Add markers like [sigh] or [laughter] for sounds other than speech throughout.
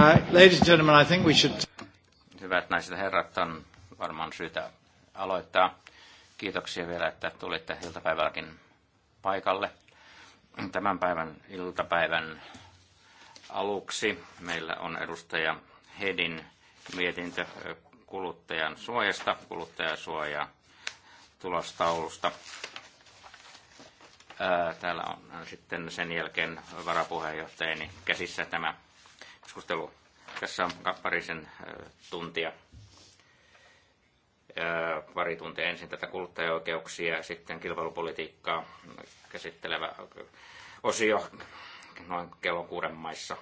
Uh, ladies and gentlemen, I think we should... Hyvät naiset ja herrat, on varmaan syytä aloittaa. Kiitoksia vielä, että tulitte iltapäivälläkin paikalle. Tämän päivän iltapäivän aluksi meillä on edustaja Hedin mietintö kuluttajan suojasta, kuluttajasuojaa tulostaulusta. Täällä on sitten sen jälkeen varapuheenjohtajani käsissä tämä keskustelu. Tässä on parisen tuntia. Pari tuntia ensin tätä kuluttajaoikeuksia ja sitten kilpailupolitiikkaa käsittelevä osio noin kello kuuden maissa.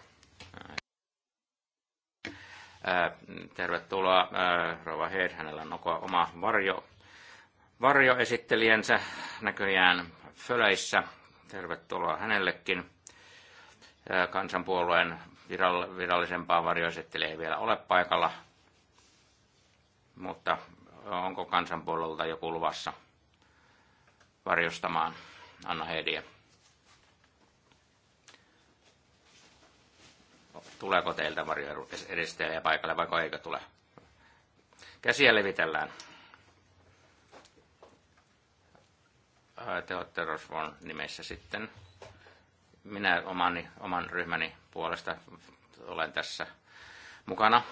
Tervetuloa Rova Head, hänellä on oma varjo, varjoesittelijänsä näköjään Föleissä. Tervetuloa hänellekin kansanpuolueen virallisempaa varjoesittelijä ei vielä ole paikalla, mutta onko kansan puolelta joku luvassa varjostamaan Anna Hediä? Tuleeko teiltä varjoesittelijä paikalle vai eikö tule? Käsiä levitellään. Äh, Te olette Rosvon nimessä sitten minä omani, oman ryhmäni puolesta olen tässä mukana.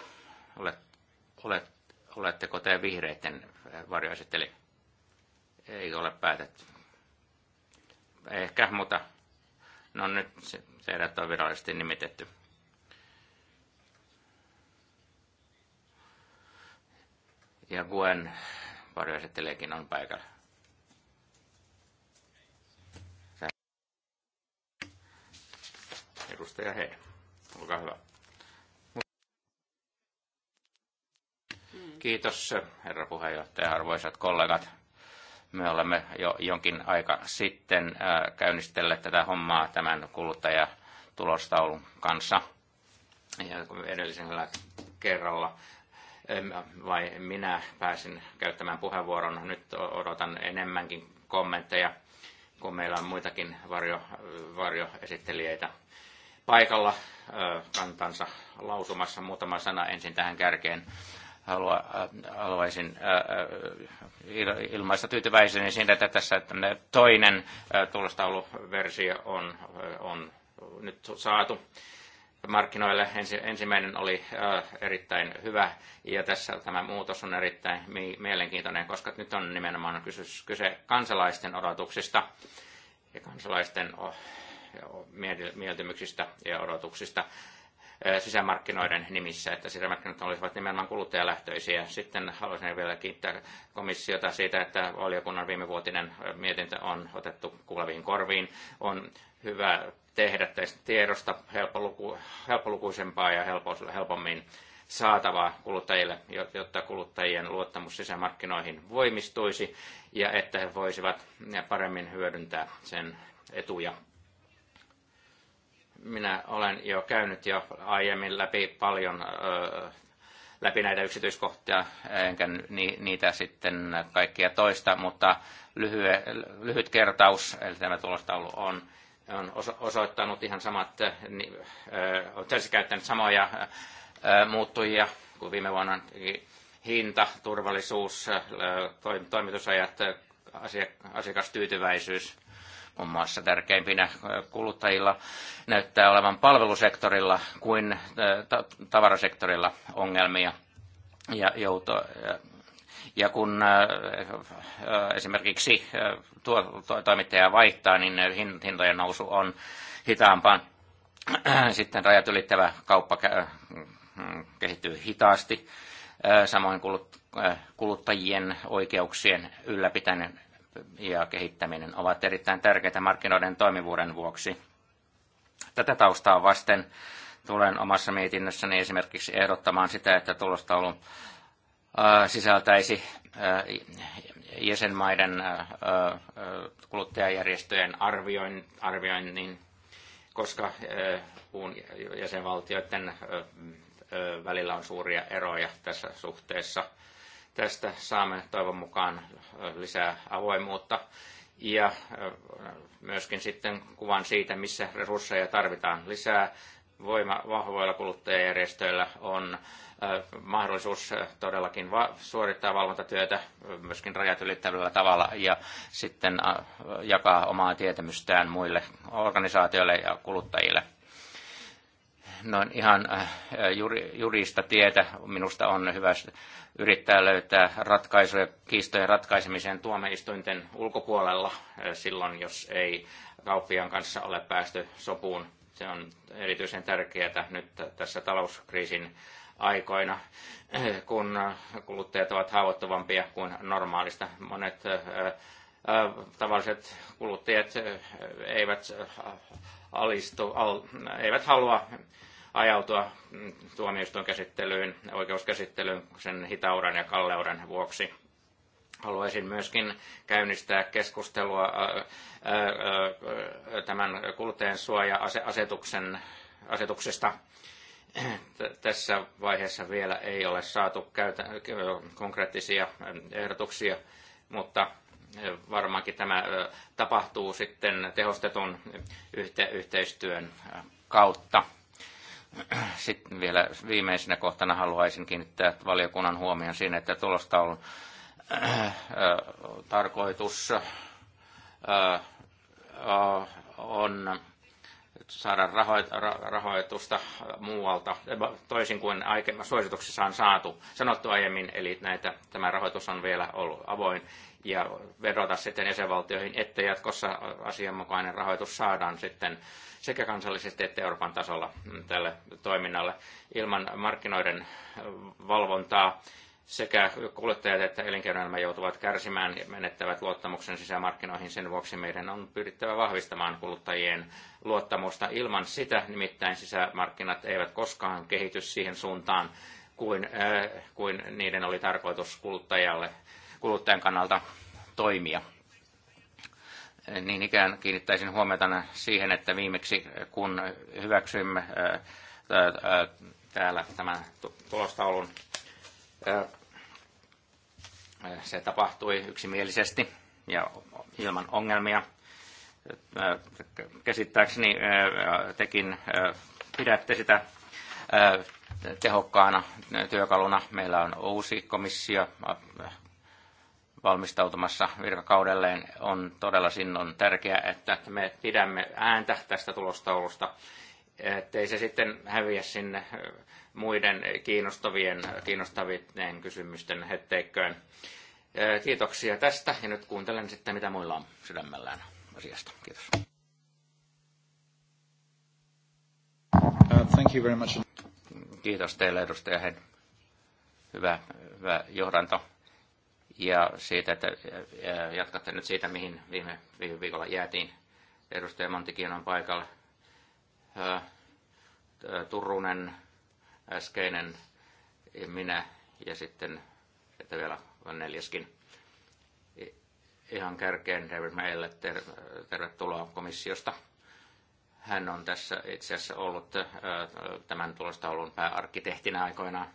Olet, olet, oletteko te vihreiden varjoesitteli? Ei ole päätetty. Ehkä, mutta no nyt teidät on virallisesti nimitetty. Ja Gwen varjoesittelijäkin on paikalla. Edustaja Hei, olkaa hyvä. Kiitos, herra puheenjohtaja, arvoisat kollegat. Me olemme jo jonkin aika sitten käynnistelleet tätä hommaa tämän kuluttajatulostaulun kanssa ja edellisellä kerralla vai minä pääsin käyttämään puheenvuoron. Nyt odotan enemmänkin kommentteja, kun meillä on muitakin varjo, varjoesittelijöitä paikalla kantansa lausumassa. Muutama sana ensin tähän kärkeen. Halua, haluaisin ilmaista tyytyväiseni siitä, että tässä että toinen tulostauluversio on, on nyt saatu markkinoille. Ensimmäinen oli erittäin hyvä ja tässä tämä muutos on erittäin mielenkiintoinen, koska nyt on nimenomaan kyse kansalaisten odotuksista ja kansalaisten mieltymyksistä ja odotuksista sisämarkkinoiden nimissä, että sisämarkkinat olisivat nimenomaan kuluttajalähtöisiä. Sitten haluaisin vielä kiittää komissiota siitä, että valiokunnan viimevuotinen mietintö on otettu kuuleviin korviin. On hyvä tehdä tästä tiedosta helppoluku, helppolukuisempaa ja helpos, helpommin saatavaa kuluttajille, jotta kuluttajien luottamus sisämarkkinoihin voimistuisi ja että he voisivat paremmin hyödyntää sen etuja minä olen jo käynyt jo aiemmin läpi paljon läpi näitä yksityiskohtia, enkä niitä sitten kaikkia toista, mutta lyhyet, lyhyt kertaus, eli tämä tulostaulu on, on osoittanut ihan samat, on tässä käyttänyt samoja muuttujia kuin viime vuonna hinta, turvallisuus, toimitusajat, asiakastyytyväisyys muun muassa tärkeimpinä äh, kuluttajilla näyttää olevan palvelusektorilla kuin äh, tavarasektorilla ongelmia. Ja, jouto, ja kun äh, esimerkiksi tuo, toimittaja vaihtaa, niin hintojen nousu on hitaampaa. Sitten rajat ylittävä kauppa mm, kehittyy hitaasti. Samoin kuluttajien oikeuksien ylläpitäminen ja kehittäminen ovat erittäin tärkeitä markkinoiden toimivuuden vuoksi. Tätä taustaa vasten tulen omassa mietinnössäni esimerkiksi ehdottamaan sitä, että tulostaulu sisältäisi jäsenmaiden kuluttajajärjestöjen arvioinnin, koska jäsenvaltioiden välillä on suuria eroja tässä suhteessa. Tästä saamme toivon mukaan lisää avoimuutta ja myöskin sitten kuvan siitä, missä resursseja tarvitaan lisää. Voima, vahvoilla kuluttajajärjestöillä on mahdollisuus todellakin suorittaa valvontatyötä myöskin rajat ylittävällä tavalla ja sitten jakaa omaa tietämystään muille organisaatioille ja kuluttajille noin ihan äh, jurista tietä minusta on hyvä yrittää löytää ratkaisuja kiistojen ratkaisemiseen tuomioistuinten ulkopuolella äh, silloin, jos ei kauppiaan kanssa ole päästy sopuun. Se on erityisen tärkeää nyt tässä talouskriisin aikoina, äh, kun kuluttajat ovat haavoittuvampia kuin normaalista. Monet Äh, tavalliset kuluttajat äh, eivät äh, alistu, al, eivät halua ajautua mm, tuomioistuin käsittelyyn, oikeuskäsittelyyn sen hitauden ja kalleuden vuoksi. Haluaisin myöskin käynnistää keskustelua tämän suoja asetuksen asetuksesta. Tässä vaiheessa vielä ei ole saatu konkreettisia ehdotuksia, mutta varmaankin tämä tapahtuu sitten tehostetun yhteistyön kautta. [clears throat] Sitten vielä viimeisenä kohtana haluaisin kiinnittää valiokunnan huomioon siinä, että on [clears throat] tarkoitus on saada rahoitusta muualta, toisin kuin suosituksissa on saatu sanottu aiemmin, eli näitä, tämä rahoitus on vielä ollut avoin ja vedota sitten jäsenvaltioihin, että jatkossa asianmukainen rahoitus saadaan sitten sekä kansallisesti että Euroopan tasolla mm, tälle toiminnalle ilman markkinoiden valvontaa sekä kuluttajat että elinkeinoelämä joutuvat kärsimään ja menettävät luottamuksen sisämarkkinoihin. Sen vuoksi meidän on pyrittävä vahvistamaan kuluttajien luottamusta. Ilman sitä nimittäin sisämarkkinat eivät koskaan kehity siihen suuntaan, kuin, äh, kuin niiden oli tarkoitus kuluttajalle kuluttajan kannalta toimia. Niin ikään kiinnittäisin huomiota siihen, että viimeksi kun hyväksyimme täällä tämän tulostaulun, se tapahtui yksimielisesti ja ilman ongelmia. Käsittääkseni tekin pidätte sitä tehokkaana työkaluna. Meillä on uusi komissio valmistautumassa virkakaudelleen, on todella sinun tärkeää, että me pidämme ääntä tästä tulostaulusta, ettei se sitten häviä sinne muiden kiinnostavien, kiinnostavien kysymysten hetteikköön. Kiitoksia tästä ja nyt kuuntelen sitten, mitä muilla on sydämellään asiasta. Kiitos. Uh, thank you very much. Kiitos teille edustaja Hed. Hyvä, hyvä johdanto ja siitä, että jatkatte nyt siitä, mihin viime, viime viikolla jäätiin. Edustaja Mantikin on paikalla. Turunen, äskeinen, minä ja sitten että vielä on neljäskin. Ihan kärkeen David Meille tervetuloa komissiosta. Hän on tässä itse asiassa ollut tämän tulostaulun pääarkkitehtinä aikoinaan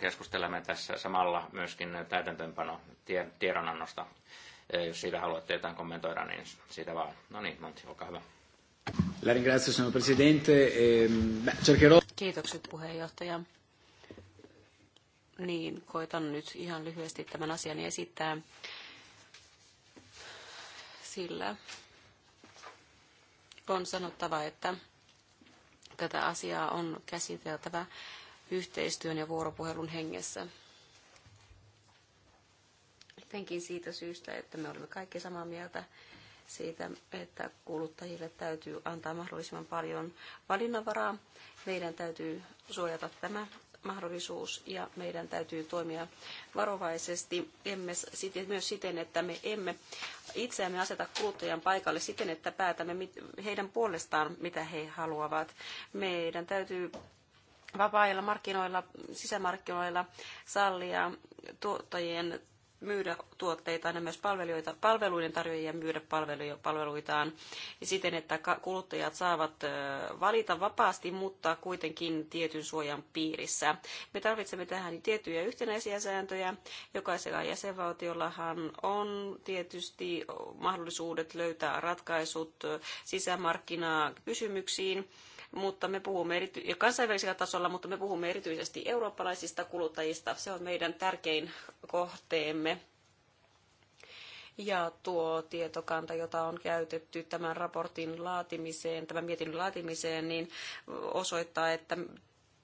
keskustelemme tässä samalla myöskin täytäntöönpano tiedonannosta. Jos siitä haluatte jotain kommentoida, niin siitä vaan. No niin, Monti, olkaa hyvä. La ringrazio, sono Presidente. Ehm, cercherò... Kiitokset puheenjohtaja. Niin, koitan nyt ihan lyhyesti tämän asian esittää, sillä on sanottava, että tätä asiaa on käsiteltävä yhteistyön ja vuoropuhelun hengessä. Etenkin siitä syystä, että me olemme kaikki samaa mieltä siitä, että kuluttajille täytyy antaa mahdollisimman paljon valinnanvaraa. Meidän täytyy suojata tämä mahdollisuus ja meidän täytyy toimia varovaisesti, emme siten, myös siten, että me emme itseämme aseta kuluttajan paikalle siten, että päätämme heidän puolestaan, mitä he haluavat. Meidän täytyy vapailla markkinoilla, sisämarkkinoilla sallia tuottajien myydä tuotteita, ja myös palveluita, palveluiden tarjoajia myydä palveluja, palveluitaan siten, että kuluttajat saavat valita vapaasti, mutta kuitenkin tietyn suojan piirissä. Me tarvitsemme tähän tiettyjä yhtenäisiä sääntöjä. Jokaisella jäsenvaltiollahan on tietysti mahdollisuudet löytää ratkaisut sisämarkkinakysymyksiin kysymyksiin mutta me puhumme erity- ja kansainvälisellä tasolla, mutta me puhumme erityisesti eurooppalaisista kuluttajista. Se on meidän tärkein kohteemme. Ja tuo tietokanta, jota on käytetty tämän raportin laatimiseen, tämän mietinnön laatimiseen, niin osoittaa, että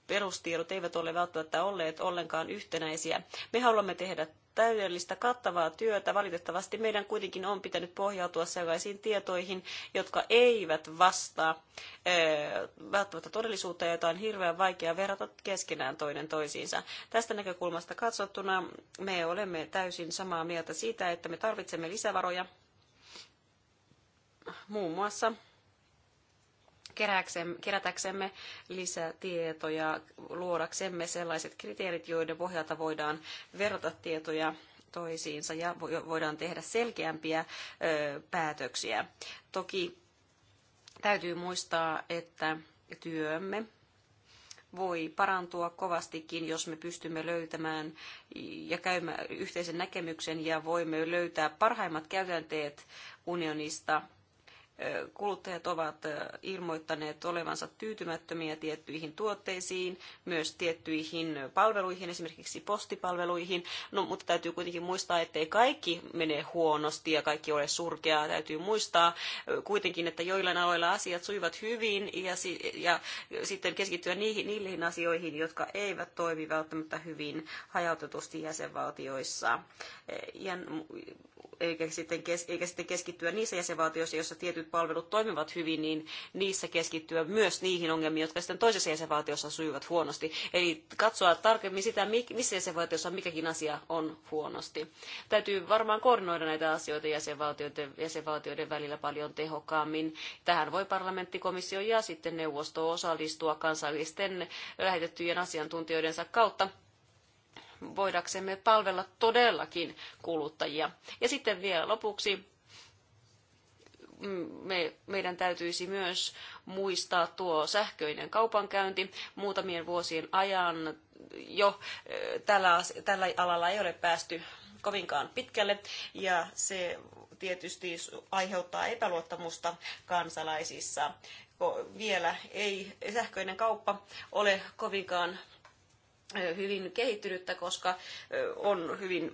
perustiedot eivät ole välttämättä olleet ollenkaan yhtenäisiä. Me haluamme tehdä täydellistä kattavaa työtä. Valitettavasti meidän kuitenkin on pitänyt pohjautua sellaisiin tietoihin, jotka eivät vastaa välttämättä todellisuutta, jota on hirveän vaikea verrata keskenään toinen toisiinsa. Tästä näkökulmasta katsottuna me olemme täysin samaa mieltä siitä, että me tarvitsemme lisävaroja muun muassa kerätäksemme lisätietoja, luodaksemme sellaiset kriteerit, joiden pohjalta voidaan verrata tietoja toisiinsa ja voidaan tehdä selkeämpiä päätöksiä. Toki täytyy muistaa, että työmme voi parantua kovastikin, jos me pystymme löytämään ja käymään yhteisen näkemyksen ja voimme löytää parhaimmat käytänteet unionista kuluttajat ovat ilmoittaneet olevansa tyytymättömiä tiettyihin tuotteisiin, myös tiettyihin palveluihin, esimerkiksi postipalveluihin. No, mutta täytyy kuitenkin muistaa, ettei kaikki mene huonosti ja kaikki ole surkeaa. Täytyy muistaa kuitenkin, että joillain aloilla asiat sujuvat hyvin ja, si- ja sitten keskittyä niihin, niihin asioihin, jotka eivät toimi välttämättä hyvin hajautetusti jäsenvaltioissa. E, ja, eikä sitten, kes- eikä sitten keskittyä niissä jäsenvaltioissa, joissa tietyt palvelut toimivat hyvin, niin niissä keskittyä myös niihin ongelmiin, jotka sitten toisessa jäsenvaltiossa sujuvat huonosti. Eli katsoa tarkemmin sitä, missä jäsenvaltiossa mikäkin asia on huonosti. Täytyy varmaan koordinoida näitä asioita jäsenvaltioiden, jäsenvaltioiden välillä paljon tehokkaammin. Tähän voi parlamentti, komissio ja sitten neuvosto osallistua kansallisten lähetettyjen asiantuntijoidensa kautta voidaksemme palvella todellakin kuluttajia. Ja sitten vielä lopuksi me, meidän täytyisi myös muistaa tuo sähköinen kaupankäynti. Muutamien vuosien ajan jo tällä, tällä alalla ei ole päästy kovinkaan pitkälle ja se tietysti aiheuttaa epäluottamusta kansalaisissa. Vielä ei sähköinen kauppa ole kovinkaan hyvin kehittynyttä, koska on hyvin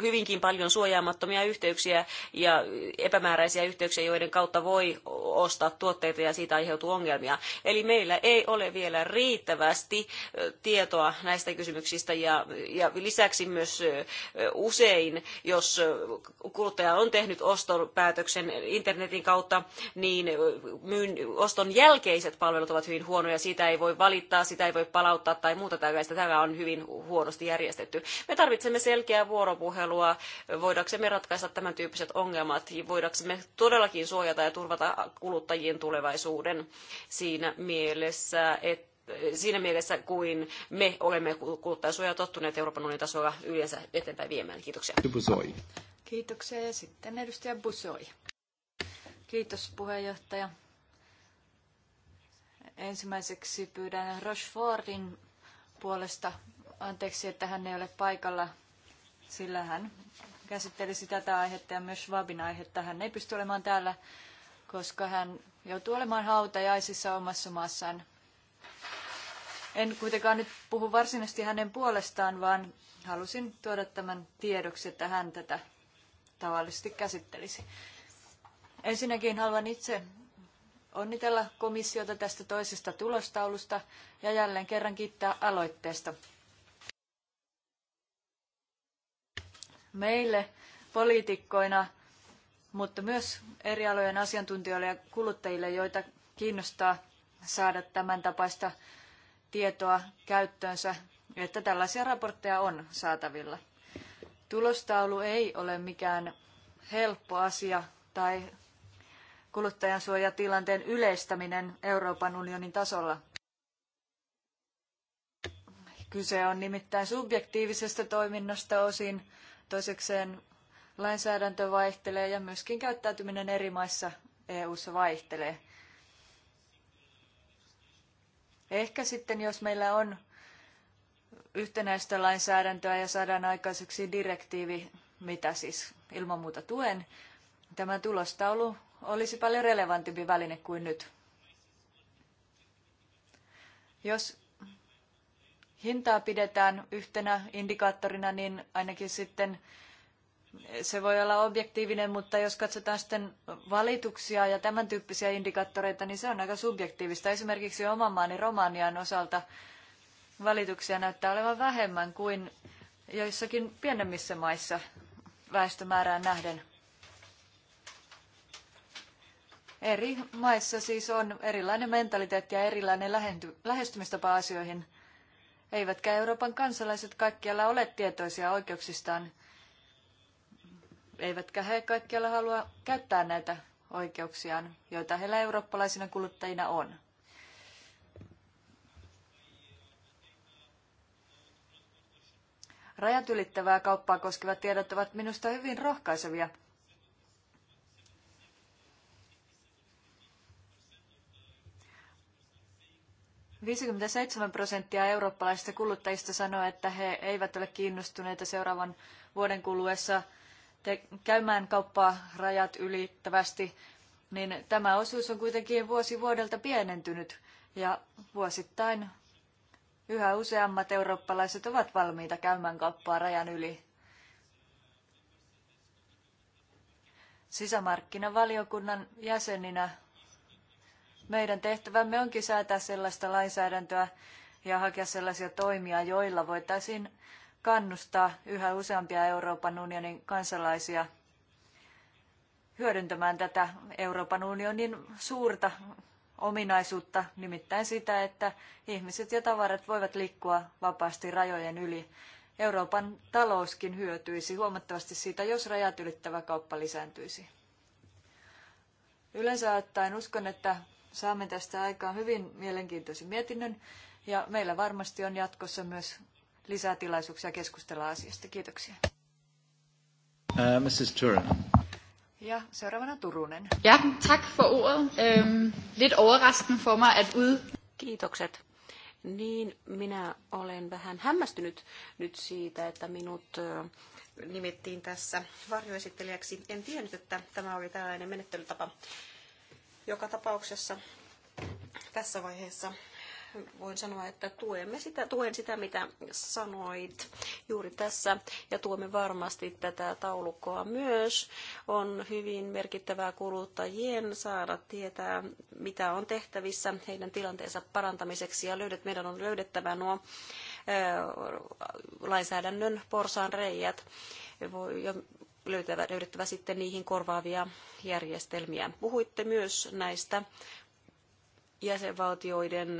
hyvinkin paljon suojaamattomia yhteyksiä ja epämääräisiä yhteyksiä, joiden kautta voi ostaa tuotteita ja siitä aiheutuu ongelmia. Eli meillä ei ole vielä riittävästi tietoa näistä kysymyksistä ja, ja lisäksi myös usein, jos kuluttaja on tehnyt ostopäätöksen internetin kautta, niin oston jälkeiset palvelut ovat hyvin huonoja. Siitä ei voi valittaa, sitä ei voi palauttaa tai muuta tällaista. Tämä on hyvin huonosti järjestetty. Me tarvitsemme selkeää vuoropuhelua vuoropuhelua, voidaksemme ratkaista tämän tyyppiset ongelmat, voidaksemme todellakin suojata ja turvata kuluttajien tulevaisuuden siinä mielessä, että siinä mielessä kuin me olemme kuluttajasuojaa tottuneet Euroopan unionin tasolla yleensä eteenpäin viemään. Kiitoksia. Busoi. Kiitoksia ja sitten edustaja Busoi. Kiitos puheenjohtaja. Ensimmäiseksi pyydän Rochefortin puolesta anteeksi, että hän ei ole paikalla sillä hän käsittelisi tätä aihetta ja myös Schwabin aihetta. Hän ei pysty olemaan täällä, koska hän joutuu olemaan hautajaisissa omassa maassaan. En kuitenkaan nyt puhu varsinaisesti hänen puolestaan, vaan halusin tuoda tämän tiedoksi, että hän tätä tavallisesti käsittelisi. Ensinnäkin haluan itse onnitella komissiota tästä toisesta tulostaulusta ja jälleen kerran kiittää aloitteesta. meille poliitikkoina, mutta myös eri alojen asiantuntijoille ja kuluttajille, joita kiinnostaa saada tämän tapaista tietoa käyttöönsä, että tällaisia raportteja on saatavilla. Tulostaulu ei ole mikään helppo asia tai kuluttajansuojatilanteen yleistäminen Euroopan unionin tasolla. Kyse on nimittäin subjektiivisesta toiminnasta osin Toisekseen lainsäädäntö vaihtelee ja myöskin käyttäytyminen eri maissa EU-ssa vaihtelee. Ehkä sitten, jos meillä on yhtenäistä lainsäädäntöä ja saadaan aikaiseksi direktiivi, mitä siis ilman muuta tuen, tämä tulostaulu olisi paljon relevantimpi väline kuin nyt. Jos hintaa pidetään yhtenä indikaattorina, niin ainakin sitten se voi olla objektiivinen, mutta jos katsotaan sitten valituksia ja tämän tyyppisiä indikaattoreita, niin se on aika subjektiivista. Esimerkiksi oman maani Romanian osalta valituksia näyttää olevan vähemmän kuin joissakin pienemmissä maissa väestömäärään nähden. Eri maissa siis on erilainen mentaliteetti ja erilainen lähestymistapa asioihin – Eivätkä Euroopan kansalaiset kaikkialla ole tietoisia oikeuksistaan, eivätkä he kaikkialla halua käyttää näitä oikeuksiaan, joita heillä eurooppalaisina kuluttajina on. Rajat ylittävää kauppaa koskevat tiedot ovat minusta hyvin rohkaisevia – 57 prosenttia eurooppalaisista kuluttajista sanoo, että he eivät ole kiinnostuneita seuraavan vuoden kuluessa käymään kauppaa rajat ylittävästi, niin tämä osuus on kuitenkin vuosi vuodelta pienentynyt ja vuosittain yhä useammat eurooppalaiset ovat valmiita käymään kauppaa rajan yli. Sisämarkkinavaliokunnan jäseninä meidän tehtävämme onkin säätää sellaista lainsäädäntöä ja hakea sellaisia toimia, joilla voitaisiin kannustaa yhä useampia Euroopan unionin kansalaisia hyödyntämään tätä Euroopan unionin suurta ominaisuutta, nimittäin sitä, että ihmiset ja tavarat voivat liikkua vapaasti rajojen yli. Euroopan talouskin hyötyisi huomattavasti siitä, jos rajat ylittävä kauppa lisääntyisi. Yleensä ottaen uskon, että Saamme tästä aikaan hyvin mielenkiintoisen mietinnön ja meillä varmasti on jatkossa myös lisää tilaisuuksia keskustella asiasta. Kiitoksia. Uh, Mrs. Turunen. Ja seuraavana Turunen. Ja, tack för ordet. Ähm, lidt for mig at ud... Kiitokset. Niin, minä olen vähän hämmästynyt nyt siitä, että minut nimettiin tässä varjoesittelijäksi. En tiennyt, että tämä oli tällainen menettelytapa. Joka tapauksessa tässä vaiheessa voin sanoa, että tuemme sitä, tuen sitä, mitä sanoit juuri tässä, ja tuemme varmasti tätä taulukkoa myös. On hyvin merkittävää kuluttajien saada tietää, mitä on tehtävissä heidän tilanteensa parantamiseksi, ja löydet, meidän on löydettävä nuo lainsäädännön porsaan reijät löytävä, löydettävä sitten niihin korvaavia järjestelmiä. Puhuitte myös näistä jäsenvaltioiden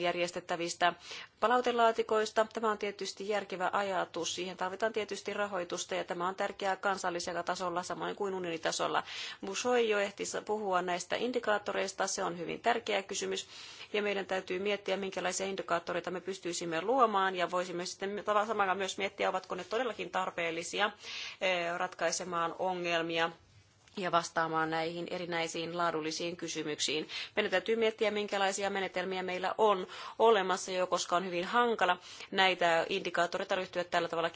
järjestettävistä palautelaatikoista. Tämä on tietysti järkevä ajatus. Siihen tarvitaan tietysti rahoitusta ja tämä on tärkeää kansallisella tasolla samoin kuin unionitasolla. Musoi jo ehti puhua näistä indikaattoreista. Se on hyvin tärkeä kysymys ja meidän täytyy miettiä, minkälaisia indikaattoreita me pystyisimme luomaan ja voisimme sitten samalla myös miettiä, ovatko ne todellakin tarpeellisia ratkaisemaan ongelmia ja vastaamaan näihin erinäisiin laadullisiin kysymyksiin. Meidän täytyy miettiä, minkälaisia menetelmiä meillä on olemassa jo, koska on hyvin hankala näitä indikaattoreita ryhtyä tällä tavalla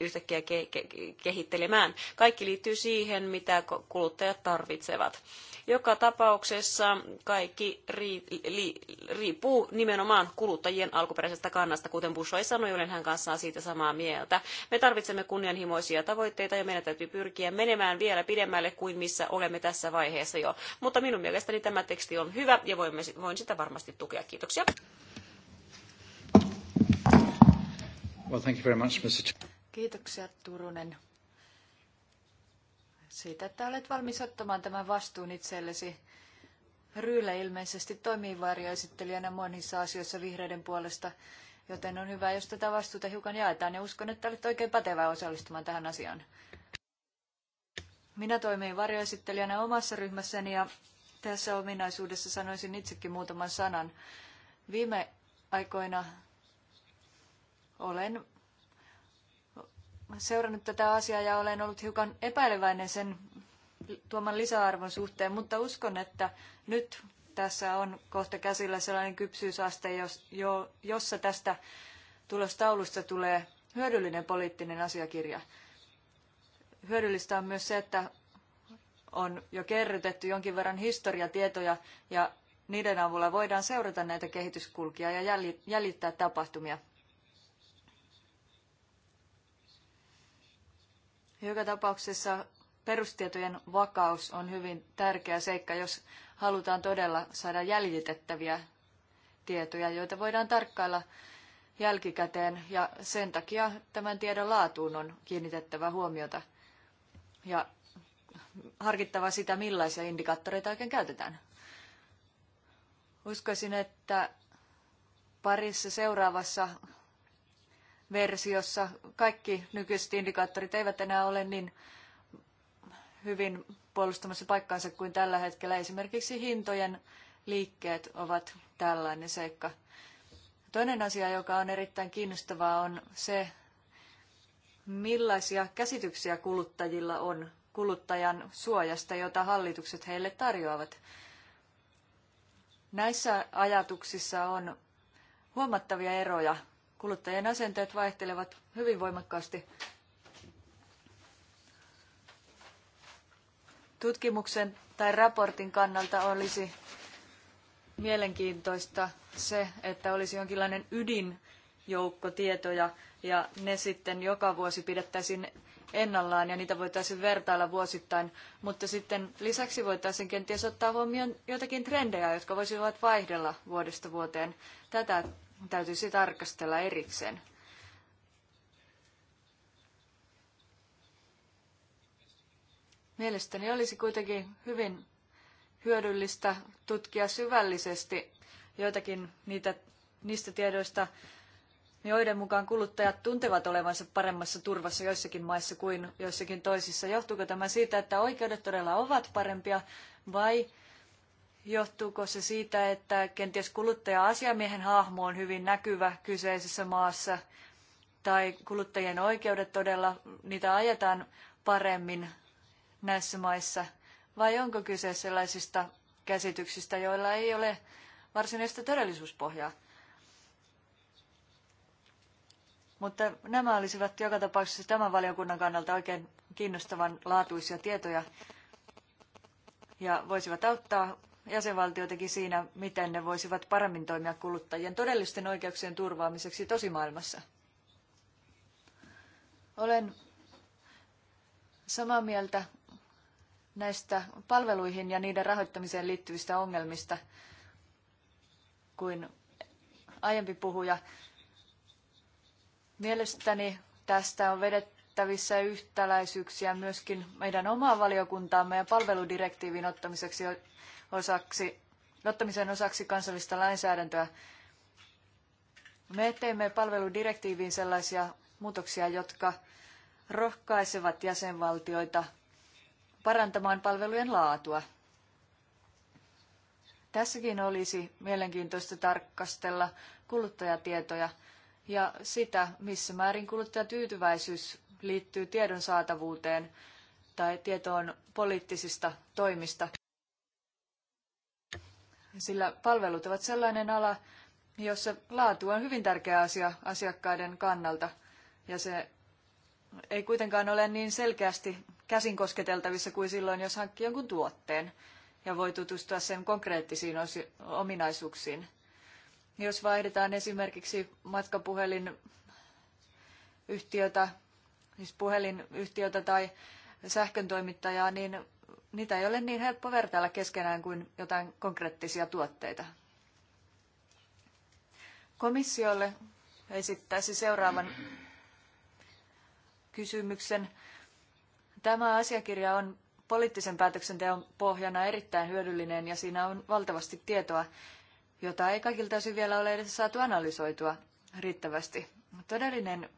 yhtäkkiä kehittelemään. Kaikki liittyy siihen, mitä kuluttajat tarvitsevat. Joka tapauksessa kaikki riippuu nimenomaan kuluttajien alkuperäisestä kannasta, kuten Bushoi sanoi, olen hän kanssaan siitä samaa mieltä. Me tarvitsemme kunnianhimoisia tavoitteita ja meidän täytyy pyrkiä menemään vielä pidemmälle kuin missä olemme tässä vaiheessa jo. Mutta minun mielestäni tämä teksti on hyvä ja voimme, voin sitä varmasti tukea. Kiitoksia. Well, thank you very much, Mr. Kiitoksia Turunen siitä, että olet valmis ottamaan tämän vastuun itsellesi. Ryyle ilmeisesti toimii varjoesittelijänä monissa asioissa vihreiden puolesta, joten on hyvä, jos tätä vastuuta hiukan jaetaan ja uskon, että olet oikein pätevää osallistumaan tähän asiaan. Minä toimin varjoesittelijänä omassa ryhmässäni ja tässä ominaisuudessa sanoisin itsekin muutaman sanan. Viime aikoina olen seurannut tätä asiaa ja olen ollut hiukan epäileväinen sen tuoman lisäarvon suhteen, mutta uskon, että nyt tässä on kohta käsillä sellainen kypsyysaste, jossa tästä tulostaulusta tulee hyödyllinen poliittinen asiakirja hyödyllistä on myös se, että on jo kerrytetty jonkin verran historiatietoja ja niiden avulla voidaan seurata näitä kehityskulkia ja jäljittää tapahtumia. Joka tapauksessa perustietojen vakaus on hyvin tärkeä seikka, jos halutaan todella saada jäljitettäviä tietoja, joita voidaan tarkkailla jälkikäteen, ja sen takia tämän tiedon laatuun on kiinnitettävä huomiota – ja harkittava sitä, millaisia indikaattoreita oikein käytetään. Uskoisin, että parissa seuraavassa versiossa kaikki nykyiset indikaattorit eivät enää ole niin hyvin puolustamassa paikkaansa kuin tällä hetkellä. Esimerkiksi hintojen liikkeet ovat tällainen seikka. Toinen asia, joka on erittäin kiinnostavaa, on se, millaisia käsityksiä kuluttajilla on kuluttajan suojasta, jota hallitukset heille tarjoavat. Näissä ajatuksissa on huomattavia eroja. Kuluttajien asenteet vaihtelevat hyvin voimakkaasti. Tutkimuksen tai raportin kannalta olisi mielenkiintoista se, että olisi jonkinlainen ydinjoukko tietoja ja ne sitten joka vuosi pidettäisiin ennallaan ja niitä voitaisiin vertailla vuosittain, mutta sitten lisäksi voitaisiin kenties ottaa huomioon jotakin trendejä, jotka voisivat vaihdella vuodesta vuoteen. Tätä täytyisi tarkastella erikseen. Mielestäni olisi kuitenkin hyvin hyödyllistä tutkia syvällisesti joitakin niitä, niistä tiedoista, joiden mukaan kuluttajat tuntevat olevansa paremmassa turvassa joissakin maissa kuin joissakin toisissa. Johtuuko tämä siitä, että oikeudet todella ovat parempia vai johtuuko se siitä, että kenties kuluttaja-asiamiehen hahmo on hyvin näkyvä kyseisessä maassa tai kuluttajien oikeudet todella, niitä ajetaan paremmin näissä maissa vai onko kyse sellaisista käsityksistä, joilla ei ole varsinaista todellisuuspohjaa? Mutta nämä olisivat joka tapauksessa tämän valiokunnan kannalta oikein kiinnostavan laatuisia tietoja ja voisivat auttaa jäsenvaltioitakin siinä, miten ne voisivat paremmin toimia kuluttajien todellisten oikeuksien turvaamiseksi tosimaailmassa. Olen samaa mieltä näistä palveluihin ja niiden rahoittamiseen liittyvistä ongelmista kuin aiempi puhuja. Mielestäni tästä on vedettävissä yhtäläisyyksiä myöskin meidän omaa valiokuntaamme ja palveludirektiivin ottamiseksi osaksi, ottamisen osaksi kansallista lainsäädäntöä. Me teemme palveludirektiiviin sellaisia muutoksia, jotka rohkaisevat jäsenvaltioita parantamaan palvelujen laatua. Tässäkin olisi mielenkiintoista tarkastella kuluttajatietoja – ja sitä, missä määrin kuluttajatyytyväisyys liittyy tiedon saatavuuteen tai tietoon poliittisista toimista. Sillä palvelut ovat sellainen ala, jossa laatu on hyvin tärkeä asia asiakkaiden kannalta ja se ei kuitenkaan ole niin selkeästi käsin kosketeltavissa kuin silloin, jos hankkii jonkun tuotteen ja voi tutustua sen konkreettisiin ominaisuuksiin. Jos vaihdetaan esimerkiksi matkapuhelin yhtiötä, siis puhelinyhtiötä tai toimittajaa, niin niitä ei ole niin helppo vertailla keskenään kuin jotain konkreettisia tuotteita. Komissiolle esittäisi seuraavan kysymyksen. Tämä asiakirja on poliittisen päätöksenteon pohjana erittäin hyödyllinen ja siinä on valtavasti tietoa jota ei kaikilta osin vielä ole edes saatu analysoitua riittävästi. Todellinen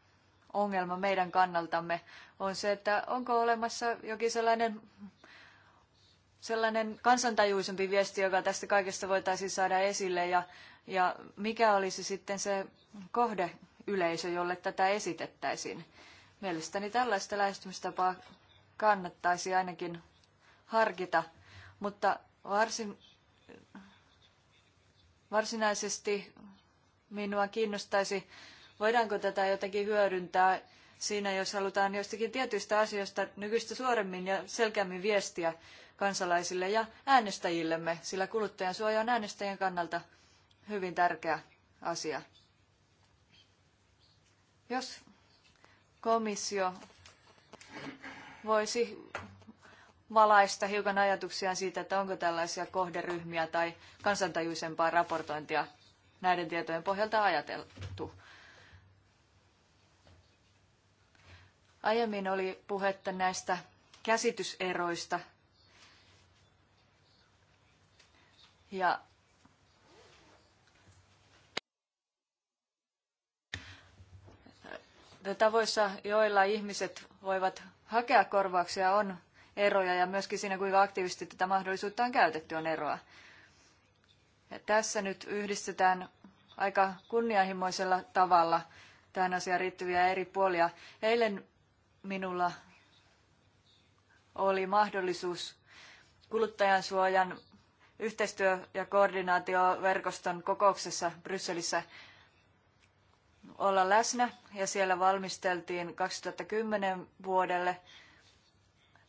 ongelma meidän kannaltamme on se, että onko olemassa jokin sellainen, sellainen kansantajuisempi viesti, joka tästä kaikesta voitaisiin saada esille ja, ja mikä olisi sitten se kohdeyleisö, jolle tätä esitettäisiin. Mielestäni tällaista lähestymistapaa kannattaisi ainakin harkita, mutta varsin Varsinaisesti minua kiinnostaisi, voidaanko tätä jotenkin hyödyntää siinä, jos halutaan jostakin tietyistä asioista nykyistä suoremmin ja selkeämmin viestiä kansalaisille ja äänestäjillemme, sillä kuluttajan suoja on äänestäjien kannalta hyvin tärkeä asia. Jos komissio voisi valaista hiukan ajatuksia siitä, että onko tällaisia kohderyhmiä tai kansantajuisempaa raportointia näiden tietojen pohjalta ajateltu. Aiemmin oli puhetta näistä käsityseroista. Ja tavoissa, joilla ihmiset voivat hakea korvauksia, on eroja ja myöskin siinä, kuinka aktiivisesti tätä mahdollisuutta on käytetty, on eroa. Ja tässä nyt yhdistetään aika kunnianhimoisella tavalla tähän asiaan riittyviä eri puolia. Eilen minulla oli mahdollisuus kuluttajansuojan yhteistyö- ja koordinaatioverkoston kokouksessa Brysselissä olla läsnä ja siellä valmisteltiin 2010 vuodelle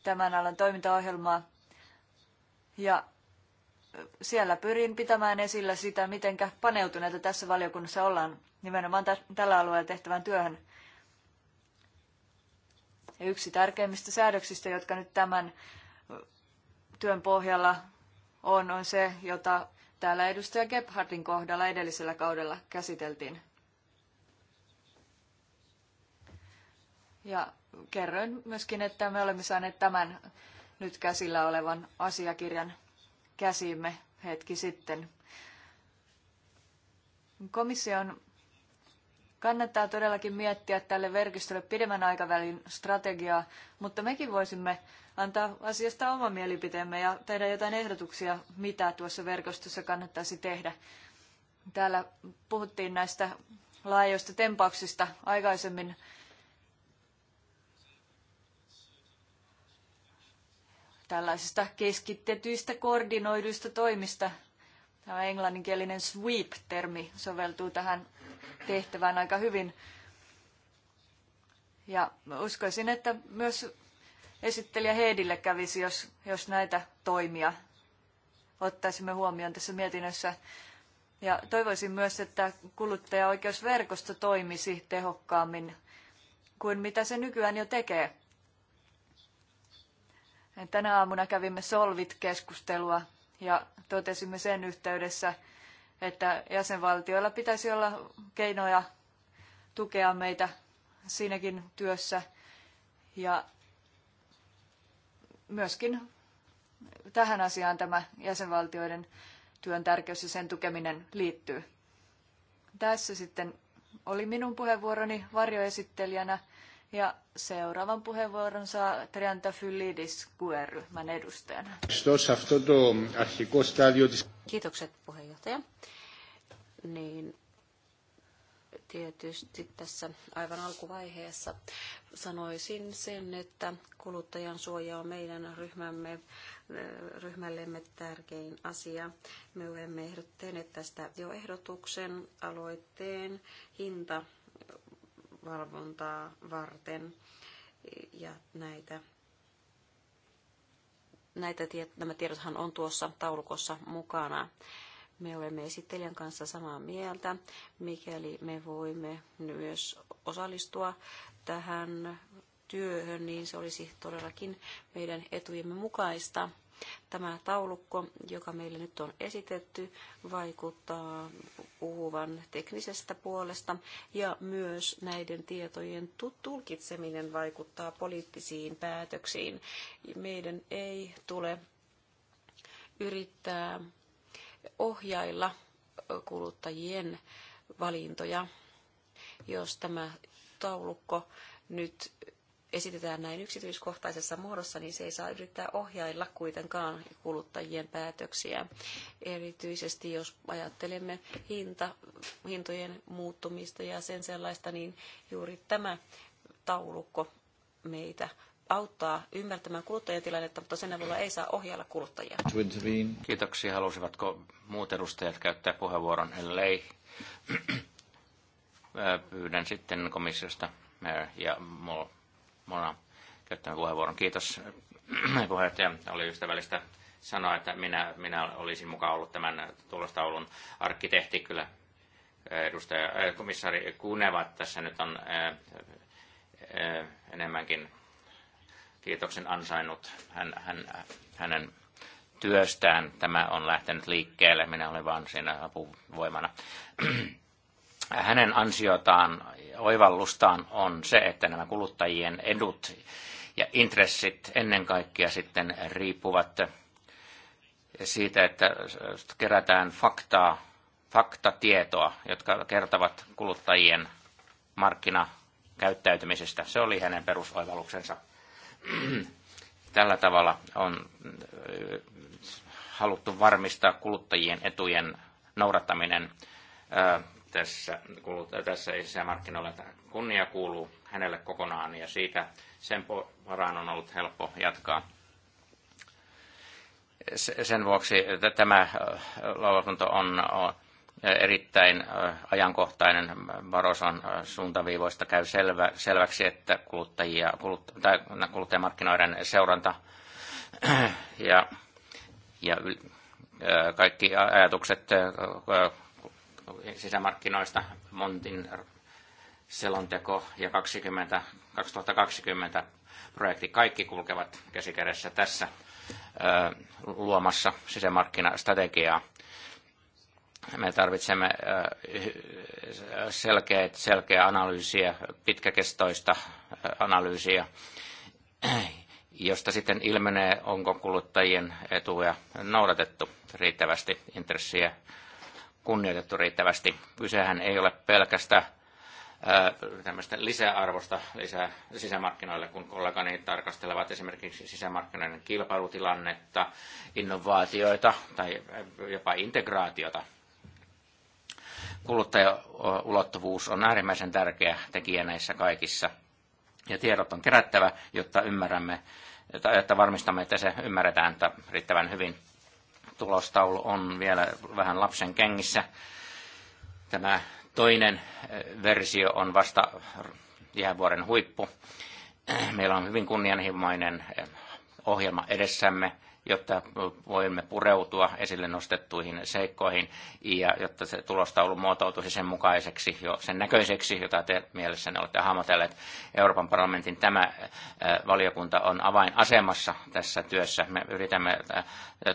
tämän alan toimintaohjelmaa. Ja siellä pyrin pitämään esillä sitä, miten paneutuneita tässä valiokunnassa ollaan nimenomaan tällä alueella tehtävän työhön. Ja yksi tärkeimmistä säädöksistä, jotka nyt tämän työn pohjalla on, on se, jota täällä edustaja Gebhardin kohdalla edellisellä kaudella käsiteltiin. Ja kerroin myöskin, että me olemme saaneet tämän nyt käsillä olevan asiakirjan käsimme hetki sitten. Komission kannattaa todellakin miettiä tälle verkistölle pidemmän aikavälin strategiaa, mutta mekin voisimme antaa asiasta oman mielipiteemme ja tehdä jotain ehdotuksia, mitä tuossa verkostossa kannattaisi tehdä. Täällä puhuttiin näistä laajoista tempauksista aikaisemmin tällaisista keskitetyistä koordinoiduista toimista. Tämä englanninkielinen sweep-termi soveltuu tähän tehtävään aika hyvin. Ja uskoisin, että myös esittelijä Heedille kävisi, jos, jos näitä toimia ottaisimme huomioon tässä mietinnössä. Ja toivoisin myös, että kuluttajaoikeusverkosto toimisi tehokkaammin kuin mitä se nykyään jo tekee. Tänä aamuna kävimme Solvit-keskustelua ja totesimme sen yhteydessä, että jäsenvaltioilla pitäisi olla keinoja tukea meitä siinäkin työssä ja myöskin tähän asiaan tämä jäsenvaltioiden työn tärkeys ja sen tukeminen liittyy. Tässä sitten oli minun puheenvuoroni varjoesittelijänä. Ja seuraavan puheenvuoron saa Trianta Fyllidis QE-ryhmän edustajana. Kiitokset puheenjohtaja. Niin, tietysti tässä aivan alkuvaiheessa sanoisin sen, että kuluttajan suoja on meidän ryhmämme, ryhmällemme tärkein asia. Me olemme ehdottaneet tästä jo ehdotuksen aloitteen hinta valvontaa varten ja näitä näitä, nämä tiedothan on tuossa taulukossa mukana. Me olemme esittelijän kanssa samaa mieltä, mikäli me voimme myös osallistua tähän työhön, niin se olisi todellakin meidän etujemme mukaista. Tämä taulukko, joka meille nyt on esitetty, vaikuttaa puhuvan teknisestä puolesta ja myös näiden tietojen tulkitseminen vaikuttaa poliittisiin päätöksiin. Meidän ei tule yrittää ohjailla kuluttajien valintoja, jos tämä taulukko nyt esitetään näin yksityiskohtaisessa muodossa, niin se ei saa yrittää ohjailla kuitenkaan kuluttajien päätöksiä. Erityisesti jos ajattelemme hinta, hintojen muuttumista ja sen sellaista, niin juuri tämä taulukko meitä auttaa ymmärtämään kuluttajien tilannetta, mutta sen avulla ei saa ohjailla kuluttajia. Kiitoksia. Halusivatko muut edustajat käyttää puheenvuoron, ellei [clears throat] pyydän sitten komissiosta ja Moll Mona käyttänyt puheenvuoron. Kiitos [clears throat] puheenjohtaja. Oli ystävällistä sanoa, että minä, minä olisin mukaan ollut tämän tulostaulun arkkitehti kyllä. Eh, edustaja, eh, komissaari Kuneva tässä nyt on ää, eh, ää, enemmänkin kiitoksen ansainnut hän, hän, hänen työstään. Tämä on lähtenyt liikkeelle, minä olen vaan siinä apuvoimana. [clears throat] hänen ansiotaan, oivallustaan on se, että nämä kuluttajien edut ja intressit ennen kaikkea sitten riippuvat siitä, että kerätään faktaa, faktatietoa, jotka kertovat kuluttajien markkinakäyttäytymisestä. Se oli hänen perusoivalluksensa. Tällä tavalla on haluttu varmistaa kuluttajien etujen noudattaminen tässä, tässä sisämarkkinoilla. Kunnia kuuluu hänelle kokonaan ja siitä sen varaan on ollut helppo jatkaa. Sen vuoksi tämä lausunto on erittäin ajankohtainen Baroson suuntaviivoista käy selvä, selväksi, että kuluttajia, kulut, tai kuluttajamarkkinoiden seuranta ja, ja kaikki ajatukset sisämarkkinoista Montin selonteko ja 20, 2020 projekti kaikki kulkevat käsikädessä tässä luomassa sisämarkkinastrategiaa. Me tarvitsemme selkeät, selkeä analyysiä, pitkäkestoista analyysiä, josta sitten ilmenee, onko kuluttajien etuja noudatettu riittävästi intressiä kunnioitettu riittävästi. Kysehän ei ole pelkästä tämmöistä lisäarvosta lisää sisämarkkinoille, kun kollegani tarkastelevat esimerkiksi sisämarkkinoiden kilpailutilannetta, innovaatioita tai jopa integraatiota. Kuluttajaulottuvuus on äärimmäisen tärkeä tekijä näissä kaikissa. Ja tiedot on kerättävä, jotta ymmärrämme, että varmistamme, että se ymmärretään riittävän hyvin tulostaulu on vielä vähän lapsen kengissä. Tämä toinen eh, versio on vasta jäävuoren huippu. Meillä on hyvin kunnianhimoinen eh, ohjelma edessämme jotta voimme pureutua esille nostettuihin seikkoihin ja jotta se tulostaulu muotoutuisi sen mukaiseksi, jo sen näköiseksi, jota te mielessänne olette hahmotelleet. Euroopan parlamentin tämä valiokunta on avainasemassa tässä työssä. Me yritämme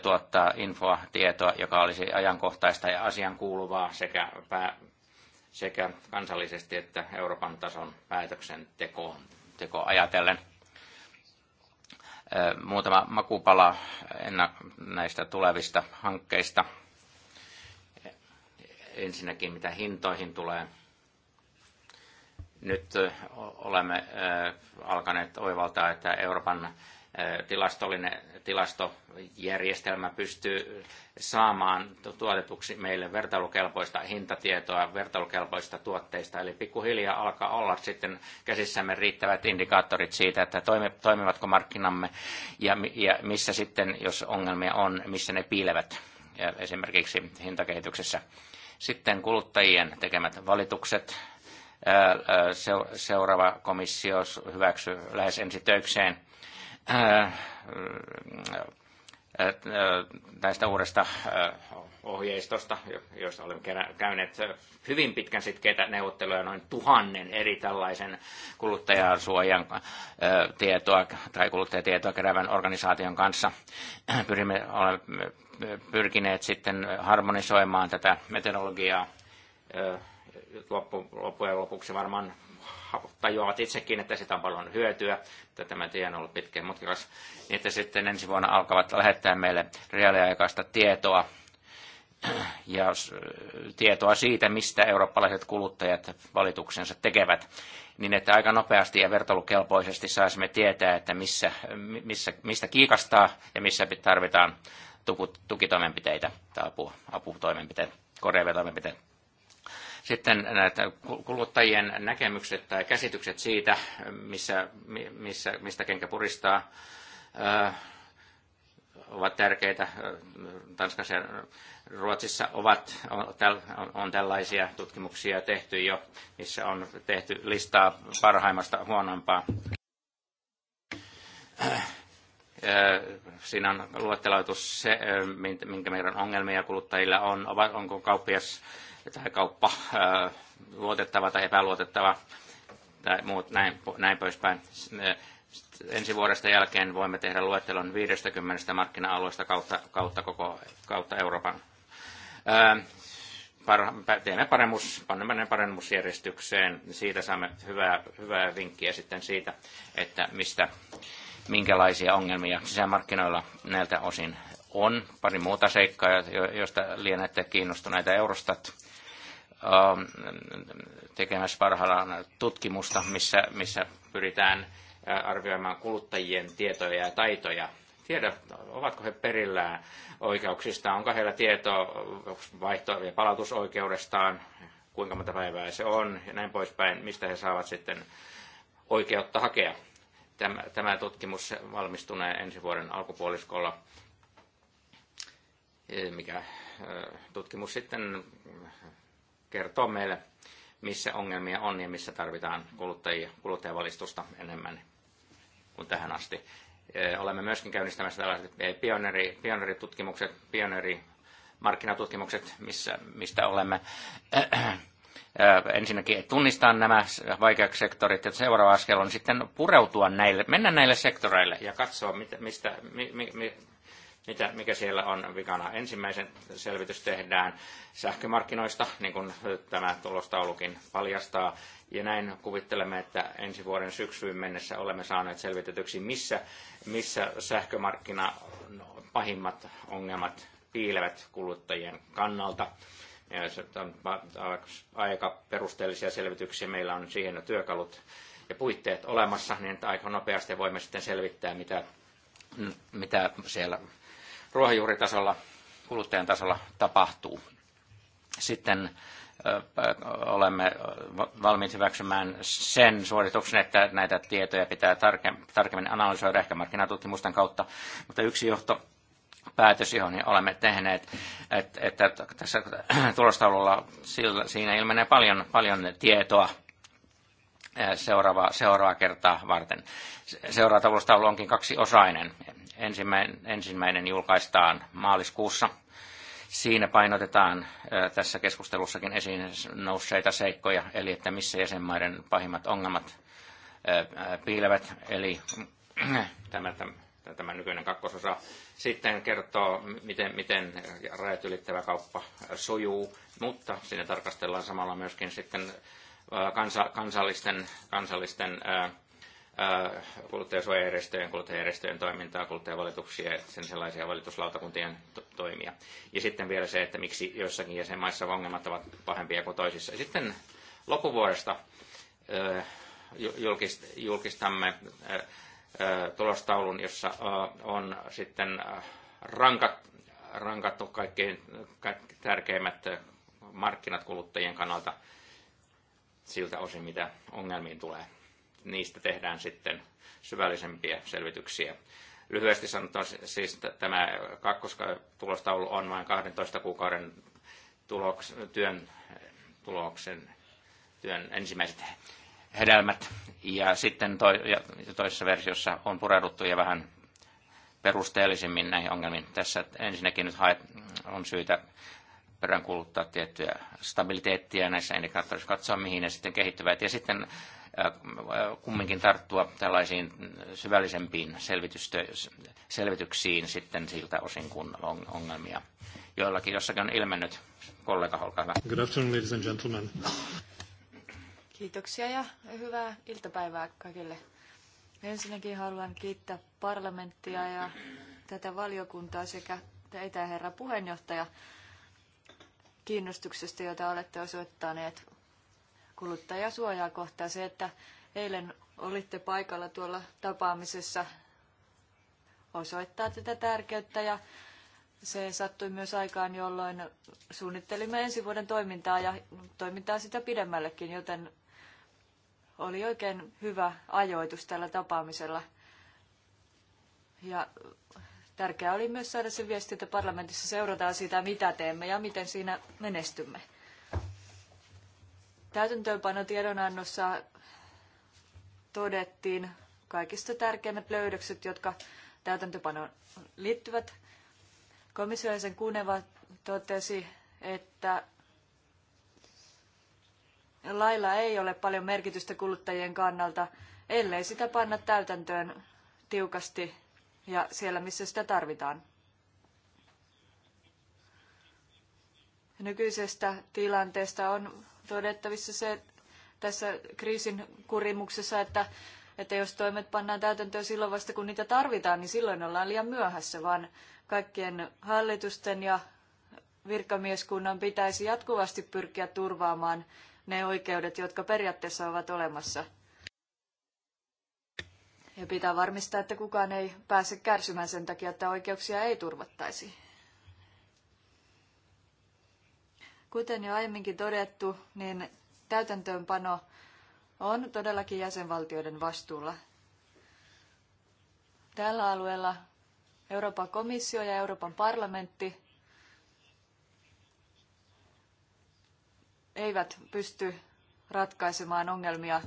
tuottaa infoa, tietoa, joka olisi ajankohtaista ja asian kuuluvaa sekä pää, sekä kansallisesti että Euroopan tason päätöksentekoon teko ajatellen muutama makupala näistä tulevista hankkeista. Ensinnäkin mitä hintoihin tulee. Nyt olemme alkaneet oivaltaa, että Euroopan tilastollinen tilastojärjestelmä pystyy saamaan tuotetuksi meille vertailukelpoista hintatietoa vertailukelpoista tuotteista. Eli pikkuhiljaa alkaa olla sitten käsissämme riittävät indikaattorit siitä, että toimivatko markkinamme ja, ja missä sitten, jos ongelmia on, missä ne piilevät esimerkiksi hintakehityksessä. Sitten kuluttajien tekemät valitukset, seuraava komissio hyväksyy lähes ensi töikseen tästä äh, äh, äh, uudesta ohjeistosta, joista olemme käyneet hyvin pitkän sitkeitä neuvotteluja, noin tuhannen eri tällaisen kuluttajansuojan tietoa tai kuluttajatietoa keräävän organisaation kanssa. Pyrimme, olemme pyrkineet sitten harmonisoimaan tätä metodologiaa loppujen lopuksi varmaan tajuavat itsekin, että sitä on paljon hyötyä, että tämä tie on ollut pitkään mutkikas, niin että sitten ensi vuonna alkavat lähettää meille reaaliaikaista tietoa [clears throat] ja tietoa siitä, mistä eurooppalaiset kuluttajat valituksensa tekevät, niin että aika nopeasti ja vertailukelpoisesti saisimme tietää, että missä, missä, mistä kiikastaa ja missä tarvitaan tukitoimenpiteitä tai apua, aputoimenpiteitä, korjaavia toimenpiteitä. Sitten näitä kuluttajien näkemykset tai käsitykset siitä, missä, missä, mistä kenkä puristaa, ovat tärkeitä. Tanskassa ja Ruotsissa ovat, on, tällaisia tutkimuksia tehty jo, missä on tehty listaa parhaimmasta huonompaa. Siinä on luetteloitu se, minkä meidän ongelmia kuluttajilla on, onko kauppias tai kauppa, äh, luotettava tai epäluotettava tai muut näin, näin poispäin. Äh, ensi vuodesta jälkeen voimme tehdä luettelon 50 markkina-alueesta kautta, kautta, koko, kautta Euroopan. Äh, parha, teemme paremmus, panemme paremmusjärjestykseen. Siitä saamme hyvää, hyvää vinkkiä sitten siitä, että mistä, minkälaisia ongelmia sisämarkkinoilla näiltä osin on. Pari muuta seikkaa, joista lienette kiinnostuneita Eurostat Ähm, tekemässä parhaillaan tutkimusta, missä, missä pyritään äh, arvioimaan kuluttajien tietoja ja taitoja. Tiedä, ovatko he perillään oikeuksista, onko heillä tieto vaihto- ja palautusoikeudestaan, kuinka monta päivää se on ja näin poispäin, mistä he saavat sitten oikeutta hakea. Tämä, tämä tutkimus valmistunee ensi vuoden alkupuoliskolla, mikä äh, tutkimus sitten kertoo meille, missä ongelmia on ja missä tarvitaan kuluttajia, kuluttajavalistusta enemmän kuin tähän asti. Olemme myöskin käynnistämässä tällaiset pioneeri, pioneeritutkimukset, pioneeri missä, mistä olemme äh, ensinnäkin tunnistaa nämä vaikeat sektorit, ja seuraava askel on sitten pureutua näille, mennä näille sektoreille ja katsoa, mistä, mistä, mi, mi, mitä, mikä siellä on vikana. Ensimmäisen selvitys tehdään sähkömarkkinoista, niin kuin tämä tulostaulukin paljastaa. Ja näin kuvittelemme, että ensi vuoden syksyyn mennessä olemme saaneet selvitetyksi, missä, missä sähkömarkkina pahimmat ongelmat piilevät kuluttajien kannalta. Ja se on aika perusteellisia selvityksiä. Meillä on siihen jo työkalut ja puitteet olemassa, niin että aika nopeasti voimme sitten selvittää, mitä, mitä siellä ruohonjuuritasolla, kuluttajan tasolla tapahtuu. Sitten olemme valmiit hyväksymään sen suorituksen, että näitä tietoja pitää tarkemmin analysoida ehkä markkinatutkimusten kautta, mutta yksi johto päätös, johon olemme tehneet, että, että tässä tulostaululla siinä ilmenee paljon, paljon tietoa seuraavaa, seuraavaa kertaa varten. Seuraava tulostaulu onkin kaksiosainen. Ensimmäinen, ensimmäinen julkaistaan maaliskuussa. Siinä painotetaan tässä keskustelussakin esiin nousseita seikkoja, eli että missä jäsenmaiden pahimmat ongelmat piilevät, eli [clears throat] tämä, tämä, tämä nykyinen kakkososa sitten kertoo, miten, miten rajat ylittävä kauppa sujuu, mutta siinä tarkastellaan samalla myöskin sitten kansa, kansallisten, kansallisten ää, kuluttajasuojajärjestöjen, kuluttajajärjestöjen toimintaa, kuluttajavalituksia ja sen sellaisia valituslautakuntien to- toimia. Ja sitten vielä se, että miksi joissakin jäsenmaissa ongelmat ovat pahempia kuin toisissa. Sitten loppuvuodesta julkistamme tulostaulun, jossa on sitten rankat, rankattu kaikkein tärkeimmät markkinat kuluttajien kannalta siltä osin, mitä ongelmiin tulee niistä tehdään sitten syvällisempiä selvityksiä. Lyhyesti sanottuna siis tämä kakkostulostaulu on vain 12 kuukauden tuloks, työn tuloksen, työn ensimmäiset hedelmät. Ja sitten to, ja toisessa versiossa on pureuduttu ja vähän perusteellisemmin näihin ongelmiin. Tässä ensinnäkin nyt haet, on syytä peräänkuuluttaa tiettyä stabiliteettia näissä indikaattorissa, katsoa mihin ne sitten kehittyvät. Ja sitten Äh, kumminkin tarttua tällaisiin syvällisempiin selvityksiin sitten siltä osin, kun on ongelmia joillakin jossakin on ilmennyt. Kollega, olkaa hyvä. Good afternoon, ladies and gentlemen. Kiitoksia ja hyvää iltapäivää kaikille. Ensinnäkin haluan kiittää parlamenttia ja tätä valiokuntaa sekä teitä herra puheenjohtaja kiinnostuksesta, jota olette osoittaneet kuluttajasuojaa kohtaan. Se, että eilen olitte paikalla tuolla tapaamisessa, osoittaa tätä tärkeyttä ja se sattui myös aikaan, jolloin suunnittelimme ensi vuoden toimintaa ja toimintaa sitä pidemmällekin, joten oli oikein hyvä ajoitus tällä tapaamisella. Ja tärkeää oli myös saada se viesti, että parlamentissa seurataan sitä, mitä teemme ja miten siinä menestymme. Täytäntöönpanotiedonannossa todettiin kaikista tärkeimmät löydökset, jotka täytäntöpanoon liittyvät. Komissio sen Kuneva totesi, että lailla ei ole paljon merkitystä kuluttajien kannalta, ellei sitä panna täytäntöön tiukasti ja siellä, missä sitä tarvitaan. Nykyisestä tilanteesta on todettavissa se tässä kriisin kurimuksessa, että, että jos toimet pannaan täytäntöön silloin vasta, kun niitä tarvitaan, niin silloin ollaan liian myöhässä, vaan kaikkien hallitusten ja virkamieskunnan pitäisi jatkuvasti pyrkiä turvaamaan ne oikeudet, jotka periaatteessa ovat olemassa. Ja pitää varmistaa, että kukaan ei pääse kärsimään sen takia, että oikeuksia ei turvattaisi. Kuten jo aiemminkin todettu, niin täytäntöönpano on todellakin jäsenvaltioiden vastuulla. Tällä alueella Euroopan komissio ja Euroopan parlamentti eivät pysty ratkaisemaan ongelmia.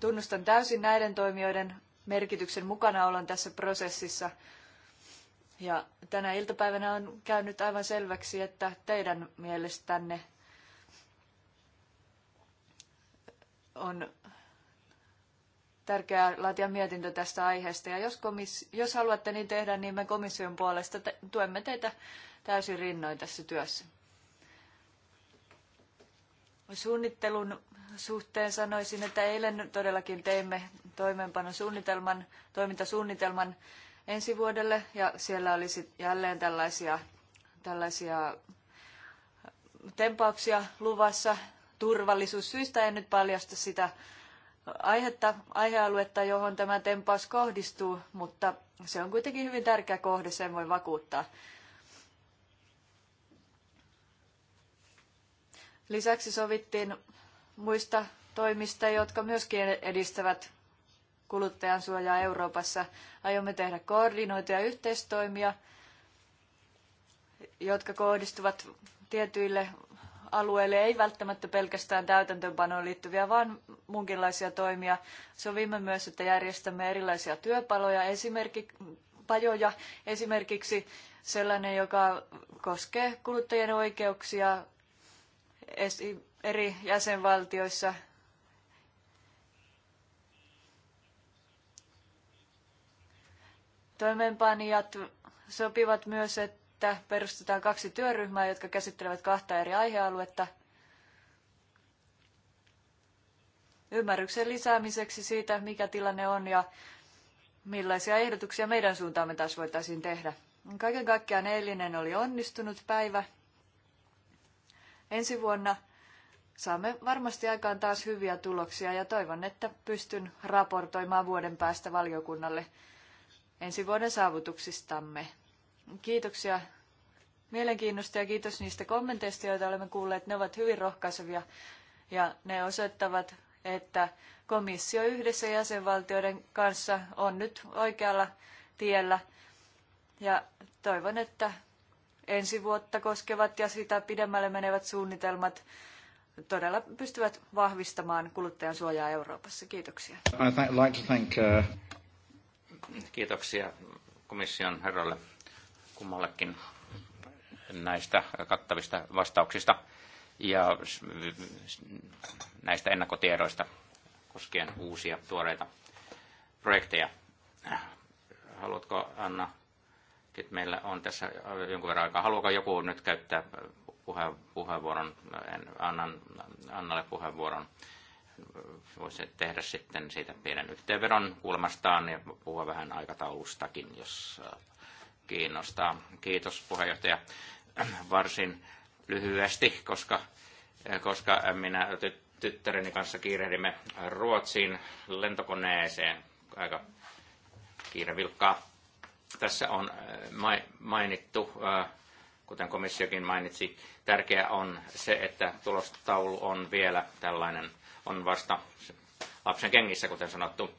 Tunnustan täysin näiden toimijoiden merkityksen mukanaolon tässä prosessissa – ja tänä iltapäivänä on käynyt aivan selväksi, että teidän mielestänne on tärkeää laatia mietintö tästä aiheesta. Ja jos, komis- jos haluatte niin tehdä, niin me komission puolesta te- tuemme teitä täysin rinnoin tässä työssä. Suunnittelun suhteen sanoisin, että eilen todellakin teimme toimeenpanosuunnitelman, toimintasuunnitelman, ensi vuodelle ja siellä olisi jälleen tällaisia, tällaisia äh, tempauksia luvassa turvallisuussyistä. En nyt paljasta sitä aihetta, aihealuetta, johon tämä tempaus kohdistuu, mutta se on kuitenkin hyvin tärkeä kohde, sen voi vakuuttaa. Lisäksi sovittiin muista toimista, jotka myöskin edistävät kuluttajan suojaa Euroopassa. Aiomme tehdä koordinoituja yhteistoimia, jotka kohdistuvat tietyille alueille, ei välttämättä pelkästään täytäntöönpanoon liittyviä, vaan muunkinlaisia toimia. Sovimme myös, että järjestämme erilaisia työpaloja, esimerkiksi pajoja, esimerkiksi sellainen, joka koskee kuluttajien oikeuksia eri jäsenvaltioissa – Toimeenpanijat sopivat myös, että perustetaan kaksi työryhmää, jotka käsittelevät kahta eri aihealuetta. Ymmärryksen lisäämiseksi siitä, mikä tilanne on ja millaisia ehdotuksia meidän suuntaamme taas voitaisiin tehdä. Kaiken kaikkiaan eilinen oli onnistunut päivä. Ensi vuonna saamme varmasti aikaan taas hyviä tuloksia ja toivon, että pystyn raportoimaan vuoden päästä valiokunnalle ensi vuoden saavutuksistamme. Kiitoksia mielenkiinnosta ja kiitos niistä kommenteista, joita olemme kuulleet. Ne ovat hyvin rohkaisevia ja ne osoittavat, että komissio yhdessä jäsenvaltioiden kanssa on nyt oikealla tiellä. Ja toivon, että ensi vuotta koskevat ja sitä pidemmälle menevät suunnitelmat todella pystyvät vahvistamaan kuluttajan suojaa Euroopassa. Kiitoksia. Uh, Kiitoksia komission herralle kummallekin näistä kattavista vastauksista ja näistä ennakkotiedoista koskien uusia tuoreita projekteja. Haluatko Anna, että meillä on tässä jonkun verran aikaa, haluatko joku nyt käyttää puheenvuoron, annan Annalle puheenvuoron voisi tehdä sitten siitä pienen yhteenvedon kulmastaan ja puhua vähän aikataulustakin, jos äh, kiinnostaa. Kiitos puheenjohtaja [clears throat] varsin lyhyesti, koska, äh, koska minä tyttäreni kanssa kiirehdimme Ruotsiin lentokoneeseen. Aika kiire vilkkaa. Tässä on äh, mainittu, kuten komissiokin mainitsi, tärkeää on se, että tulostaulu on vielä tällainen on vasta lapsen kengissä, kuten sanottu.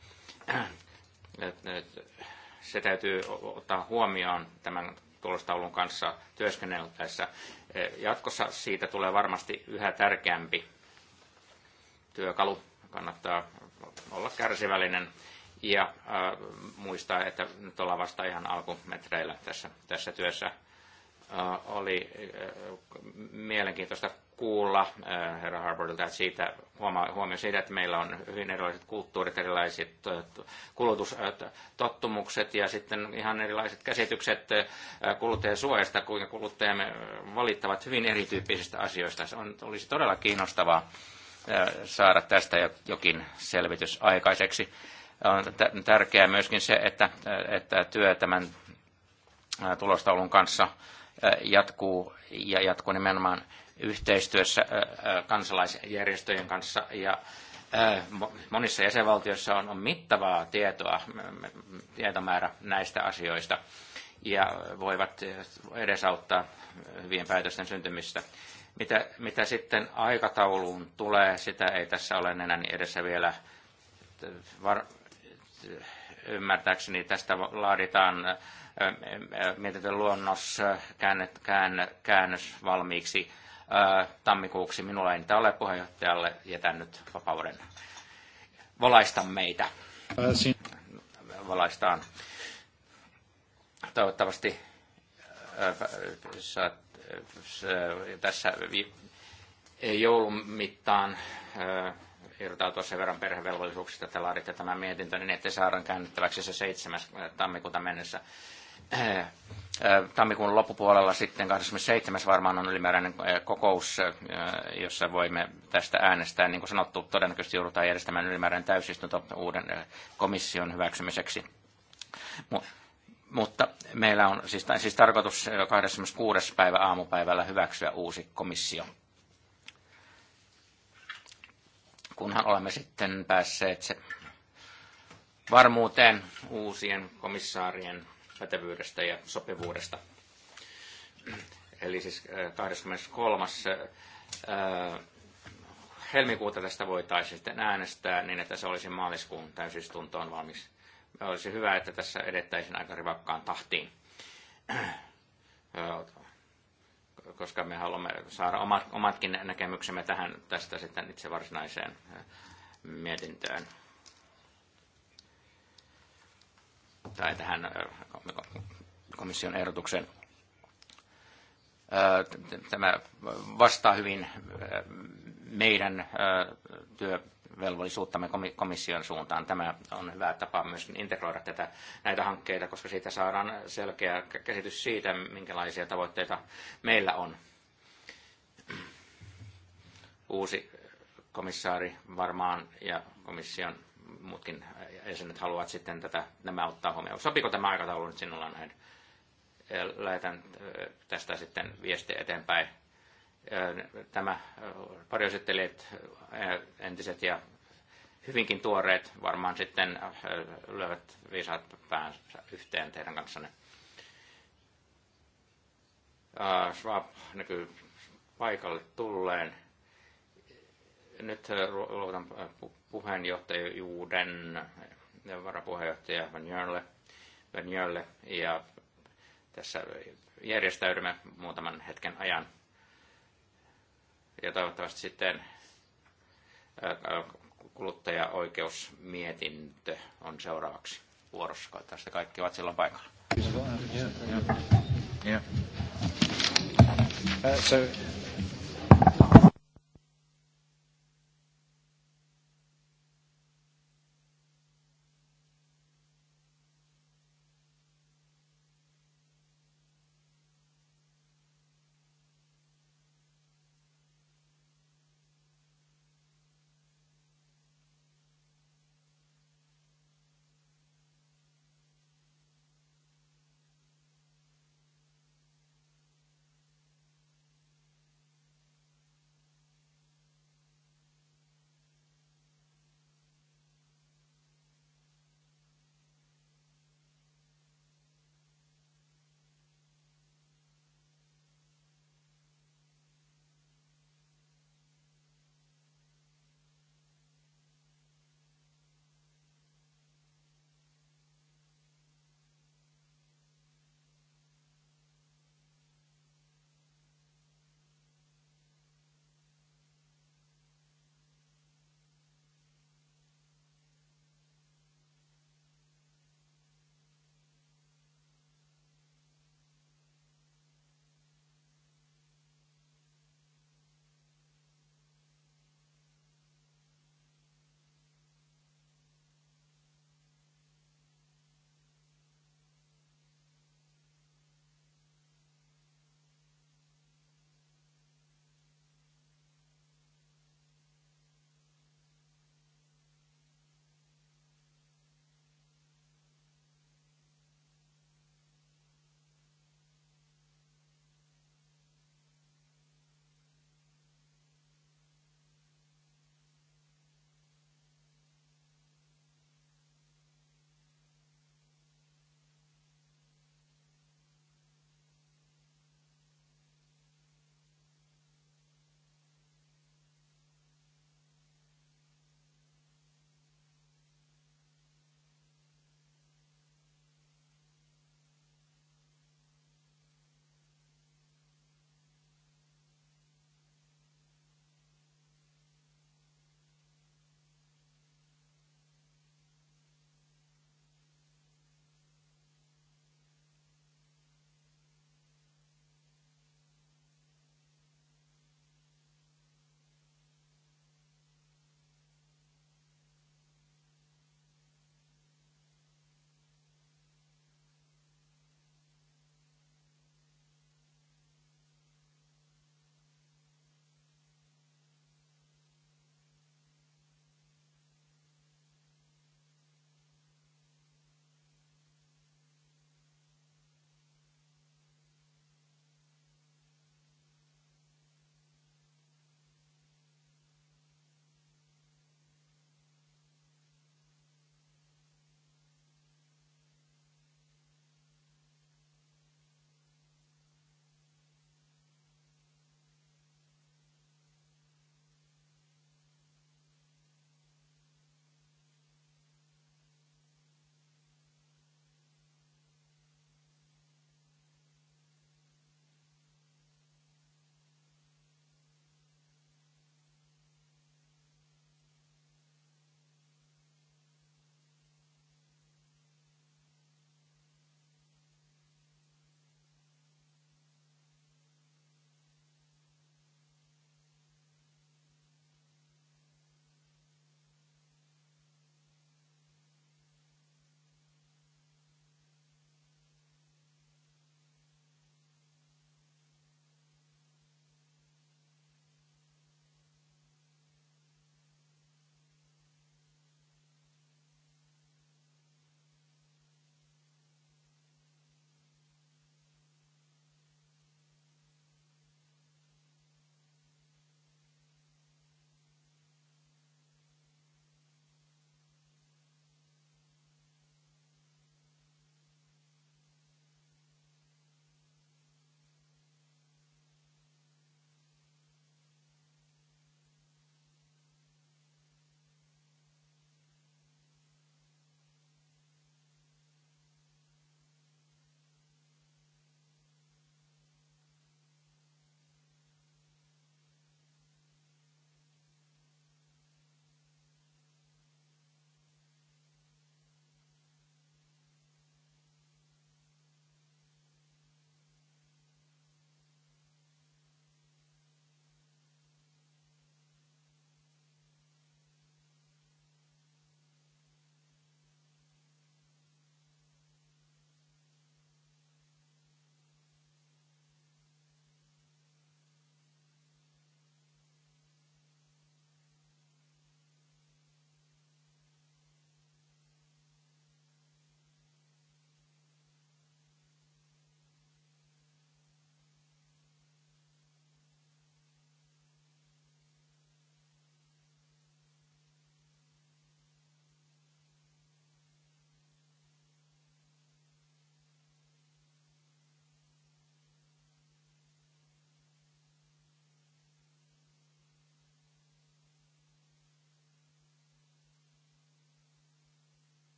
Se täytyy ottaa huomioon tämän tulostaulun kanssa työskenneltäessä. E, jatkossa siitä tulee varmasti yhä tärkeämpi työkalu. Kannattaa olla kärsivällinen ja muistaa, että nyt ollaan vasta ihan alkumetreillä tässä, tässä työssä. oli mielenkiintoista kuulla äh, herra Harbordilta siitä huomio siitä, että meillä on hyvin erilaiset kulttuurit, erilaiset äh, kulutustottumukset äh, ja sitten ihan erilaiset käsitykset kuluttajasuojasta, kuinka kuluttajamme valittavat hyvin erityyppisistä asioista. Se on, olisi todella kiinnostavaa saada tästä jokin selvitys aikaiseksi. On tärkeää myöskin se, että, että työ tämän tulostaulun kanssa jatkuu ja jatkuu nimenomaan yhteistyössä kansalaisjärjestöjen kanssa ja monissa jäsenvaltioissa on, on mittavaa tietoa, tietomäärä näistä asioista ja voivat edesauttaa hyvien päätösten syntymistä. Mitä, mitä sitten aikatauluun tulee, sitä ei tässä ole enää edessä vielä var, ymmärtääkseni. Tästä laaditaan mietintöluonnos, käännös valmiiksi tammikuuksi. Minulla ei niitä ole puheenjohtajalle, jätän nyt vapauden. Valaista meitä. Valaistaan. Toivottavasti saat tässä joulun mittaan irtautua sen verran perhevelvollisuuksista, että laaditte tämä mietintö, niin ette saadaan käännettäväksi se 7. tammikuuta mennessä. Eh, eh, tammikuun loppupuolella sitten 27. varmaan on ylimääräinen eh, kokous, jossa voimme tästä äänestää. Niin kuin sanottu, todennäköisesti joudutaan järjestämään ylimääräinen täysistunto uuden komission hyväksymiseksi. Mutta meillä on siis, siis tarkoitus 26. päivä aamupäivällä hyväksyä uusi komissio. Kunhan olemme sitten päässeet se varmuuteen uusien komissaarien pätevyydestä ja sopivuudesta. Eli siis 23. Äh, äh, helmikuuta tästä voitaisiin sitten äänestää niin, että se olisi maaliskuun täysistuntoon valmis. Olisi hyvä, että tässä edettäisiin aika rivakkaan tahtiin, äh, koska me haluamme saada omatkin näkemyksemme tähän tästä sitten itse varsinaiseen mietintöön. tai tähän komission ehdotuksen. Tämä vastaa hyvin meidän työvelvollisuuttamme komission suuntaan. Tämä on hyvä tapa myös integroida tätä, näitä hankkeita, koska siitä saadaan selkeä käsitys siitä, minkälaisia tavoitteita meillä on. Uusi komissaari varmaan ja komission muutkin jäsenet haluavat sitten tätä, nämä ottaa huomioon. Sopiko tämä aikataulu nyt sinulla näin? Lähetän äh, tästä sitten viestiä eteenpäin. Äh, tämä varjoesittelijät, äh, entiset ja hyvinkin tuoreet, varmaan sitten lyövät viisaat päänsä yhteen teidän kanssanne. Schwab näkyy paikalle tulleen. Nyt äh, luovutan äh, puheenjohtajuuden äh, varapuheenjohtaja Vanjörlle, Vanjörlle ja tässä järjestäydymme muutaman hetken ajan. Ja toivottavasti sitten kuluttajaoikeusmietintö on seuraavaksi vuorossa. Tästä kaikki ovat silloin paikalla. Yeah, yeah. Yeah. Uh, so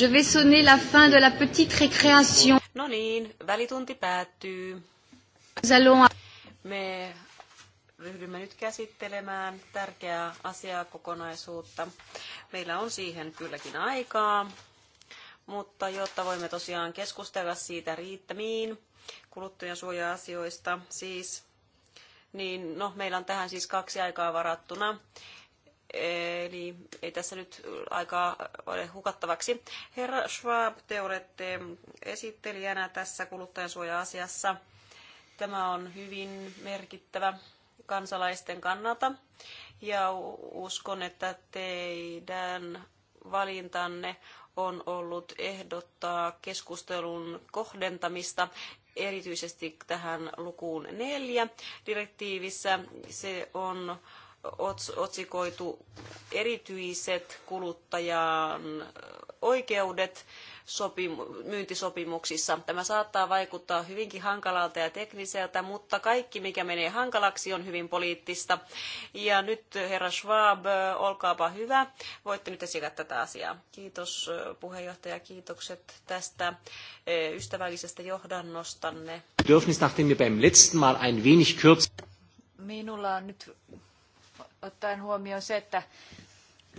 Je vais sonner la fin de la petite récréation. No niin, välitunti päättyy. Nous allons... Me ryhdymme nyt käsittelemään tärkeää asiaa kokonaisuutta. Meillä on siihen kylläkin aikaa, mutta jotta voimme tosiaan keskustella siitä riittämiin suoja asioista siis, niin no, meillä on tähän siis kaksi aikaa varattuna. Eli ei tässä nyt aikaa ole hukattavaksi. Herra Schwab, te olette esittelijänä tässä kuluttajansuoja-asiassa. Tämä on hyvin merkittävä kansalaisten kannalta ja uskon, että teidän valintanne on ollut ehdottaa keskustelun kohdentamista erityisesti tähän lukuun neljä direktiivissä. Se on otsikoitu erityiset kuluttajan oikeudet myyntisopimuksissa. Tämä saattaa vaikuttaa hyvinkin hankalalta ja tekniseltä, mutta kaikki mikä menee hankalaksi on hyvin poliittista. Ja nyt herra Schwab, olkaapa hyvä. Voitte nyt esitellä tätä asiaa. Kiitos puheenjohtaja, kiitokset tästä ystävällisestä johdannostanne. Minulla on nyt ottaen huomioon se, että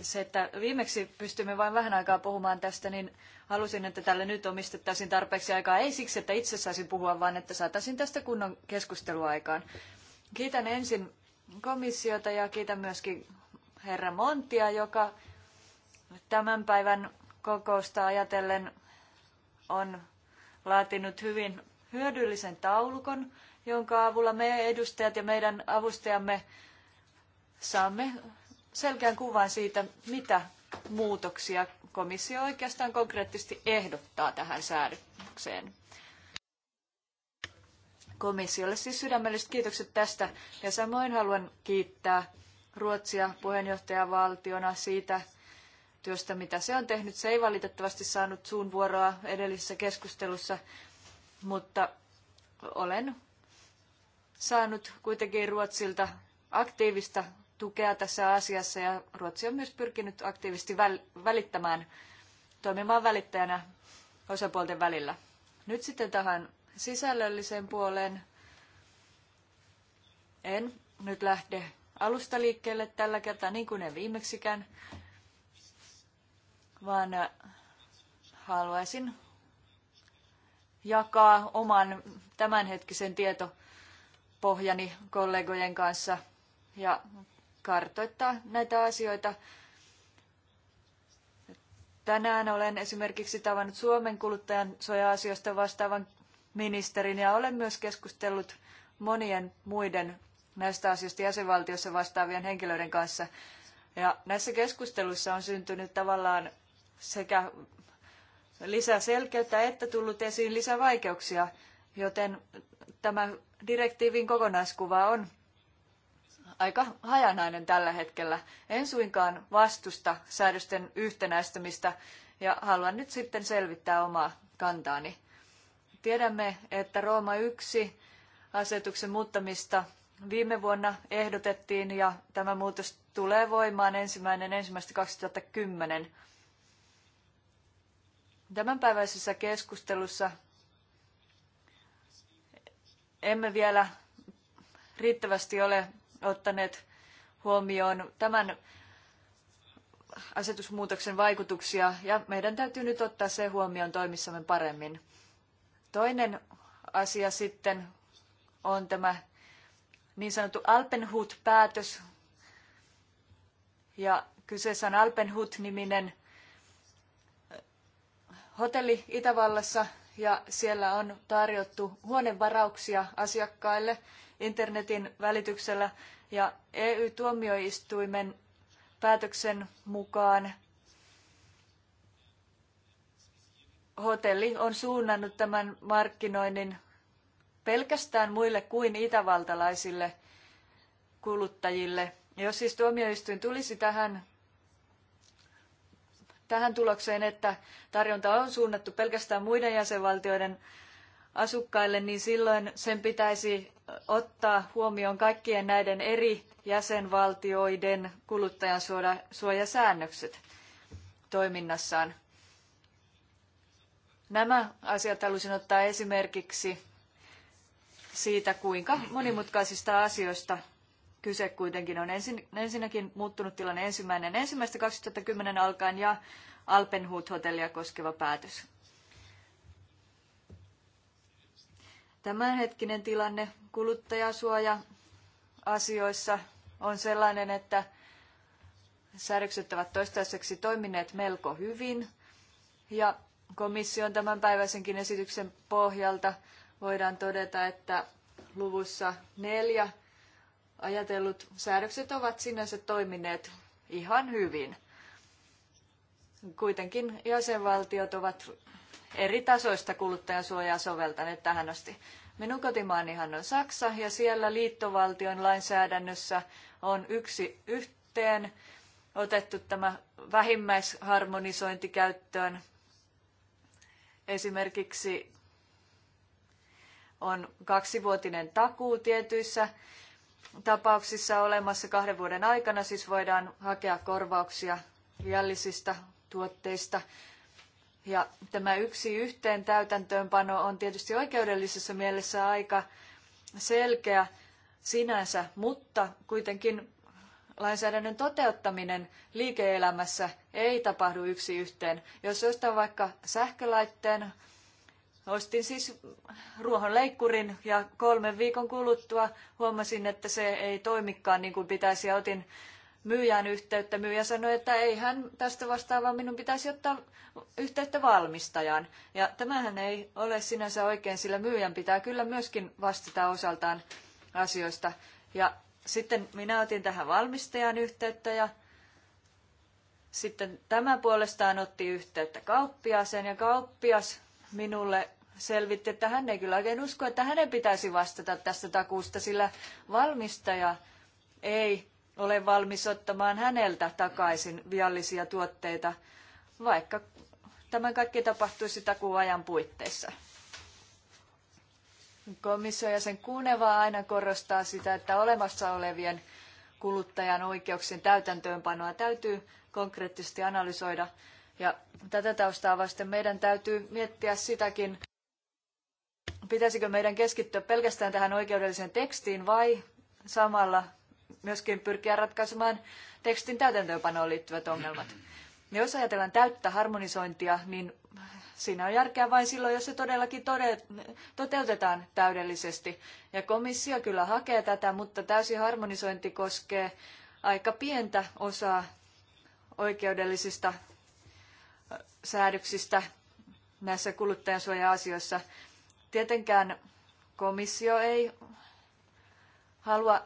se, että viimeksi pystymme vain vähän aikaa puhumaan tästä, niin halusin, että tälle nyt omistettaisiin tarpeeksi aikaa. Ei siksi, että itse saisin puhua, vaan että saataisiin tästä kunnon keskustelua aikaan. Kiitän ensin komissiota ja kiitän myöskin herra Montia, joka tämän päivän kokousta ajatellen on laatinut hyvin hyödyllisen taulukon, jonka avulla me edustajat ja meidän avustajamme saamme selkeän kuvan siitä, mitä muutoksia komissio oikeastaan konkreettisesti ehdottaa tähän säädökseen. Komissiolle siis sydämelliset kiitokset tästä ja samoin haluan kiittää Ruotsia puheenjohtajavaltiona siitä työstä, mitä se on tehnyt. Se ei valitettavasti saanut suun vuoroa edellisessä keskustelussa, mutta olen saanut kuitenkin Ruotsilta aktiivista tukea tässä asiassa ja Ruotsi on myös pyrkinyt aktiivisesti välittämään, toimimaan välittäjänä osapuolten välillä. Nyt sitten tähän sisällölliseen puoleen. En nyt lähde alusta liikkeelle tällä kertaa, niin kuin en viimeksikään, vaan äh, haluaisin jakaa oman tämänhetkisen tietopohjani kollegojen kanssa ja kartoittaa näitä asioita. Tänään olen esimerkiksi tavannut Suomen kuluttajan suoja-asioista vastaavan ministerin ja olen myös keskustellut monien muiden näistä asioista jäsenvaltiossa vastaavien henkilöiden kanssa. Ja näissä keskusteluissa on syntynyt tavallaan sekä lisää selkeyttä että tullut esiin lisävaikeuksia, joten tämä direktiivin kokonaiskuva on aika hajanainen tällä hetkellä. En suinkaan vastusta säädösten yhtenäistämistä ja haluan nyt sitten selvittää omaa kantaani. Tiedämme, että Rooma 1 asetuksen muuttamista viime vuonna ehdotettiin ja tämä muutos tulee voimaan ensimmäinen ensimmäistä 2010. Tämänpäiväisessä keskustelussa emme vielä riittävästi ole ottaneet huomioon tämän asetusmuutoksen vaikutuksia ja meidän täytyy nyt ottaa se huomioon toimissamme paremmin. Toinen asia sitten on tämä niin sanottu Alpenhut-päätös. Ja kyseessä on Alpenhut-niminen äh, hotelli Itävallassa ja siellä on tarjottu huonevarauksia asiakkaille internetin välityksellä ja EU-tuomioistuimen päätöksen mukaan hotelli on suunnannut tämän markkinoinnin pelkästään muille kuin itävaltalaisille kuluttajille. Jos siis tuomioistuin tulisi tähän, tähän tulokseen, että tarjonta on suunnattu pelkästään muiden jäsenvaltioiden asukkaille, niin silloin sen pitäisi ottaa huomioon kaikkien näiden eri jäsenvaltioiden kuluttajansuojasäännökset toiminnassaan. Nämä asiat halusin ottaa esimerkiksi siitä, kuinka monimutkaisista asioista kyse kuitenkin on. Ensin, ensinnäkin muuttunut tilanne ensimmäinen ensimmäistä 2010 alkaen ja Alpenhut hotellia koskeva päätös. Tämänhetkinen tilanne kuluttajasuoja-asioissa on sellainen, että säädökset ovat toistaiseksi toimineet melko hyvin ja komission tämänpäiväisenkin esityksen pohjalta voidaan todeta, että luvussa neljä ajatellut säädökset ovat sinänsä toimineet ihan hyvin. Kuitenkin jäsenvaltiot ovat eri tasoista kuluttajansuojaa soveltaneet tähän asti. Minun kotimaanihan on Saksa ja siellä liittovaltion lainsäädännössä on yksi yhteen otettu tämä vähimmäisharmonisointi käyttöön. Esimerkiksi on kaksivuotinen takuu tietyissä tapauksissa olemassa kahden vuoden aikana, siis voidaan hakea korvauksia viallisista tuotteista ja tämä yksi yhteen täytäntöönpano on tietysti oikeudellisessa mielessä aika selkeä sinänsä, mutta kuitenkin lainsäädännön toteuttaminen liike-elämässä ei tapahdu yksi yhteen. Jos ostan vaikka sähkölaitteen, ostin siis ruohonleikkurin ja kolmen viikon kuluttua huomasin, että se ei toimikaan niin kuin pitäisi ja otin myyjään yhteyttä. Myyjä sanoi, että ei hän tästä vastaavaa, minun pitäisi ottaa yhteyttä valmistajaan. Ja tämähän ei ole sinänsä oikein, sillä myyjän pitää kyllä myöskin vastata osaltaan asioista. Ja sitten minä otin tähän valmistajan yhteyttä ja sitten tämä puolestaan otti yhteyttä kauppiaaseen ja kauppias minulle selvitti, että hän ei kyllä oikein usko, että hänen pitäisi vastata tästä takuusta, sillä valmistaja ei olen valmis ottamaan häneltä takaisin viallisia tuotteita, vaikka tämä kaikki tapahtuisi takuajan puitteissa. Komissio ja sen kuuneva aina korostaa sitä, että olemassa olevien kuluttajan oikeuksien täytäntöönpanoa täytyy konkreettisesti analysoida. Ja tätä taustaa vasten meidän täytyy miettiä sitäkin, pitäisikö meidän keskittyä pelkästään tähän oikeudelliseen tekstiin vai samalla myöskin pyrkiä ratkaisemaan tekstin täytäntöönpanoon liittyvät ongelmat. Ja jos ajatellaan täyttä harmonisointia, niin siinä on järkeä vain silloin, jos se todellakin toteutetaan täydellisesti. Ja komissio kyllä hakee tätä, mutta täysi harmonisointi koskee aika pientä osaa oikeudellisista säädöksistä näissä kuluttajansuoja-asioissa. Tietenkään komissio ei halua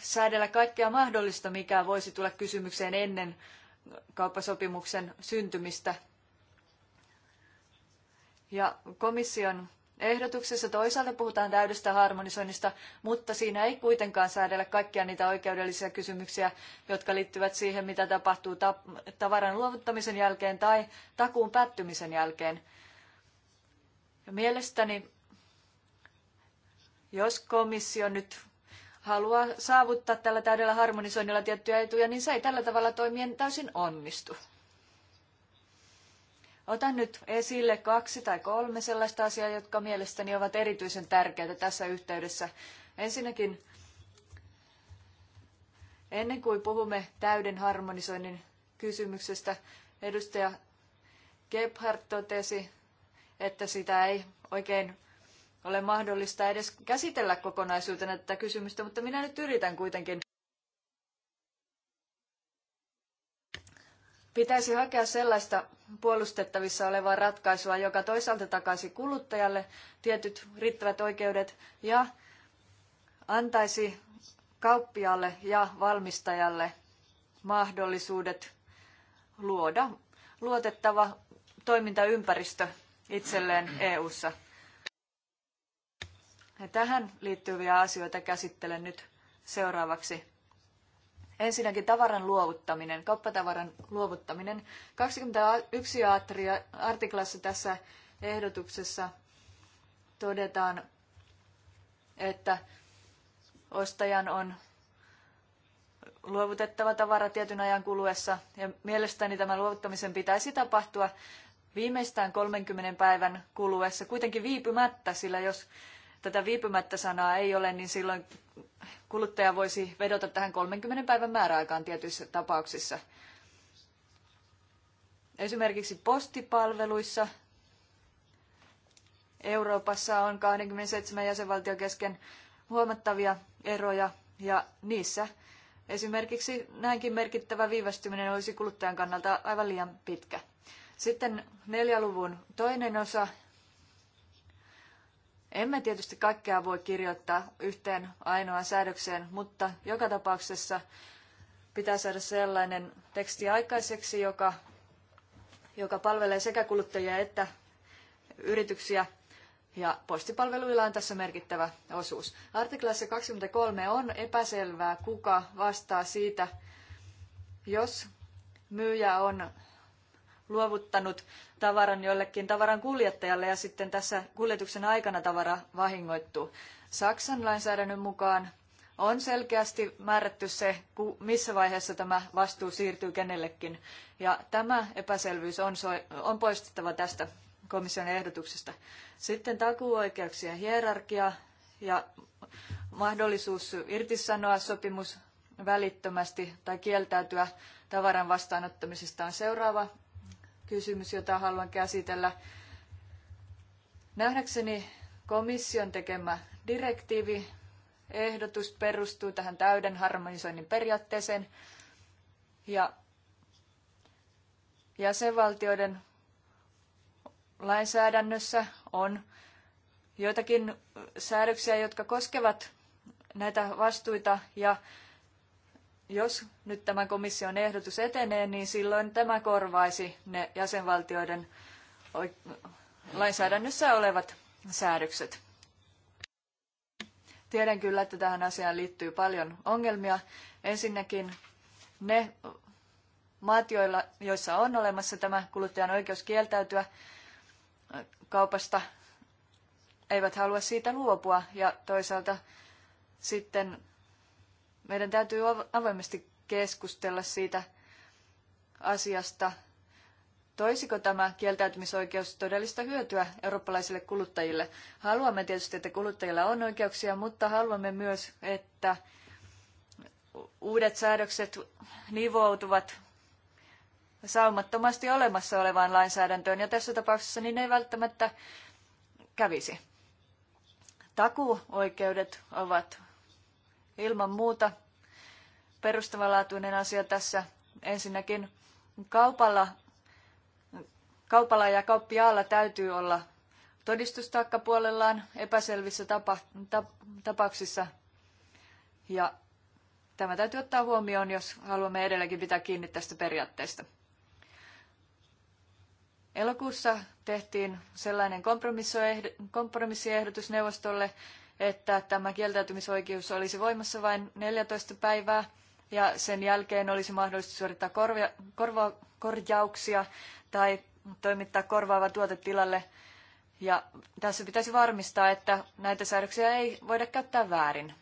säädellä kaikkea mahdollista, mikä voisi tulla kysymykseen ennen kauppasopimuksen syntymistä. Ja komission ehdotuksessa toisaalta puhutaan täydestä harmonisoinnista, mutta siinä ei kuitenkaan säädellä kaikkia niitä oikeudellisia kysymyksiä, jotka liittyvät siihen, mitä tapahtuu tavaran luovuttamisen jälkeen tai takuun päättymisen jälkeen. Ja mielestäni, jos komissio nyt haluaa saavuttaa tällä täydellä harmonisoinnilla tiettyjä etuja, niin se ei tällä tavalla toimien täysin onnistu. Otan nyt esille kaksi tai kolme sellaista asiaa, jotka mielestäni ovat erityisen tärkeitä tässä yhteydessä. Ensinnäkin, ennen kuin puhumme täyden harmonisoinnin kysymyksestä, edustaja Gebhardt totesi, että sitä ei oikein ole mahdollista edes käsitellä kokonaisuutena tätä kysymystä, mutta minä nyt yritän kuitenkin. Pitäisi hakea sellaista puolustettavissa olevaa ratkaisua, joka toisaalta takaisi kuluttajalle tietyt riittävät oikeudet ja antaisi kauppialle ja valmistajalle mahdollisuudet luoda luotettava toimintaympäristö itselleen EU:ssa. Ja tähän liittyviä asioita käsittelen nyt seuraavaksi. Ensinnäkin tavaran luovuttaminen, kauppatavaran luovuttaminen. 21 artiklassa tässä ehdotuksessa todetaan, että ostajan on luovutettava tavara tietyn ajan kuluessa ja mielestäni tämän luovuttamisen pitäisi tapahtua viimeistään 30 päivän kuluessa, kuitenkin viipymättä, sillä jos tätä viipymättä sanaa ei ole, niin silloin kuluttaja voisi vedota tähän 30 päivän määräaikaan tietyissä tapauksissa. Esimerkiksi postipalveluissa Euroopassa on 27 jäsenvaltion kesken huomattavia eroja ja niissä esimerkiksi näinkin merkittävä viivästyminen olisi kuluttajan kannalta aivan liian pitkä. Sitten neljä luvun toinen osa emme tietysti kaikkea voi kirjoittaa yhteen ainoaan säädökseen, mutta joka tapauksessa pitää saada sellainen teksti aikaiseksi, joka, joka palvelee sekä kuluttajia että yrityksiä. Ja postipalveluilla on tässä merkittävä osuus. Artiklassa 23 on epäselvää, kuka vastaa siitä, jos myyjä on luovuttanut tavaran jollekin tavaran kuljettajalle ja sitten tässä kuljetuksen aikana tavara vahingoittuu. Saksan lainsäädännön mukaan on selkeästi määrätty se, missä vaiheessa tämä vastuu siirtyy kenellekin. Ja tämä epäselvyys on, on poistettava tästä komission ehdotuksesta. Sitten takuuoikeuksien hierarkia ja mahdollisuus irtisanoa sopimus välittömästi tai kieltäytyä tavaran vastaanottamisesta on seuraava kysymys, jota haluan käsitellä. Nähdäkseni komission tekemä direktiivi ehdotus perustuu tähän täyden harmonisoinnin periaatteeseen ja jäsenvaltioiden lainsäädännössä on joitakin säädöksiä, jotka koskevat näitä vastuita ja jos nyt tämä komission ehdotus etenee, niin silloin tämä korvaisi ne jäsenvaltioiden lainsäädännössä olevat säädökset. Tiedän kyllä, että tähän asiaan liittyy paljon ongelmia. Ensinnäkin ne maat, joilla, joissa on olemassa tämä kuluttajan oikeus kieltäytyä kaupasta, eivät halua siitä luopua. Ja toisaalta sitten meidän täytyy avoimesti keskustella siitä asiasta, toisiko tämä kieltäytymisoikeus todellista hyötyä eurooppalaisille kuluttajille. Haluamme tietysti, että kuluttajilla on oikeuksia, mutta haluamme myös, että uudet säädökset nivoutuvat saumattomasti olemassa olevaan lainsäädäntöön, ja tässä tapauksessa niin ei välttämättä kävisi. Takuoikeudet ovat ilman muuta perustavanlaatuinen asia tässä. Ensinnäkin kaupalla, kaupalla ja kauppiaalla täytyy olla todistustaakka puolellaan epäselvissä tapa, ta, tapauksissa. Ja tämä täytyy ottaa huomioon, jos haluamme edelläkin pitää kiinni tästä periaatteesta. Elokuussa tehtiin sellainen kompromissiehdotus neuvostolle, että tämä kieltäytymisoikeus olisi voimassa vain 14 päivää ja sen jälkeen olisi mahdollista suorittaa korvia, korva, korjauksia tai toimittaa korvaava tuote tilalle. Ja tässä pitäisi varmistaa, että näitä säädöksiä ei voida käyttää väärin.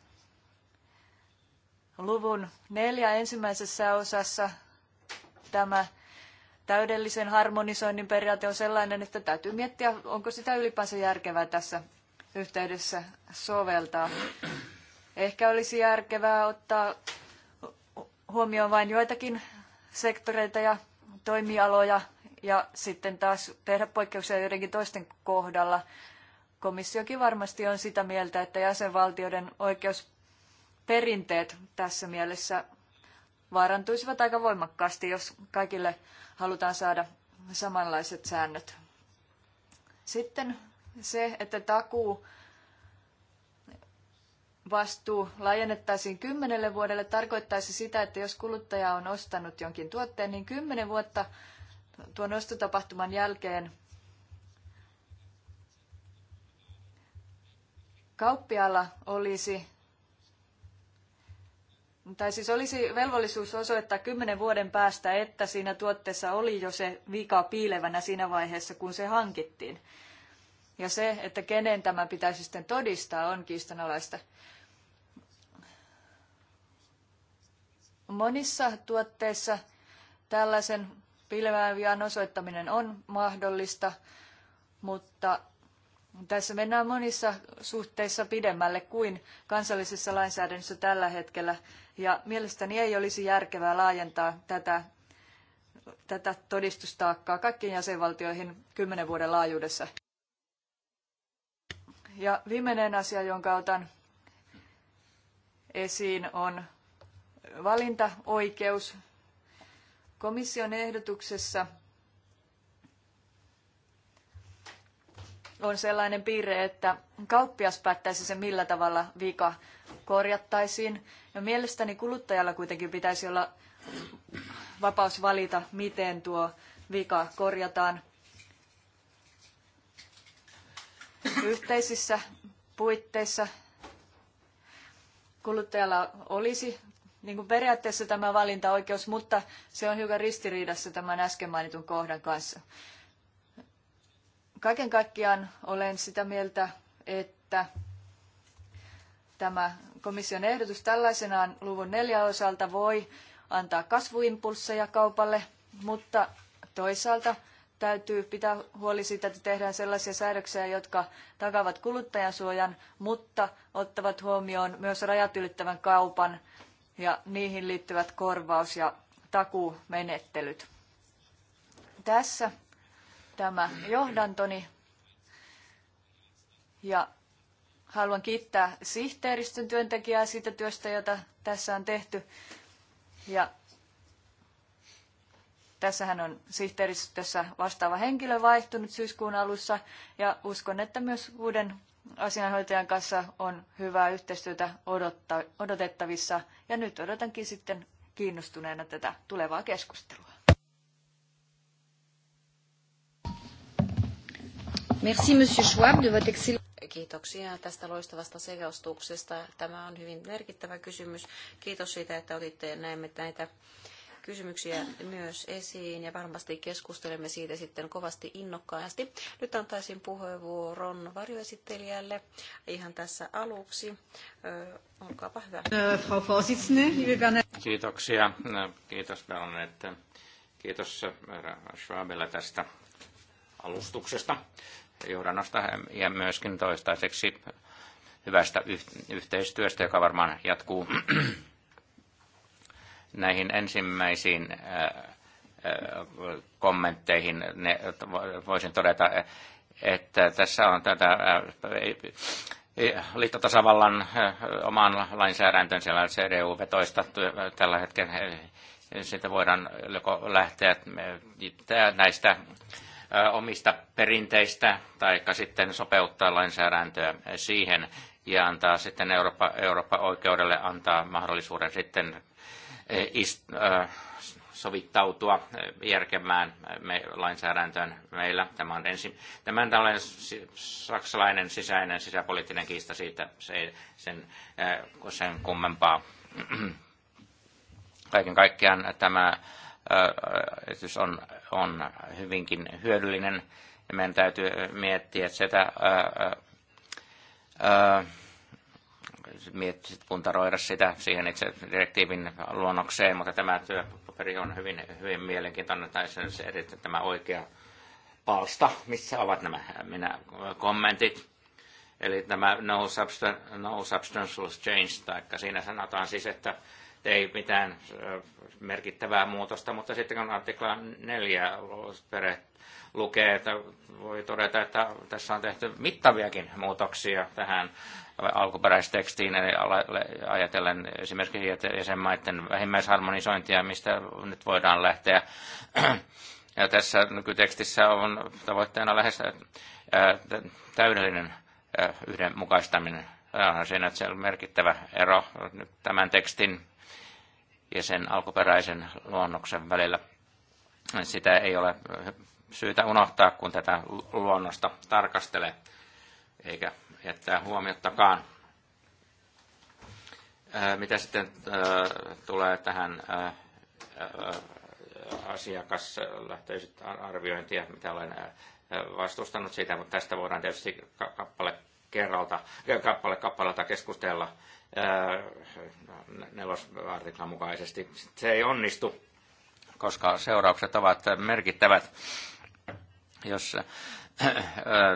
Luvun neljä ensimmäisessä osassa tämä täydellisen harmonisoinnin periaate on sellainen, että täytyy miettiä, onko sitä ylipäänsä järkevää tässä yhteydessä soveltaa. Ehkä olisi järkevää ottaa huomioon vain joitakin sektoreita ja toimialoja ja sitten taas tehdä poikkeuksia joidenkin toisten kohdalla. Komissiokin varmasti on sitä mieltä, että jäsenvaltioiden oikeusperinteet tässä mielessä vaarantuisivat aika voimakkaasti, jos kaikille halutaan saada samanlaiset säännöt. Sitten se, että takuu vastuu laajennettaisiin kymmenelle vuodelle, tarkoittaisi sitä, että jos kuluttaja on ostanut jonkin tuotteen, niin kymmenen vuotta tuon ostotapahtuman jälkeen kauppialla olisi, tai siis olisi velvollisuus osoittaa kymmenen vuoden päästä, että siinä tuotteessa oli jo se vika piilevänä siinä vaiheessa, kun se hankittiin. Ja se, että kenen tämä pitäisi sitten todistaa, on kiistanalaista. Monissa tuotteissa tällaisen pilvään vian osoittaminen on mahdollista, mutta tässä mennään monissa suhteissa pidemmälle kuin kansallisessa lainsäädännössä tällä hetkellä. Ja mielestäni ei olisi järkevää laajentaa tätä, tätä todistustaakkaa kaikkiin jäsenvaltioihin kymmenen vuoden laajuudessa. Ja viimeinen asia, jonka otan esiin, on valintaoikeus. Komission ehdotuksessa on sellainen piirre, että kauppias päättäisi sen, millä tavalla vika korjattaisiin. Ja no, mielestäni kuluttajalla kuitenkin pitäisi olla vapaus valita, miten tuo vika korjataan. yhteisissä puitteissa kuluttajalla olisi niin kuin periaatteessa tämä valintaoikeus, mutta se on hiukan ristiriidassa tämän äsken mainitun kohdan kanssa. Kaiken kaikkiaan olen sitä mieltä, että tämä komission ehdotus tällaisenaan luvun neljä osalta voi antaa kasvuimpulsseja kaupalle, mutta toisaalta – täytyy pitää huoli siitä, että tehdään sellaisia säädöksiä, jotka takavat kuluttajansuojan, mutta ottavat huomioon myös rajat ylittävän kaupan ja niihin liittyvät korvaus- ja takuumenettelyt. Tässä tämä johdantoni. Ja haluan kiittää sihteeristön työntekijää siitä työstä, jota tässä on tehty. Ja Tässähän on sihteeristössä vastaava henkilö vaihtunut syyskuun alussa ja uskon, että myös uuden asianhoitajan kanssa on hyvää yhteistyötä odotettavissa. Ja nyt odotankin sitten kiinnostuneena tätä tulevaa keskustelua. Merci, Monsieur Schwab, de votre excellent... Kiitoksia tästä loistavasta selostuksesta. Tämä on hyvin merkittävä kysymys. Kiitos siitä, että otitte näemme näitä kysymyksiä myös esiin ja varmasti keskustelemme siitä sitten kovasti innokkaasti. Nyt antaisin puheenvuoron varjoesittelijälle ihan tässä aluksi. Olkaapa hyvä. Äh, Kiitoksia. Äh, kiitos Belon, että kiitos äh, Schwabille tästä alustuksesta, johdannosta ja myöskin toistaiseksi hyvästä yhteistyöstä, joka varmaan jatkuu näihin ensimmäisiin äh, äh, kommentteihin ne, voisin todeta, että tässä on tätä äh, liittotasavallan oman lainsäädäntönsä siellä CDU-vetoista tällä hetkellä. Siitä voidaan joko lähteä näistä omista perinteistä tai sitten sopeuttaa lainsäädäntöä siihen ja antaa sitten Eurooppa, Eurooppa oikeudelle antaa mahdollisuuden sitten E, sovittautua järkemään me, lainsäädäntöön meillä. Tämä on ensin, tämän tällainen saksalainen sisäinen sisäpoliittinen kiista siitä, se sen, sen kummempaa. [clears throat] Kaiken kaikkiaan tämä esitys on, on hyvinkin hyödyllinen. Meidän täytyy miettiä sitä ää, ää, miet, puntaroida sitä siihen itse direktiivin luonnokseen, mutta tämä työpaperi on hyvin, hyvin mielenkiintoinen, tai se että tämä oikea palsta, missä ovat nämä minä kommentit. Eli tämä no, substan- no substantial change, tai siinä sanotaan siis, että ei mitään merkittävää muutosta, mutta sitten kun artikla 4 lukee, että voi todeta, että tässä on tehty mittaviakin muutoksia tähän alkuperäistekstiin, eli ajatellen esimerkiksi jäsenmaiden vähimmäisharmonisointia, mistä nyt voidaan lähteä. Ja tässä nykytekstissä on tavoitteena lähes täydellinen yhdenmukaistaminen. Siinä on merkittävä ero nyt tämän tekstin ja sen alkuperäisen luonnoksen välillä. Sitä ei ole syytä unohtaa, kun tätä luonnosta tarkastelee, eikä jättää huomiottakaan. Mitä sitten tulee tähän asiakaslähtöiset arviointia, mitä olen vastustanut siitä, mutta tästä voidaan tietysti kappale kerralta, kappale kappaleelta keskustella nelosartiklan mukaisesti. Se ei onnistu, koska seuraukset ovat merkittävät. Jos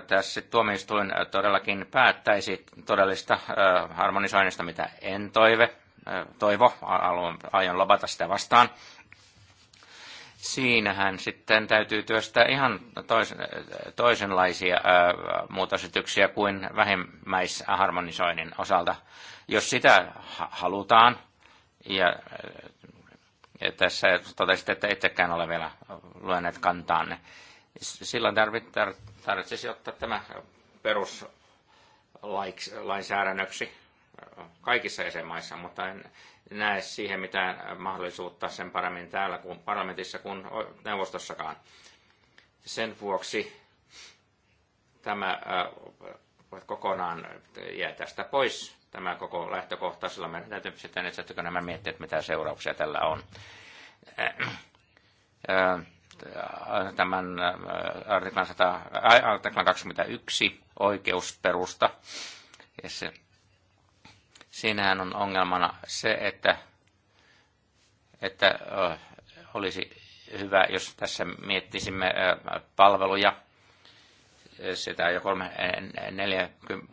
tässä tuomioistuin todellakin päättäisi todellista harmonisoinnista, mitä en toive, toivo, aion lobata sitä vastaan, siinähän sitten täytyy työstää ihan tois, toisenlaisia ö, muutosityksiä kuin vähimmäisharmonisoinnin osalta. Jos sitä halutaan, ja, ja tässä totesit, että itsekään ole vielä luenneet kantaanne, silloin tarvitsisi ottaa tämä peruslainsäädännöksi kaikissa jäsenmaissa, mutta en, näe siihen mitään mahdollisuutta sen paremmin täällä kuin parlamentissa kuin neuvostossakaan. Sen vuoksi tämä äh, kokonaan jää tästä pois, tämä koko lähtökohta, sillä meidän täytyy sitten että nämä miettiä, että mitä seurauksia tällä on. Äh, äh, tämän artiklan, 100, artiklan 21 oikeusperusta, ja se Siinähän on ongelmana se, että, että olisi hyvä, jos tässä miettisimme palveluja sitä jo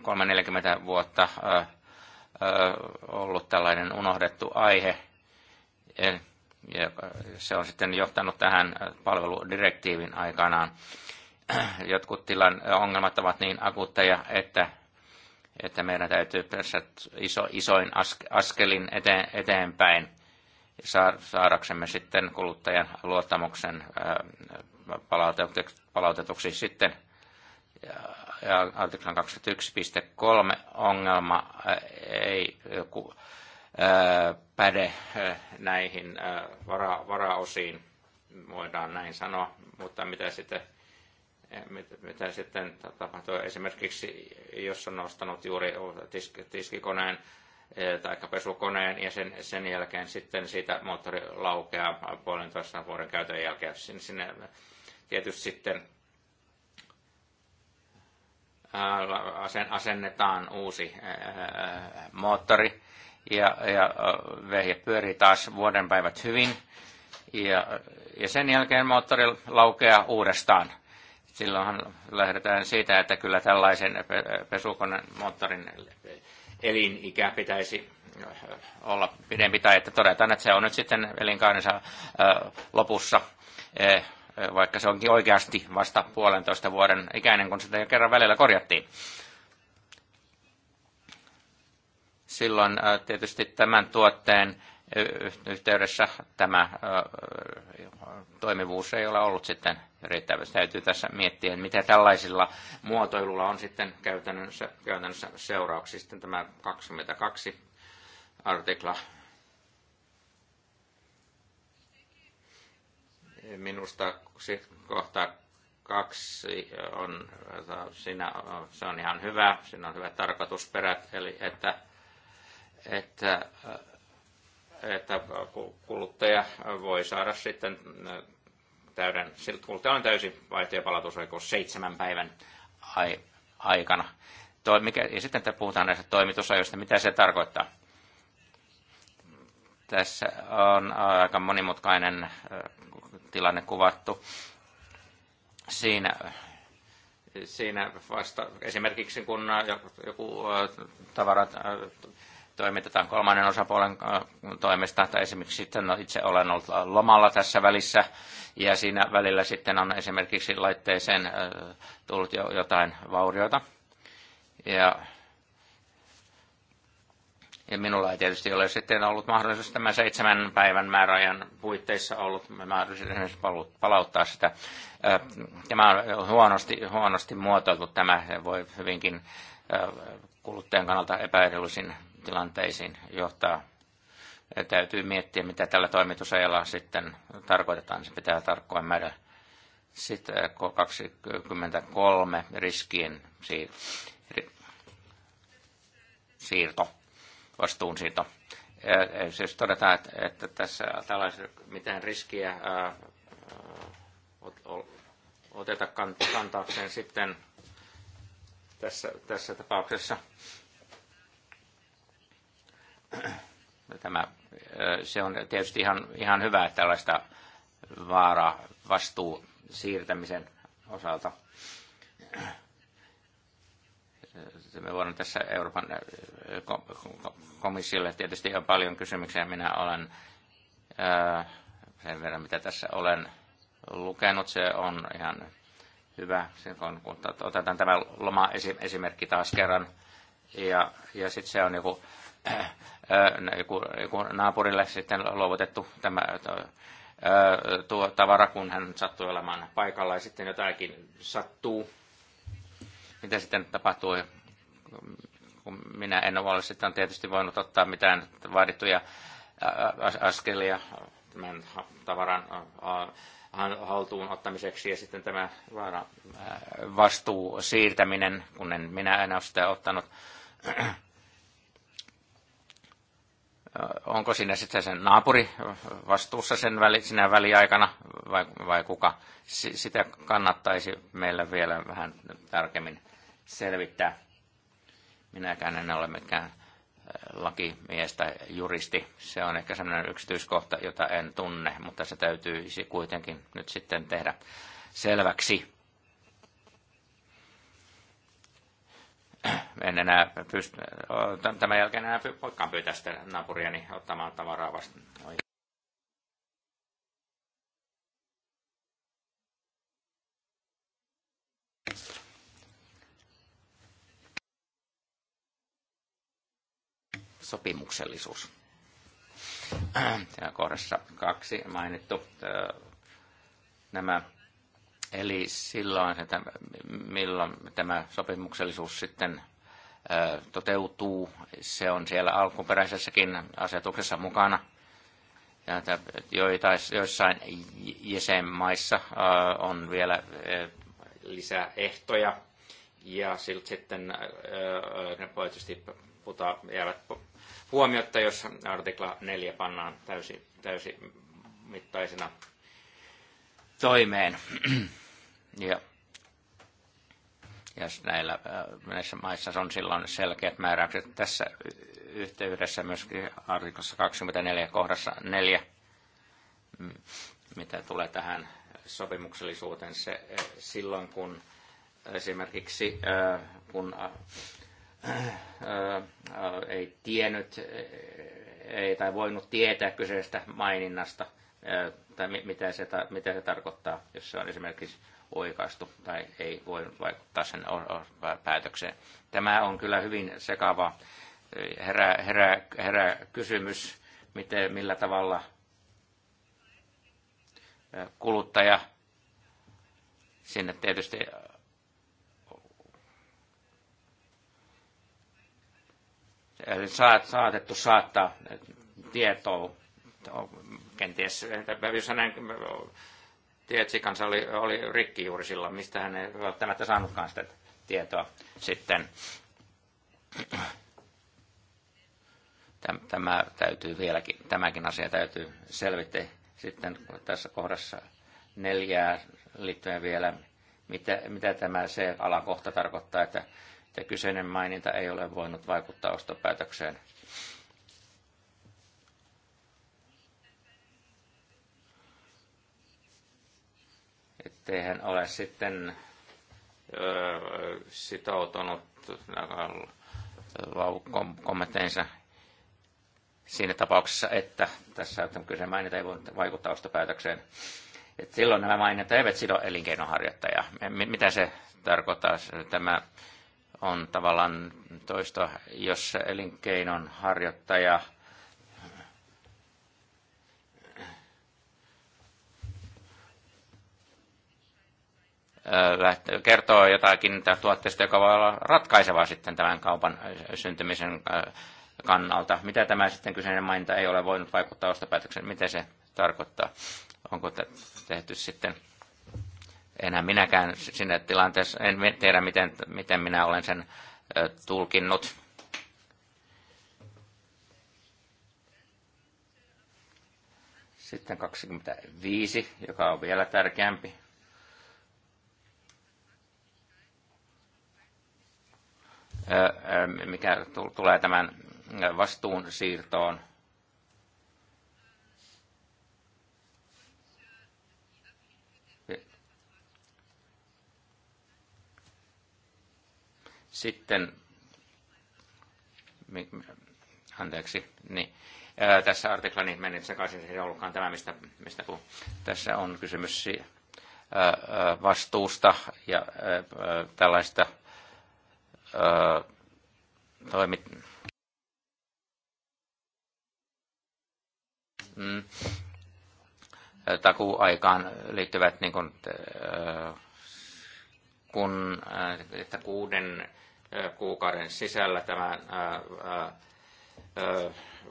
340 vuotta ollut tällainen unohdettu aihe. Ja se on sitten johtanut tähän palveludirektiivin aikanaan. Jotkut tilan ongelmat ovat niin akuutteja, että että meidän täytyy päästä iso, isoin askelin eteen, eteenpäin saadaksemme sitten kuluttajan luottamuksen palautetuksi sitten. Ja artiklan 21.3 ongelma ei päde näihin vara, varaosiin, voidaan näin sanoa, mutta mitä sitten mitä sitten tapahtuu esimerkiksi, jos on nostanut juuri tisk- tiskikoneen eh, tai pesukoneen ja sen, sen jälkeen sitten siitä moottori laukeaa puolentoista vuoden käytön jälkeen sinne, niin sinne tietysti sitten asen, asennetaan uusi ää, moottori ja, ja vehje pyörii taas vuoden päivät hyvin ja, ja sen jälkeen moottori laukeaa uudestaan silloinhan lähdetään siitä, että kyllä tällaisen pesukoneen moottorin elinikä pitäisi äh, olla pidempi tai että todetaan, että se on nyt sitten elinkaarensa äh, lopussa, äh, vaikka se onkin oikeasti vasta puolentoista vuoden ikäinen, kun sitä jo kerran välillä korjattiin. Silloin tietysti tämän tuotteen yhteydessä tämä toimivuus ei ole ollut sitten riittävästi. Täytyy tässä miettiä, mitä tällaisilla muotoilulla on sitten käytännössä, käytännössä seurauksia. Sitten tämä 22 artikla. Minusta kohta kaksi on, siinä, se on ihan hyvä, siinä on hyvät tarkoitusperät, eli että, että että kuluttaja voi saada sitten täyden, kuluttaja on täysi vaihto- ja palautusoikeus seitsemän päivän ai, aikana. Toi, mikä, ja sitten puhutaan näistä toimitusajoista, mitä se tarkoittaa. Tässä on aika monimutkainen tilanne kuvattu. Siinä, siinä vasta esimerkiksi kun joku tavara toimitetaan kolmannen osapuolen äh, toimesta, tai esimerkiksi sitten no, itse olen ollut lomalla tässä välissä, ja siinä välillä sitten on esimerkiksi laitteeseen äh, tullut jo jotain vaurioita. Ja, ja minulla ei tietysti ole sitten ollut mahdollisuus tämän seitsemän päivän määräajan puitteissa ollut mahdollisuus palauttaa sitä. Äh, tämä on huonosti, huonosti muotoiltu tämä, voi hyvinkin kuluttajan kannalta epäedullisin tilanteisiin johtaa. Ja täytyy miettiä, mitä tällä toimitusajalla sitten tarkoitetaan. Se pitää tarkkoin määrä. Sitten eh, 23 riskien siirto, vastuun siirto. siis todetaan, että, että tässä tällaiset mitään riskiä ää, eh, oteta kantaakseen sitten tässä, tässä tapauksessa Tämä, se on tietysti ihan, ihan hyvä, että tällaista vaaraa vastuu siirtämisen osalta. Me voidaan tässä Euroopan komissiolle tietysti on paljon kysymyksiä. Minä olen sen verran, mitä tässä olen lukenut, se on ihan hyvä. otetaan tämä loma-esimerkki taas kerran ja, ja sitten se on joku, äh, joku, joku naapurille sitten luovutettu tämä äh, tuo tavara, kun hän sattuu olemaan paikalla ja sitten jotakin sattuu. Mitä sitten tapahtuu, kun minä en ole sitten tietysti voinut ottaa mitään vaadittuja äh, askelia tämän tavaran äh, äh, haltuun ottamiseksi ja sitten tämä vastuu siirtäminen, kun en minä enää sitä ottanut Onko siinä sitten sen naapuri vastuussa sen väli, sinä väliaikana vai, vai kuka? sitä kannattaisi meillä vielä vähän tarkemmin selvittää. Minäkään en ole mikään lakimies tai juristi. Se on ehkä sellainen yksityiskohta, jota en tunne, mutta se täytyisi kuitenkin nyt sitten tehdä selväksi. en enää pysty, tämän jälkeen enää voikaan pyytää sitten naapuriani ottamaan tavaraa vastaan. Oi. Sopimuksellisuus. Äh, ja kohdassa kaksi mainittu äh, nämä Eli silloin, että milloin tämä sopimuksellisuus sitten toteutuu, se on siellä alkuperäisessäkin asetuksessa mukana. Ja joitain, joissain jäsenmaissa on vielä lisää ehtoja, ja silti sitten ne tietysti puta, jäävät huomiotta, jos artikla 4 pannaan täysi, täysi mittaisena toimeen. Ja, ja näillä, äh, näissä maissa on silloin selkeät määräykset. Tässä yhteydessä myöskin artiklassa 24 kohdassa 4, mm, mitä tulee tähän sopimuksellisuuteen, se äh, silloin kun esimerkiksi äh, kun ei tiennyt ei, tai voinut tietää kyseisestä maininnasta, tai mitä se, mitä se tarkoittaa, jos se on esimerkiksi oikaistu tai ei voi vaikuttaa sen päätökseen. Tämä on kyllä hyvin sekava herää, herää, herää kysymys, miten, millä tavalla kuluttaja sinne tietysti saatettu saattaa tietoa, kenties, jos hänen kanssa oli, oli rikki juuri silloin, mistä hän ei välttämättä saanutkaan sitä tietoa sitten. Tämä täytyy vieläkin, tämäkin asia täytyy selvittää sitten tässä kohdassa neljää liittyen vielä, mitä, mitä tämä se alakohta tarkoittaa, että, että kyseinen maininta ei ole voinut vaikuttaa ostopäätökseen siihen ole sitten sitoutunut kommentteinsa siinä tapauksessa, että tässä on kyse mainita ei voi vaikuttaa ostopäätökseen. Et silloin nämä mainita eivät sido elinkeinoharjoittajaa. Mitä se tarkoittaa? Tämä on tavallaan toista, jos elinkeinon harjoittaja – kertoo jotakin tuotteesta, joka voi olla ratkaisevaa sitten tämän kaupan syntymisen kannalta. Mitä tämä sitten kyseinen maininta ei ole voinut vaikuttaa ostopäätökseen? Miten se tarkoittaa? Onko tehty sitten enää minäkään sinne tilanteessa, en tiedä miten, miten minä olen sen tulkinnut. Sitten 25, joka on vielä tärkeämpi mikä tulee tämän vastuun siirtoon. Sitten, anteeksi, niin, ää, tässä artikla niin meni sekaisin, se ei ollutkaan tämä, mistä, mistä kun Tässä on kysymys ää, vastuusta ja ää, tällaista ää, toimit... Mm. Takuaikaan liittyvät niin kun, kun, että kuuden kuukauden sisällä tämän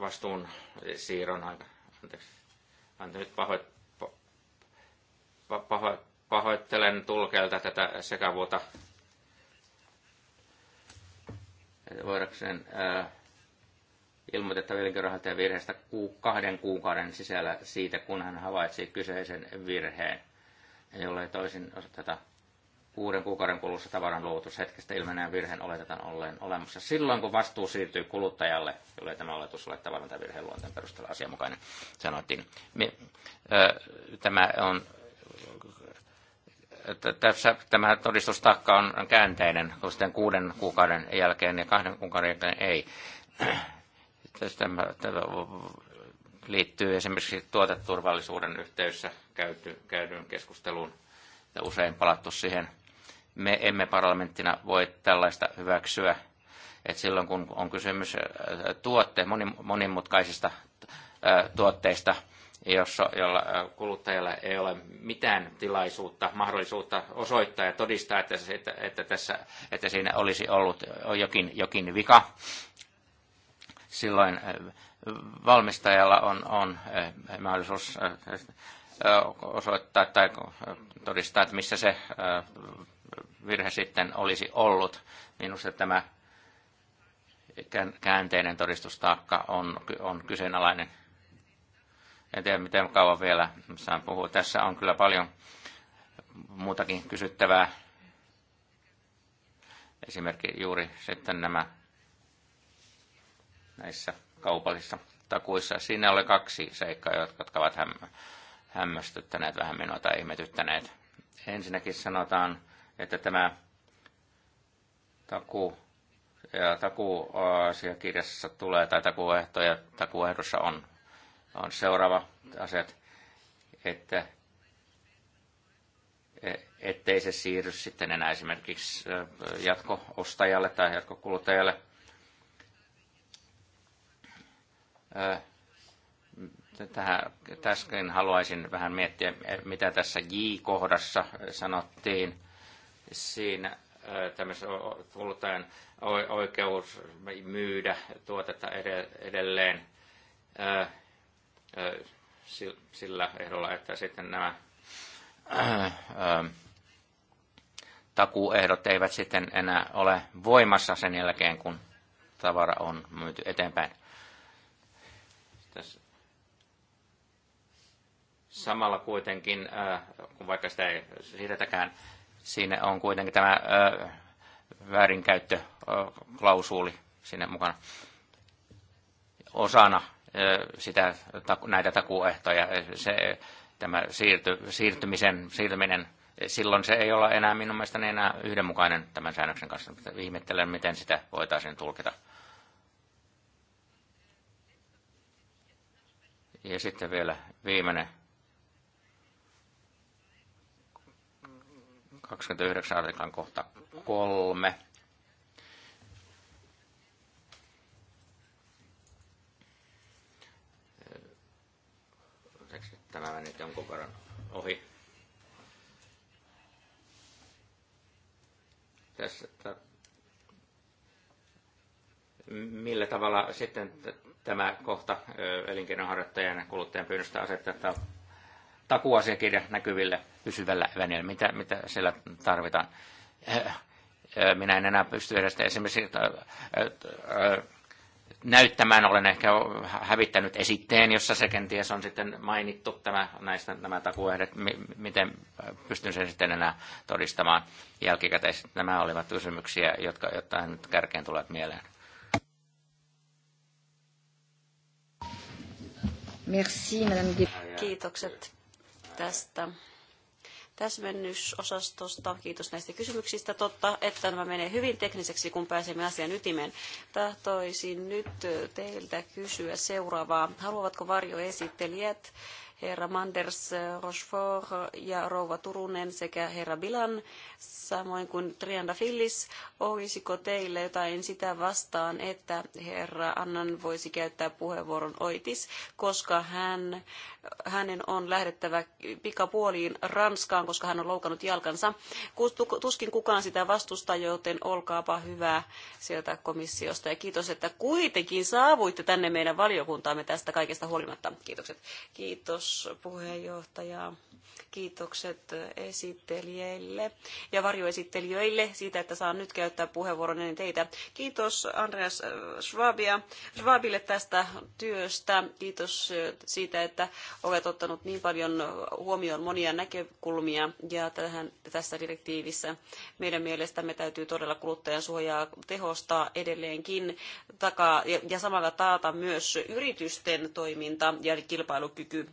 vastuun siirron, anteeksi, anteeksi nyt pahoit, pahoit, pahoittelen tulkelta tätä sekavuota voidakseen ilmoitetta elinkeinorahoittajan virheestä kahden kuukauden sisällä siitä, kun hän havaitsi kyseisen virheen, jollei toisin tätä kuuden kuukauden kulussa tavaran luovutushetkestä ilmenee virheen oletetaan olleen olemassa silloin, kun vastuu siirtyy kuluttajalle, jolle tämä oletus ole tavaran tai virheen luonteen perusteella asianmukainen, sanottiin. Me, ö, tämä on tässä tämä todistustakka on käänteinen, sitten kuuden kuukauden jälkeen ja kahden kuukauden jälkeen ei. Tämä, liittyy esimerkiksi tuoteturvallisuuden yhteydessä käyty, käydyyn keskusteluun ja usein palattu siihen. Me emme parlamenttina voi tällaista hyväksyä, että silloin kun on kysymys tuotteen, monimutkaisista tuotteista, jossa, jolla kuluttajalla ei ole mitään tilaisuutta, mahdollisuutta osoittaa ja todistaa, että, että, että, tässä, että siinä olisi ollut jokin, jokin vika. Silloin valmistajalla on, on mahdollisuus osoittaa tai todistaa, että missä se virhe sitten olisi ollut. Minusta tämä käänteinen todistustaakka on, on kyseenalainen en tiedä, miten kauan vielä saan puhua. Tässä on kyllä paljon muutakin kysyttävää. Esimerkiksi juuri sitten nämä näissä kaupallisissa takuissa. Siinä oli kaksi seikkaa, jotka ovat hämmästyttäneet vähän minua tai ihmetyttäneet. Ensinnäkin sanotaan, että tämä taku, takuasiakirjassa tulee, tai takuehtoja takuehdossa on on seuraava asia, että ettei se siirry sitten enää esimerkiksi jatkoostajalle tai jatkokuluttajalle. Tähän, tässäkin haluaisin vähän miettiä, mitä tässä J-kohdassa sanottiin. Siinä tämmöisen kuluttajan oikeus myydä tuotetta edelleen sillä ehdolla, että sitten nämä takuuehdot eivät sitten enää ole voimassa sen jälkeen, kun tavara on myyty eteenpäin. Tässä. Samalla kuitenkin, kun vaikka sitä ei siirretäkään, siinä on kuitenkin tämä väärinkäyttöklausuuli sinne mukana osana sitä, näitä takuehtoja. Se, tämä siirty, siirtymisen, siirtyminen, silloin se ei ole enää minun mielestäni enää yhdenmukainen tämän säännöksen kanssa. Ihmettelen, miten sitä voitaisiin tulkita. Ja sitten vielä viimeinen 29 artiklan kohta kolme. tämä meni jonkun verran ohi. Tässä, että millä tavalla sitten tämä kohta elinkeinonharjoittajan ja kuluttajan pyynnöstä asettaa takuasiakirja näkyville pysyvällä venillä, mitä, mitä siellä tarvitaan. Minä en enää pysty edes esimerkiksi näyttämään. Olen ehkä hävittänyt esitteen, jossa se kenties on sitten mainittu tämä, näistä, nämä takuehdet, miten pystyn sen sitten enää todistamaan jälkikäteen. Nämä olivat kysymyksiä, jotka jotain nyt kärkeen tulevat mieleen. Merci, Kiitokset tästä täsmennysosastosta. Kiitos näistä kysymyksistä. Totta, että nämä menee hyvin tekniseksi, kun pääsemme asian ytimeen. Tahtoisin nyt teiltä kysyä seuraavaa. Haluavatko varjoesittelijät herra Manders eh, Rochefort eh, ja rouva Turunen sekä herra Bilan, samoin kuin Trianda Fillis. Olisiko teille jotain sitä vastaan, että herra Annan voisi käyttää puheenvuoron Oitis, koska hän, hänen on lähdettävä pikapuoliin Ranskaan, koska hän on loukannut jalkansa. Tuskin kukaan sitä vastustaa, joten olkaapa hyvä sieltä komissiosta. Ja kiitos, että kuitenkin saavuitte tänne meidän valiokuntaamme tästä kaikesta huolimatta. Kiitokset. Kiitos. Kiitos puheenjohtaja. Kiitokset esittelijöille ja varjoesittelijöille siitä, että saan nyt käyttää puheenvuoron ennen teitä. Kiitos Andreas Schwabia, Schwabille tästä työstä. Kiitos siitä, että olet ottanut niin paljon huomioon monia näkökulmia ja tähän, tässä direktiivissä meidän mielestämme täytyy todella kuluttajan suojaa tehostaa edelleenkin takaa ja, ja samalla taata myös yritysten toiminta ja kilpailukyky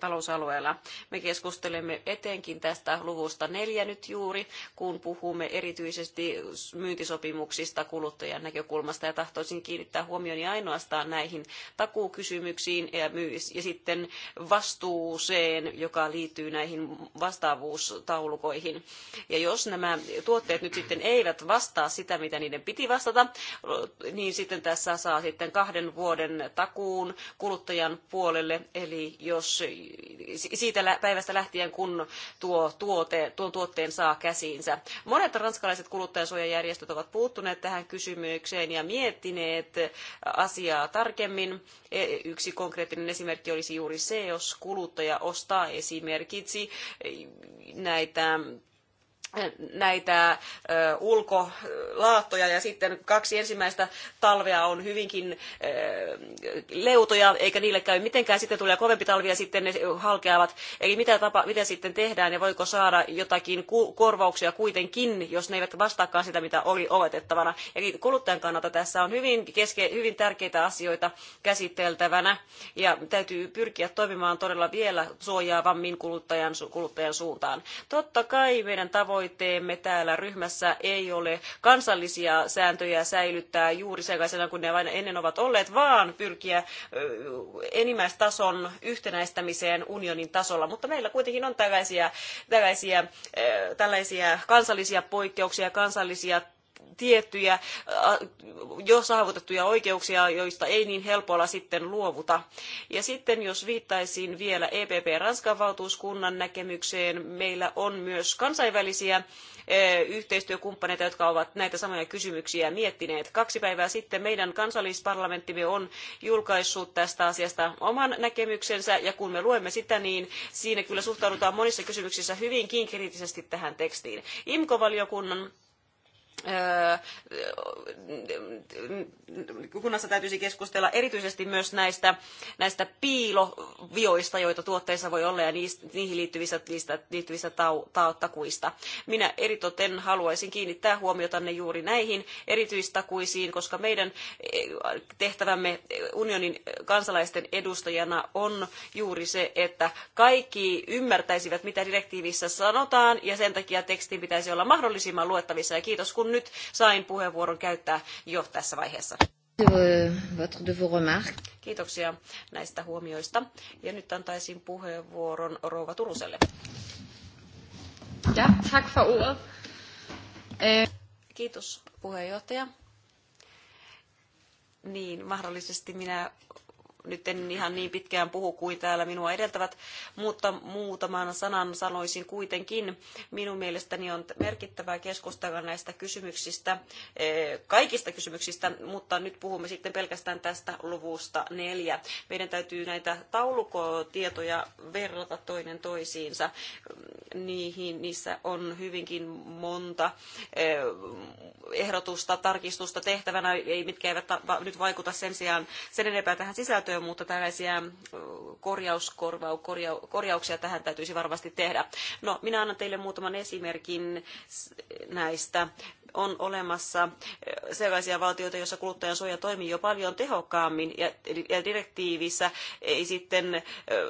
talousalueella. Me keskustelemme etenkin tästä luvusta neljä nyt juuri, kun puhumme erityisesti myyntisopimuksista kuluttajan näkökulmasta ja tahtoisin kiinnittää huomioni ainoastaan näihin takuukysymyksiin ja, myys, ja sitten vastuuseen, joka liittyy näihin vastaavuustaulukoihin. Ja jos nämä tuotteet nyt sitten eivät vastaa sitä, mitä niiden piti vastata, niin sitten tässä saa sitten kahden vuoden takuun kuluttajan puolelle, eli jos siitä päivästä lähtien, kun tuo tuote, tuon tuotteen saa käsiinsä. Monet ranskalaiset kuluttajansuojajärjestöt ovat puuttuneet tähän kysymykseen ja miettineet asiaa tarkemmin. E, yksi konkreettinen esimerkki olisi juuri se, jos kuluttaja ostaa esimerkiksi näitä näitä ulkolaattoja ja sitten kaksi ensimmäistä talvea on hyvinkin leutoja, eikä niille käy mitenkään. Sitten tulee kovempi talvi ja sitten ne halkeavat. Eli mitä, tapa, mitä sitten tehdään ja voiko saada jotakin korvauksia kuitenkin, jos ne eivät vastaakaan sitä, mitä oli oletettavana. Eli kuluttajan kannalta tässä on hyvin, keske, hyvin tärkeitä asioita käsiteltävänä ja täytyy pyrkiä toimimaan todella vielä suojaavammin kuluttajan, kuluttajan suuntaan. Totta kai meidän tavoite tavoitteemme täällä ryhmässä ei ole kansallisia sääntöjä säilyttää juuri sellaisena kuin ne vain ennen ovat olleet, vaan pyrkiä enimmäistason yhtenäistämiseen unionin tasolla. Mutta meillä kuitenkin on tällaisia, tällaisia, tällaisia kansallisia poikkeuksia, kansallisia tiettyjä äh, jo saavutettuja oikeuksia, joista ei niin helpolla sitten luovuta. Ja sitten jos viittaisin vielä EPP Ranskan valtuuskunnan näkemykseen, meillä on myös kansainvälisiä äh, yhteistyökumppaneita, jotka ovat näitä samoja kysymyksiä miettineet. Kaksi päivää sitten meidän kansallisparlamenttimme on julkaissut tästä asiasta oman näkemyksensä, ja kun me luemme sitä, niin siinä kyllä suhtaudutaan monissa kysymyksissä hyvinkin kriittisesti tähän tekstiin. IMKO-valiokunnan Öö, kunnassa täytyisi keskustella erityisesti myös näistä, näistä piilovioista, joita tuotteissa voi olla ja niihin liittyvistä, niistä, liittyvistä tau, takuista. Minä eritoten haluaisin kiinnittää huomiota ne juuri näihin erityistakuisiin, koska meidän eh, tehtävämme unionin kansalaisten edustajana on juuri se, että kaikki ymmärtäisivät, mitä direktiivissä sanotaan ja sen takia tekstin pitäisi olla mahdollisimman luettavissa ja kiitos kun kun nyt sain puheenvuoron käyttää jo tässä vaiheessa. Euh, Kiitoksia näistä huomioista. Ja nyt antaisin puheenvuoron Rouva Turuselle. Ja, øh. Kiitos puheenjohtaja. Niin, mahdollisesti minä nyt en ihan niin pitkään puhu kuin täällä minua edeltävät, mutta muutaman sanan sanoisin kuitenkin. Minun mielestäni on merkittävää keskustella näistä kysymyksistä, eh, kaikista kysymyksistä, mutta nyt puhumme sitten pelkästään tästä luvusta neljä. Meidän täytyy näitä taulukotietoja verrata toinen toisiinsa. Niihin, niissä on hyvinkin monta eh, ehdotusta, tarkistusta tehtävänä, ei mitkä eivät nyt vaikuta sen sijaan sen enempää tähän sisältöön, mutta tällaisia korjauskorvau, korjau, korjauksia tähän täytyisi varmasti tehdä. No, minä annan teille muutaman esimerkin näistä. On olemassa sellaisia valtioita, joissa kuluttajan suoja toimii jo paljon tehokkaammin ja direktiivissä ei sitten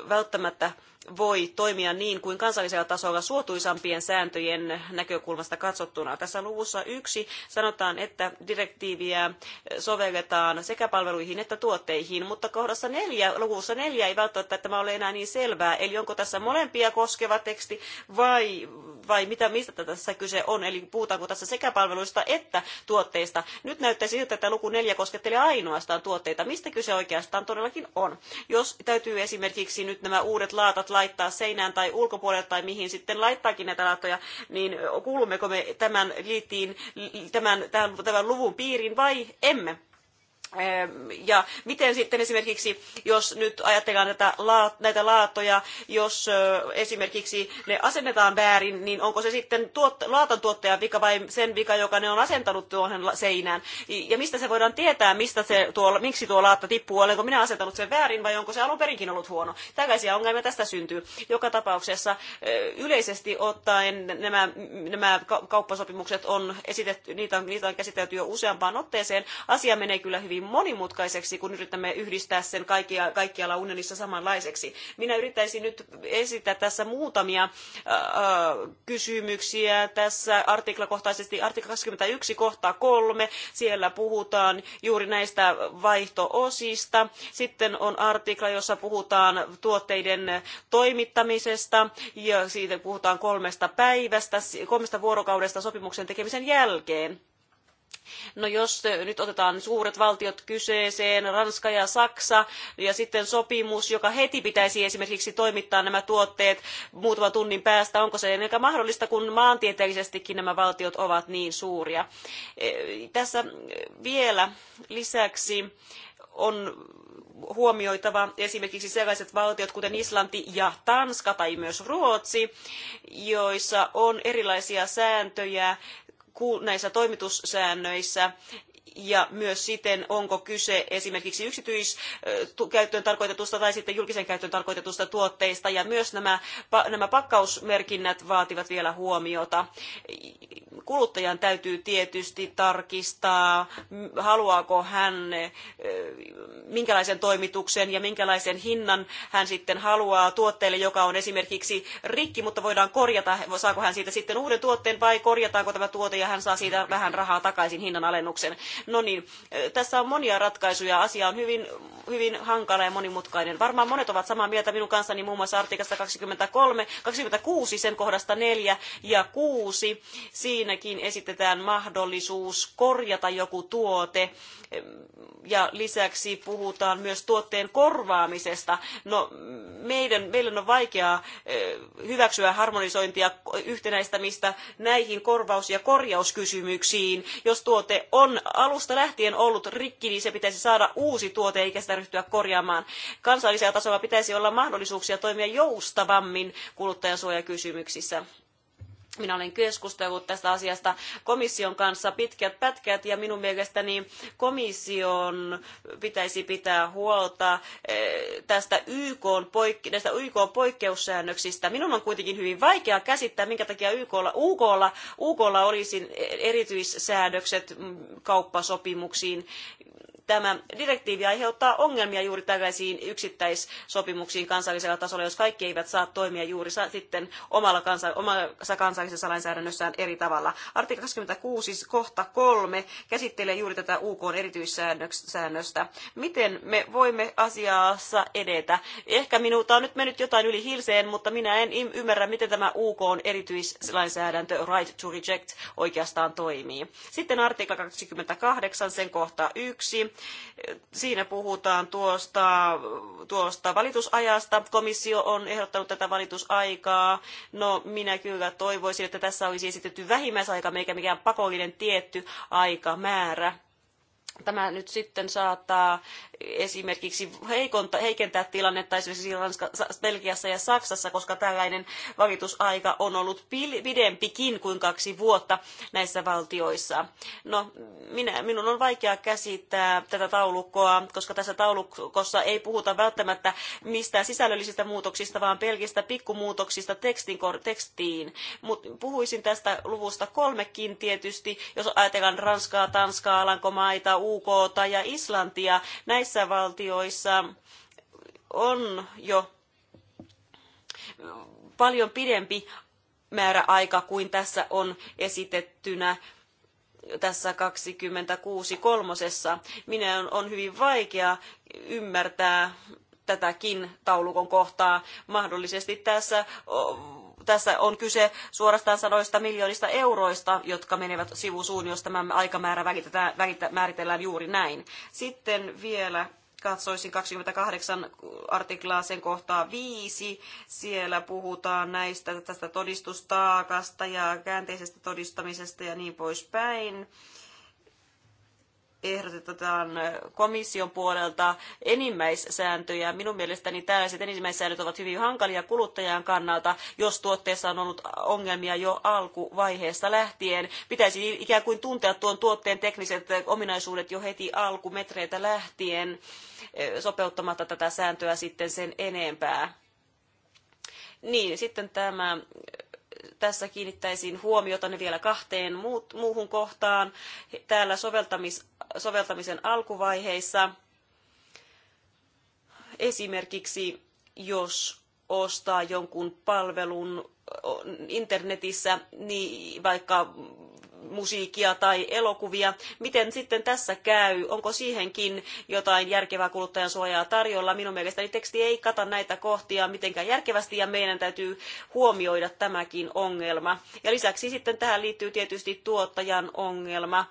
välttämättä voi toimia niin kuin kansallisella tasolla suotuisampien sääntöjen näkökulmasta katsottuna. Tässä luvussa yksi sanotaan, että direktiiviä sovelletaan sekä palveluihin että tuotteihin, mutta kohdassa tuossa neljä, luvussa neljä ei välttämättä tämä ole enää niin selvää. Eli onko tässä molempia koskeva teksti vai, vai mitä, mistä tässä kyse on? Eli puhutaanko tässä sekä palveluista että tuotteista? Nyt näyttää siltä, että luku neljä koskettelee ainoastaan tuotteita. Mistä kyse oikeastaan todellakin on? Jos täytyy esimerkiksi nyt nämä uudet laatat laittaa seinään tai ulkopuolelle tai mihin sitten laittaakin näitä laattoja, niin kuulummeko me tämän liittiin, tämän, tämän, tämän luvun piiriin vai emme? Ehm, ja miten sitten esimerkiksi, jos nyt ajatellaan näitä, näitä laatoja, jos esimerkiksi ne asennetaan väärin, niin onko se sitten tuot, laatan tuottajan vika vai sen vika, joka ne on asentanut tuohon seinään? Ja mistä se voidaan tietää, mistä se tuo, miksi tuo laatta tippuu, olenko minä asentanut sen väärin vai onko se alun perinkin ollut huono? Tällaisia ongelmia tästä syntyy. Joka tapauksessa yleisesti ottaen nämä, nämä kauppasopimukset on esitetty, niitä on, niitä on käsitelty jo useampaan otteeseen. Asia menee kyllä hyvin hyvin monimutkaiseksi, kun yritämme yhdistää sen kaikkia, kaikkialla unionissa samanlaiseksi. Minä yrittäisin nyt esittää tässä muutamia äh, äh, kysymyksiä. Tässä artiklakohtaisesti artikla 21 kohta kolme siellä puhutaan juuri näistä vaihtoosista. Sitten on artikla, jossa puhutaan tuotteiden toimittamisesta ja siitä puhutaan kolmesta päivästä, kolmesta vuorokaudesta sopimuksen tekemisen jälkeen. No jos eh, nyt otetaan suuret valtiot kyseeseen, Ranska ja Saksa, ja sitten sopimus, joka heti pitäisi esimerkiksi toimittaa nämä tuotteet muutaman tunnin päästä, onko se ennenkään mahdollista, kun maantieteellisestikin nämä valtiot ovat niin suuria. Eh, tässä eh, vielä lisäksi on huomioitava esimerkiksi sellaiset valtiot kuten Islanti ja Tanska tai myös Ruotsi, joissa on erilaisia sääntöjä näissä toimitussäännöissä ja myös siten, onko kyse esimerkiksi yksityiskäyttöön tarkoitetusta tai sitten julkisen käyttöön tarkoitetusta tuotteista ja myös nämä, nämä pakkausmerkinnät vaativat vielä huomiota. Kuluttajan täytyy tietysti tarkistaa, haluaako hän minkälaisen toimituksen ja minkälaisen hinnan hän sitten haluaa tuotteelle, joka on esimerkiksi rikki, mutta voidaan korjata, saako hän siitä sitten uuden tuotteen vai korjataanko tämä tuote ja hän saa siitä vähän rahaa takaisin hinnan alennuksen. No niin, eh, tässä on monia ratkaisuja. Asia on hyvin, hyvin hankala ja monimutkainen. Varmaan monet ovat samaa mieltä minun kanssani muun muassa artikasta 23, 26, sen kohdasta 4 ja 6. Siinäkin esitetään mahdollisuus korjata joku tuote eh, ja lisäksi puhutaan myös tuotteen korvaamisesta. No, meidän, meidän on vaikeaa eh, hyväksyä harmonisointia, yhtenäistämistä näihin korvaus- ja korjauskysymyksiin, jos tuote on alu alusta lähtien ollut rikki, niin se pitäisi saada uusi tuote eikä sitä ryhtyä korjaamaan. Kansallisella tasolla pitäisi olla mahdollisuuksia toimia joustavammin kuluttajansuojakysymyksissä. Minä olen keskustellut tästä asiasta komission kanssa pitkät pätkät ja minun mielestäni komission pitäisi pitää huolta eh, tästä YK, poik- näistä YK poikkeussäännöksistä. Minun on kuitenkin hyvin vaikea käsittää, minkä takia YKlla, UKlla, UKlla olisi erityissäädökset mm, kauppasopimuksiin tämä direktiivi aiheuttaa ongelmia juuri tällaisiin yksittäissopimuksiin kansallisella tasolla, jos kaikki eivät saa toimia juuri sitten omalla, kansa, omassa kansallisessa lainsäädännössään eri tavalla. Artikla 26 kohta 3 käsittelee juuri tätä UK erityissäännöstä. Miten me voimme asiassa edetä? Ehkä minulta on nyt mennyt jotain yli hilseen, mutta minä en ymmärrä, miten tämä UK erityislainsäädäntö Right to Reject oikeastaan toimii. Sitten artikla 28, sen kohta 1. Siinä puhutaan tuosta, tuosta valitusajasta. Komissio on ehdottanut tätä valitusaikaa. No minä kyllä toivoisin, että tässä olisi esitetty vähimmäisaika, eikä mikään pakollinen tietty aikamäärä tämä nyt sitten saattaa esimerkiksi heikonta, heikentää tilannetta esimerkiksi Ranska, Belgiassa ja Saksassa, koska tällainen valitusaika on ollut pidempikin kuin kaksi vuotta näissä valtioissa. No, minä, minun on vaikea käsittää tätä taulukkoa, koska tässä taulukossa ei puhuta välttämättä mistään sisällöllisistä muutoksista, vaan pelkistä pikkumuutoksista tekstin, tekstiin. Mut puhuisin tästä luvusta kolmekin tietysti, jos ajatellaan Ranskaa, Tanskaa, Alankomaita, UK ja Islantia. Näissä valtioissa on jo paljon pidempi määräaika kuin tässä on esitettynä tässä 26 kolmosessa. Minä on, on hyvin vaikea ymmärtää tätäkin taulukon kohtaa. Mahdollisesti tässä tässä on kyse suorastaan sadoista miljoonista euroista, jotka menevät sivusuun, jos tämä aikamäärä määritellään juuri näin. Sitten vielä katsoisin 28 artiklaa sen kohtaa 5. Siellä puhutaan näistä tästä todistustaakasta ja käänteisestä todistamisesta ja niin poispäin ehdotetaan komission puolelta enimmäissääntöjä. Minun mielestäni tällaiset enimmäissäännöt ovat hyvin hankalia kuluttajan kannalta, jos tuotteessa on ollut ongelmia jo alkuvaiheesta lähtien. Pitäisi ikään kuin tuntea tuon tuotteen tekniset ominaisuudet jo heti alkumetreiltä lähtien eh, sopeuttamatta tätä sääntöä sitten sen enempää. Niin, sitten tämä tässä kiinnittäisin huomiota vielä kahteen muuhun kohtaan. Täällä soveltamis, soveltamisen alkuvaiheissa esimerkiksi jos ostaa jonkun palvelun internetissä, niin vaikka musiikkia tai elokuvia. Miten sitten tässä käy? Onko siihenkin jotain järkevää kuluttajan suojaa tarjolla? Minun mielestäni teksti ei kata näitä kohtia mitenkään järkevästi ja meidän täytyy huomioida tämäkin ongelma. Ja lisäksi sitten tähän liittyy tietysti tuottajan ongelma.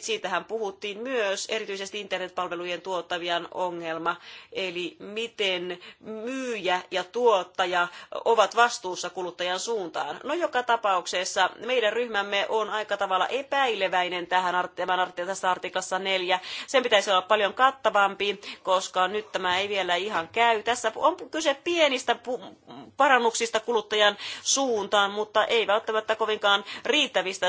Siitähän puhuttiin myös erityisesti internetpalvelujen tuottajan ongelma. Eli miten myyjä ja tuottaja ovat vastuussa kuluttajan suuntaan. No joka tapauksessa meidän ryhmämme on aika tavalla tavalla epäileväinen tähän, tämän, tässä artiklassa neljä. Sen pitäisi olla paljon kattavampi, koska nyt tämä ei vielä ihan käy. Tässä on kyse pienistä parannuksista kuluttajan suuntaan, mutta ei välttämättä kovinkaan riittävistä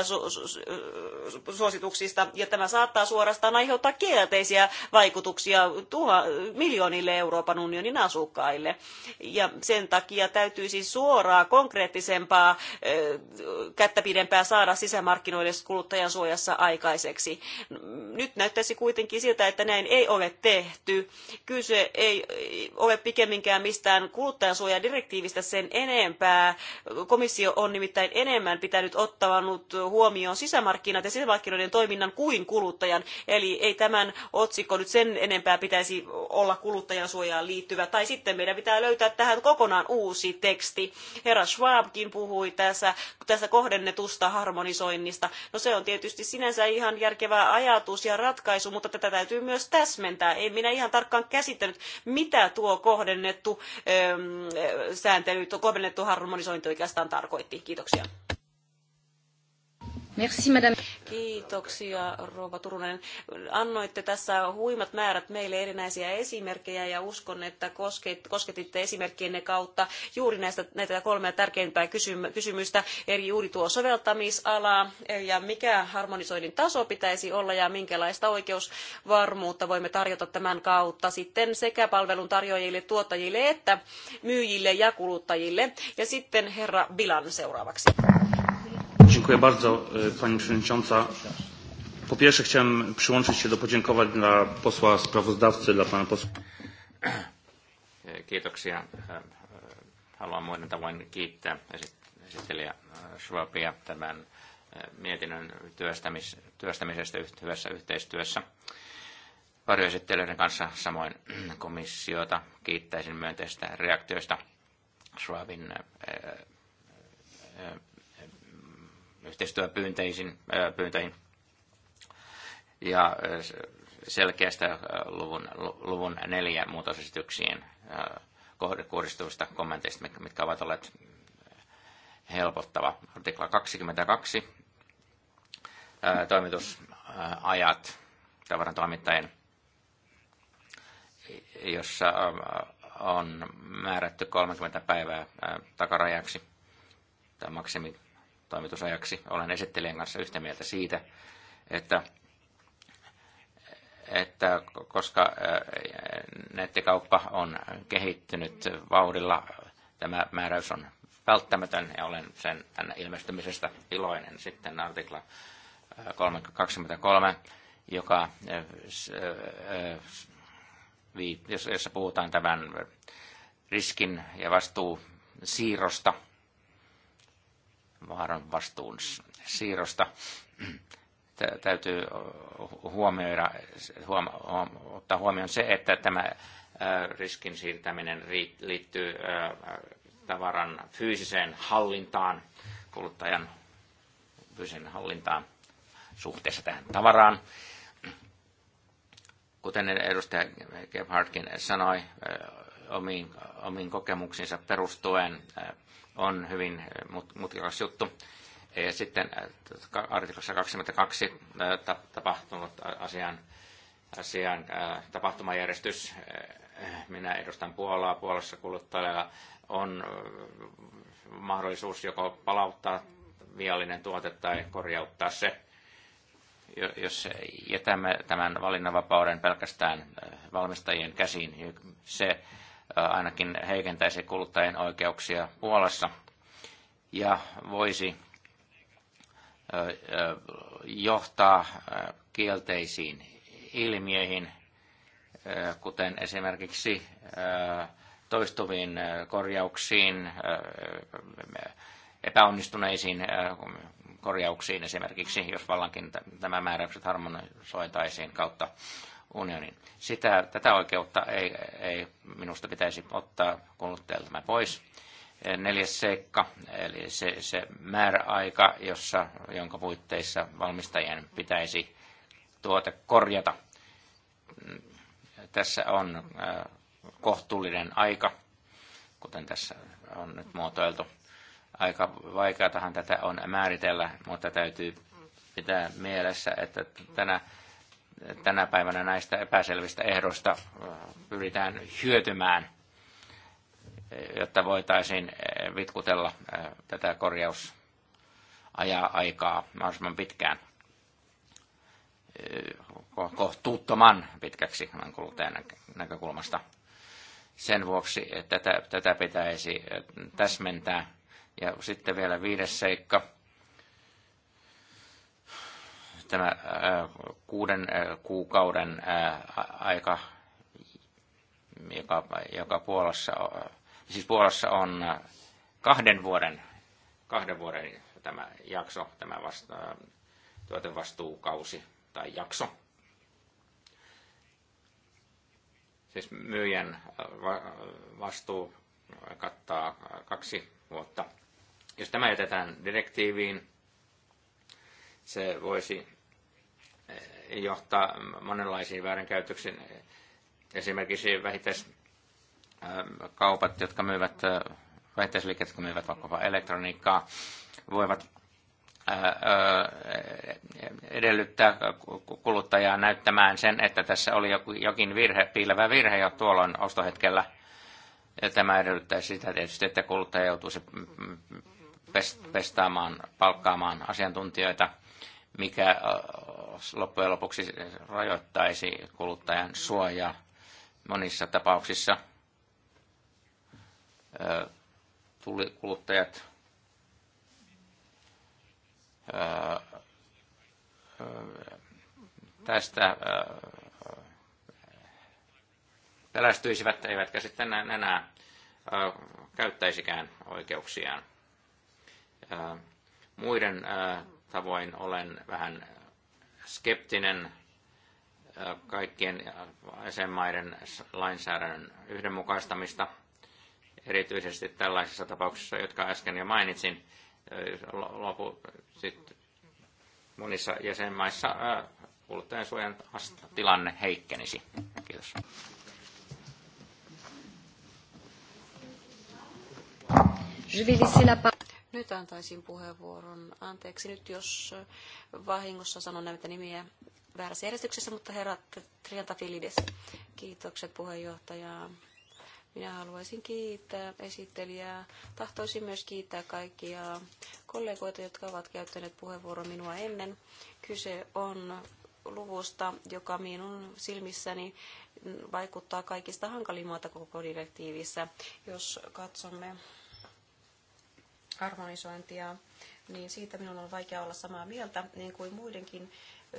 suosituksista. Ja tämä saattaa suorastaan aiheuttaa kielteisiä vaikutuksia tuha, miljoonille Euroopan unionin asukkaille. Ja sen takia täytyisi suoraa, konkreettisempaa, kättä pidempää saada sisämarkkinoille kuluttajansuojassa aikaiseksi. Nyt näyttäisi kuitenkin siltä, että näin ei ole tehty. Kyse ei ole pikemminkään mistään kuluttajansuojadirektiivistä sen enempää. Komissio on nimittäin enemmän pitänyt ottanut huomioon sisämarkkinat ja sisämarkkinoiden toiminnan kuin kuluttajan. Eli ei tämän otsikko nyt sen enempää pitäisi olla kuluttajansuojaan liittyvä. Tai sitten meidän pitää löytää tähän kokonaan uusi teksti. Herra Schwabkin puhui tässä, tässä kohdennetusta harmonisoinnista. No se on tietysti sinänsä ihan järkevä ajatus ja ratkaisu, mutta tätä täytyy myös täsmentää. En minä ihan tarkkaan käsittänyt, mitä tuo kohdennettu ähm, sääntely, tuo kohdennettu harmonisointi oikeastaan tarkoitti. Kiitoksia. Merci, madame. Kiitoksia, Rouva Turunen. Annoitte tässä huimat määrät meille erinäisiä esimerkkejä ja uskon, että kosketitte esimerkkienne kautta juuri näistä, näitä kolmea tärkeimpää kysymystä, eli juuri tuo soveltamisala ja mikä harmonisoinnin taso pitäisi olla ja minkälaista oikeusvarmuutta voimme tarjota tämän kautta sitten sekä palvelun tarjoajille, tuottajille että myyjille ja kuluttajille. Ja sitten herra Bilan seuraavaksi. Dziękuję bardzo e, Pani Przewodnicząca. Po pierwsze chciałem przyłączyć się do podziękowań dla posła sprawozdawcy, dla Pana posła. Kiitoksia. E, e, haluan muiden tavoin kiittää esittelijä Schwabia tämän mietinnön työstämis, työstämisestä hyvässä yhteistyössä pari esittelijöiden kanssa, samoin komissiota kiittäisin myönteistä reaktioista Schwabin yhteistyöpyyntöihin pyyntöihin ja selkeästä luvun, luvun neljä muutosesityksiin kohdistuvista kommenteista, mitkä ovat olleet helpottava. Artikla 22, toimitusajat tavarantoimittajien, jossa on määrätty 30 päivää takarajaksi tai maksimi toimitusajaksi. Olen esittelijän kanssa yhtä mieltä siitä, että, että koska nettikauppa on kehittynyt vauhdilla, tämä määräys on välttämätön ja olen sen tänne ilmestymisestä iloinen. Sitten artikla 23, joka, jossa puhutaan tämän riskin ja vastuun siirrosta – vaaran vastuun siirrosta täytyy huomioida, huom, ottaa huomioon se, että tämä riskin siirtäminen liittyy tavaran fyysiseen hallintaan, kuluttajan fyysisen hallintaan suhteessa tähän tavaraan. Kuten edustaja Gebhardkin sanoi, omiin, omiin kokemuksiinsa perustuen äh, on hyvin äh, mutkikas juttu. Sitten äh, artiklassa 22 tapahtunut asian, asian tapahtumajärjestys. Minä edustan Puolaa. Puolassa kuluttajalla on mahdollisuus joko palauttaa viallinen tuote tai korjauttaa se. Jos jätämme tämän valinnanvapauden pelkästään valmistajien käsiin, niin se ainakin heikentäisi kuluttajien oikeuksia Puolassa ja voisi johtaa kielteisiin ilmiöihin, kuten esimerkiksi toistuviin korjauksiin, epäonnistuneisiin korjauksiin esimerkiksi, jos vallankin tämä määräykset harmonisoitaisiin kautta unionin. Sitä, tätä oikeutta ei, ei minusta pitäisi ottaa kuluttajalta pois. Neljäs seikka, eli se, se määräaika, jossa, jonka puitteissa valmistajien pitäisi tuote korjata. Tässä on kohtuullinen aika, kuten tässä on nyt muotoiltu. Aika vaikeatahan tätä on määritellä, mutta täytyy pitää mielessä, että tänä tänä päivänä näistä epäselvistä ehdoista äh, pyritään hyötymään, eh, jotta voitaisiin eh, vitkutella eh, tätä korjausajaa aikaa mahdollisimman pitkään kohtuuttoman pitkäksi kuluttajan näkökulmasta. Sen vuoksi tätä, tätä pitäisi täsmentää. Ja sitten vielä viides seikka – Tämä kuuden kuukauden aika, joka, joka Puolassa, siis Puolassa on kahden vuoden, kahden vuoden tämä jakso, tämä vasta, tuotevastuukausi tai jakso. Siis myyjän vastuu kattaa kaksi vuotta. Jos tämä jätetään direktiiviin, se voisi johtaa monenlaisiin väärinkäytöksiin. Esimerkiksi vähittäiskaupat, äh, jotka myyvät, äh, vähittäisliikkeet, jotka myyvät vaikkapa elektroniikkaa, voivat äh, edellyttää kuluttajaa näyttämään sen, että tässä oli jokin virhe, piilevä virhe jo tuolloin ostohetkellä. Ja tämä edellyttää sitä tietysti, että kuluttaja joutuisi mm, mm, pestaamaan, palkkaamaan asiantuntijoita – mikä loppujen lopuksi rajoittaisi kuluttajan suojaa monissa tapauksissa. Kuluttajat tästä pelästyisivät, eivätkä sitten enää käyttäisikään oikeuksiaan. Muiden tavoin olen vähän skeptinen kaikkien jäsenmaiden lainsäädännön yhdenmukaistamista, erityisesti tällaisissa tapauksissa, jotka äsken jo mainitsin. Lopu, sit monissa jäsenmaissa kuluttajansuojan tilanne heikkenisi. Kiitos. Je vais laisser la parole nyt antaisin puheenvuoron. Anteeksi nyt, jos vahingossa sanon näitä nimiä väärässä järjestyksessä, mutta herra Triantafilides, kiitokset puheenjohtajaa. Minä haluaisin kiittää esittelijää. Tahtoisin myös kiittää kaikkia kollegoita, jotka ovat käyttäneet puheenvuoron minua ennen. Kyse on luvusta, joka minun silmissäni vaikuttaa kaikista hankalimmalta koko direktiivissä. Jos katsomme harmonisointia, niin siitä minun on vaikea olla samaa mieltä, niin kuin muidenkin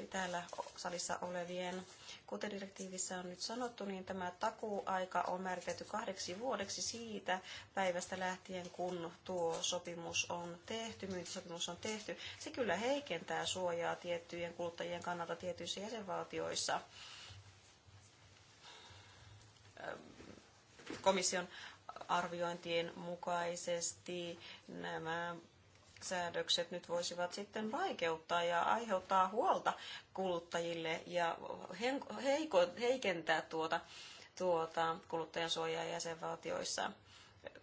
täällä salissa olevien. Kuten direktiivissä on nyt sanottu, niin tämä takuaika on määritelty kahdeksi vuodeksi siitä päivästä lähtien, kun tuo sopimus on tehty, myyntisopimus on tehty. Se kyllä heikentää suojaa tiettyjen kuluttajien kannalta tietyissä jäsenvaltioissa komission arviointien mukaisesti nämä säädökset nyt voisivat sitten vaikeuttaa ja aiheuttaa huolta kuluttajille ja heiko, heikentää tuota, tuota kuluttajansuojaa jäsenvaltioissa.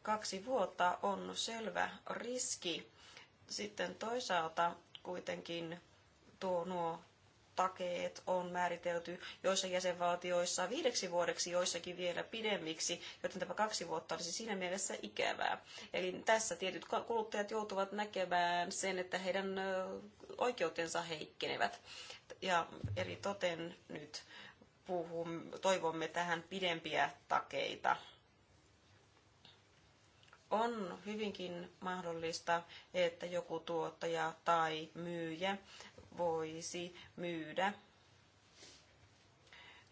Kaksi vuotta on selvä riski. Sitten toisaalta kuitenkin tuo nuo takeet on määritelty joissa jäsenvaltioissa viideksi vuodeksi, joissakin vielä pidemmiksi, joten tämä kaksi vuotta olisi siinä mielessä ikävää. Eli tässä tietyt kuluttajat joutuvat näkemään sen, että heidän oikeutensa heikkenevät. Ja eri toten nyt puhum, toivomme tähän pidempiä takeita. On hyvinkin mahdollista, että joku tuottaja tai myyjä voisi myydä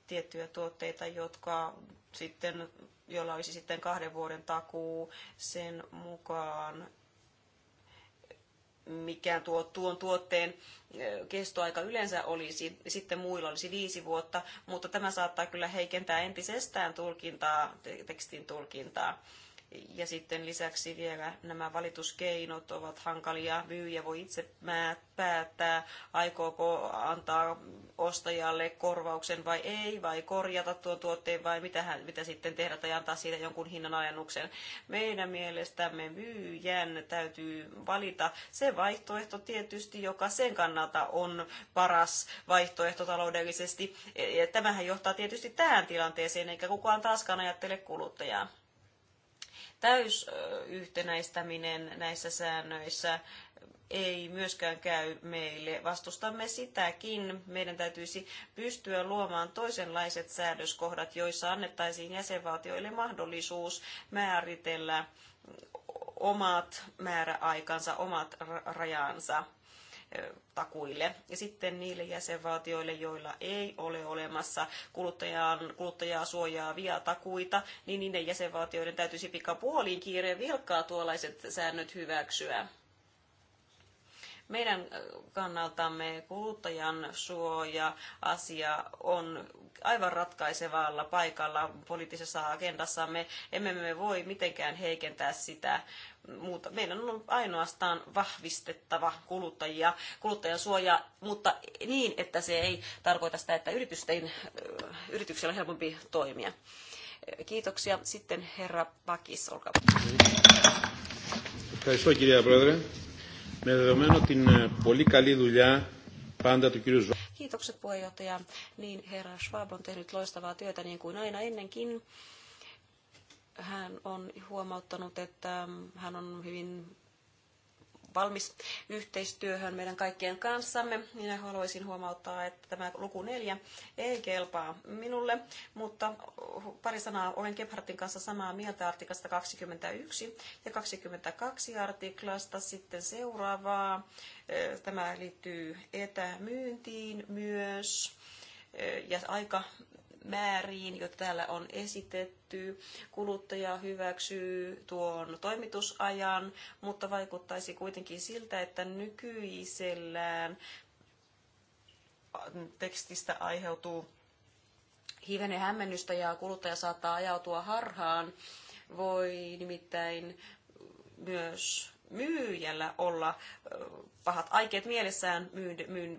tiettyjä tuotteita, jotka sitten, joilla olisi sitten kahden vuoden takuu sen mukaan, mikä tuo, tuon tuotteen kestoaika yleensä olisi, sitten muilla olisi viisi vuotta, mutta tämä saattaa kyllä heikentää entisestään tulkintaa, tekstin tulkintaa. Ja sitten lisäksi vielä nämä valituskeinot ovat hankalia. Myyjä voi itse päättää, aikooko antaa ostajalle korvauksen vai ei, vai korjata tuon tuotteen vai mitä, hän, mitä sitten tehdä tai antaa siitä jonkun hinnan ajannuksen. Meidän mielestämme myyjän täytyy valita se vaihtoehto tietysti, joka sen kannalta on paras vaihtoehto taloudellisesti. E- ja tämähän johtaa tietysti tähän tilanteeseen, eikä kukaan taaskaan ajattele kuluttajaa yhtenäistäminen näissä säännöissä ei myöskään käy meille. Vastustamme sitäkin. Meidän täytyisi pystyä luomaan toisenlaiset säädöskohdat, joissa annettaisiin jäsenvaltioille mahdollisuus määritellä omat määräaikansa, omat rajansa takuille. Ja sitten niille jäsenvaltioille, joilla ei ole olemassa kuluttajan, kuluttajaa suojaavia takuita, niin niiden jäsenvaltioiden täytyisi pikapuoliin kiireen vilkkaa tuollaiset säännöt hyväksyä. Meidän kannaltamme kuluttajan suoja-asia on aivan ratkaisevalla paikalla poliittisessa agendassamme. Emme me voi mitenkään heikentää sitä mutta Meidän on ainoastaan vahvistettava kuluttajia, kuluttajansuojaa, mutta niin, että se ei tarkoita sitä, että yritysten, yrityksillä on helpompi toimia. Kiitoksia. Sitten herra Pakis, olkaa hyvä. κυρία Πρόεδρε. Με δεδομένο την πολύ καλή δουλειά πάντα του κύριου Kiitokset puheenjohtaja. Niin herra Schwab on tehnyt loistavaa työtä niin kuin aina ennenkin. Hän on huomauttanut, että mm, hän on hyvin valmis yhteistyöhön meidän kaikkien kanssamme. Minä haluaisin huomauttaa, että tämä luku neljä ei kelpaa minulle, mutta pari sanaa olen Gebhardtin kanssa samaa mieltä artiklasta 21 ja 22 artiklasta sitten seuraavaa. Tämä liittyy etämyyntiin myös ja aika määriin, joita täällä on esitetty. Kuluttaja hyväksyy tuon toimitusajan, mutta vaikuttaisi kuitenkin siltä, että nykyisellään tekstistä aiheutuu hivenen hämmennystä ja kuluttaja saattaa ajautua harhaan. Voi nimittäin myös myyjällä olla pahat aikeet mielessään, myy, myy,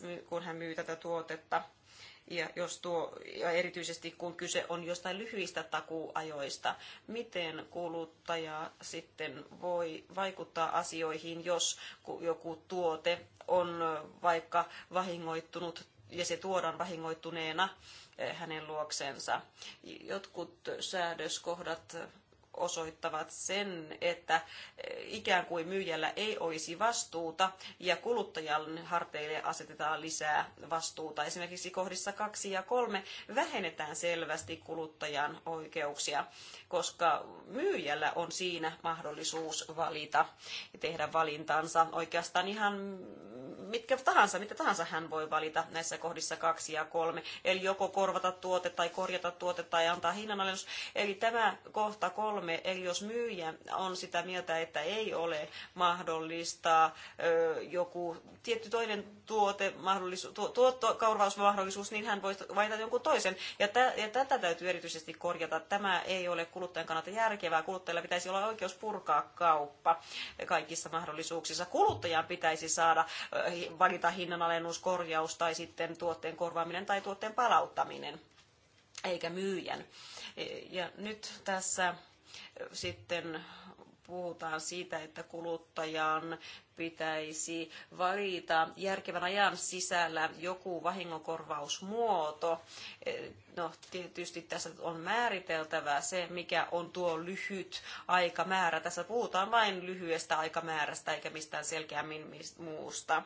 myy, kun hän myy tätä tuotetta ja, jos tuo, ja erityisesti kun kyse on jostain lyhyistä takuajoista, miten kuluttaja sitten voi vaikuttaa asioihin, jos joku tuote on vaikka vahingoittunut ja se tuodaan vahingoittuneena eh, hänen luoksensa. Jotkut säädöskohdat osoittavat sen, että ikään kuin myyjällä ei olisi vastuuta ja kuluttajan harteille asetetaan lisää vastuuta. Esimerkiksi kohdissa 2 ja 3 vähennetään selvästi kuluttajan oikeuksia, koska myyjällä on siinä mahdollisuus valita ja tehdä valintansa. Oikeastaan ihan mitkä tahansa, mitä tahansa hän voi valita näissä kohdissa 2 ja 3. Eli joko korvata tuote tai korjata tuote tai antaa hinnanalennus. Eli tämä kohta kolme kolme. Eli jos myyjä on sitä mieltä, että ei ole mahdollista joku tietty toinen tuote, mahdollisuus, tuottokorvausmahdollisuus, niin hän voi vaihtaa jonkun toisen. Ja, tä, ja tätä täytyy erityisesti korjata. Tämä ei ole kuluttajan kannalta järkevää. Kuluttajalla pitäisi olla oikeus purkaa kauppa kaikissa mahdollisuuksissa. Kuluttajan pitäisi saada valita hinnanalennus, korjaus tai sitten tuotteen korvaaminen tai tuotteen palauttaminen eikä myyjän. E, ja nyt tässä sitten puhutaan siitä, että kuluttajan pitäisi valita järkevän ajan sisällä joku vahingonkorvausmuoto. E, no tietysti tässä on määriteltävä se, mikä on tuo lyhyt aikamäärä. Tässä puhutaan vain lyhyestä aikamäärästä eikä mistään selkeämmin muusta.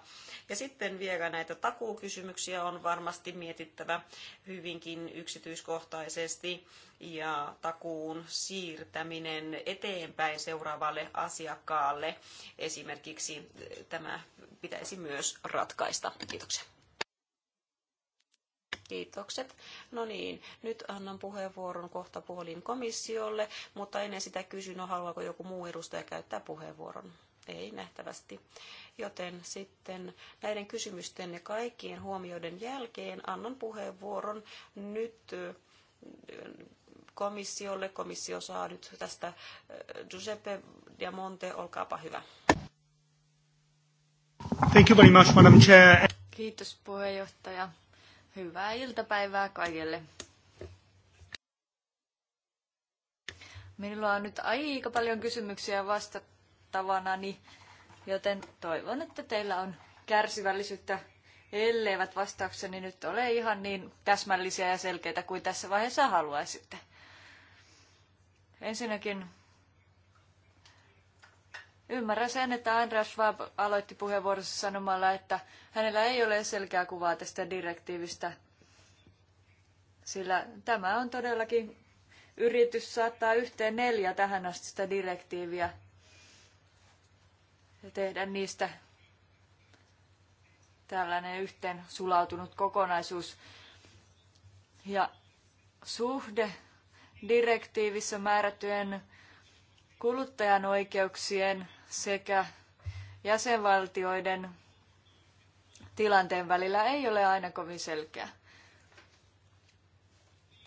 Ja sitten vielä näitä takuukysymyksiä on varmasti mietittävä hyvinkin yksityiskohtaisesti ja takuun siirtäminen eteenpäin seuraavalle asiakkaalle esimerkiksi niin tämä pitäisi myös ratkaista. Kiitoksia. Kiitokset. No niin, nyt annan puheenvuoron kohta puolin komissiolle, mutta ennen sitä kysyn, no haluaako joku muu edustaja käyttää puheenvuoron? Ei nähtävästi. Joten sitten näiden kysymysten ja kaikkien huomioiden jälkeen annan puheenvuoron nyt eh, komissiolle. Komissio saa nyt tästä eh, Giuseppe Diamonte, olkaapa hyvä. Thank you very much, Madam Chair. Kiitos puheenjohtaja. Hyvää iltapäivää kaikille. Minulla on nyt aika paljon kysymyksiä vastattavanani, joten toivon, että teillä on kärsivällisyyttä, elleivät vastaukseni nyt ole ihan niin täsmällisiä ja selkeitä kuin tässä vaiheessa haluaisitte. Ensinnäkin Ymmärrän sen, että Andreas Schwab aloitti puheenvuorossa sanomalla, että hänellä ei ole selkeää kuvaa tästä direktiivistä, sillä tämä on todellakin yritys saattaa yhteen neljä tähän asti sitä direktiiviä ja tehdä niistä tällainen yhteen sulautunut kokonaisuus. Ja suhde direktiivissä määrättyjen kuluttajan oikeuksien sekä jäsenvaltioiden tilanteen välillä ei ole aina kovin selkeä.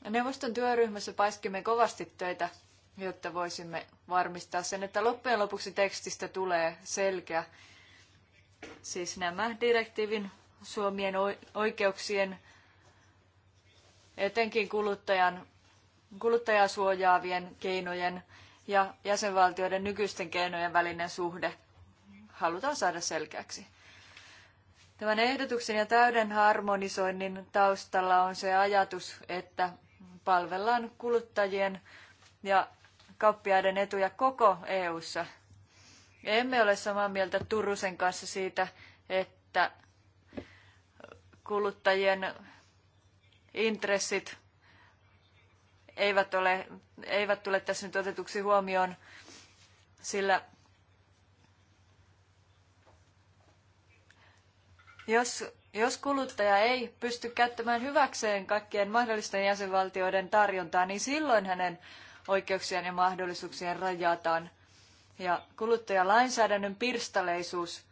Neuvoston työryhmässä paiskimme kovasti töitä, jotta voisimme varmistaa sen, että loppujen lopuksi tekstistä tulee selkeä. Siis nämä direktiivin suomien oikeuksien, etenkin kuluttajan, kuluttajaa suojaavien keinojen ja jäsenvaltioiden nykyisten keinojen välinen suhde halutaan saada selkeäksi. Tämän ehdotuksen ja täyden harmonisoinnin taustalla on se ajatus, että palvellaan kuluttajien ja kauppiaiden etuja koko EU:ssa. Emme ole samaa mieltä Turusen kanssa siitä, että kuluttajien intressit eivät, ole, eivät tule tässä nyt otetuksi huomioon, sillä jos, jos kuluttaja ei pysty käyttämään hyväkseen kaikkien mahdollisten jäsenvaltioiden tarjontaa, niin silloin hänen oikeuksien ja mahdollisuuksien rajataan. Ja kuluttajalainsäädännön pirstaleisuus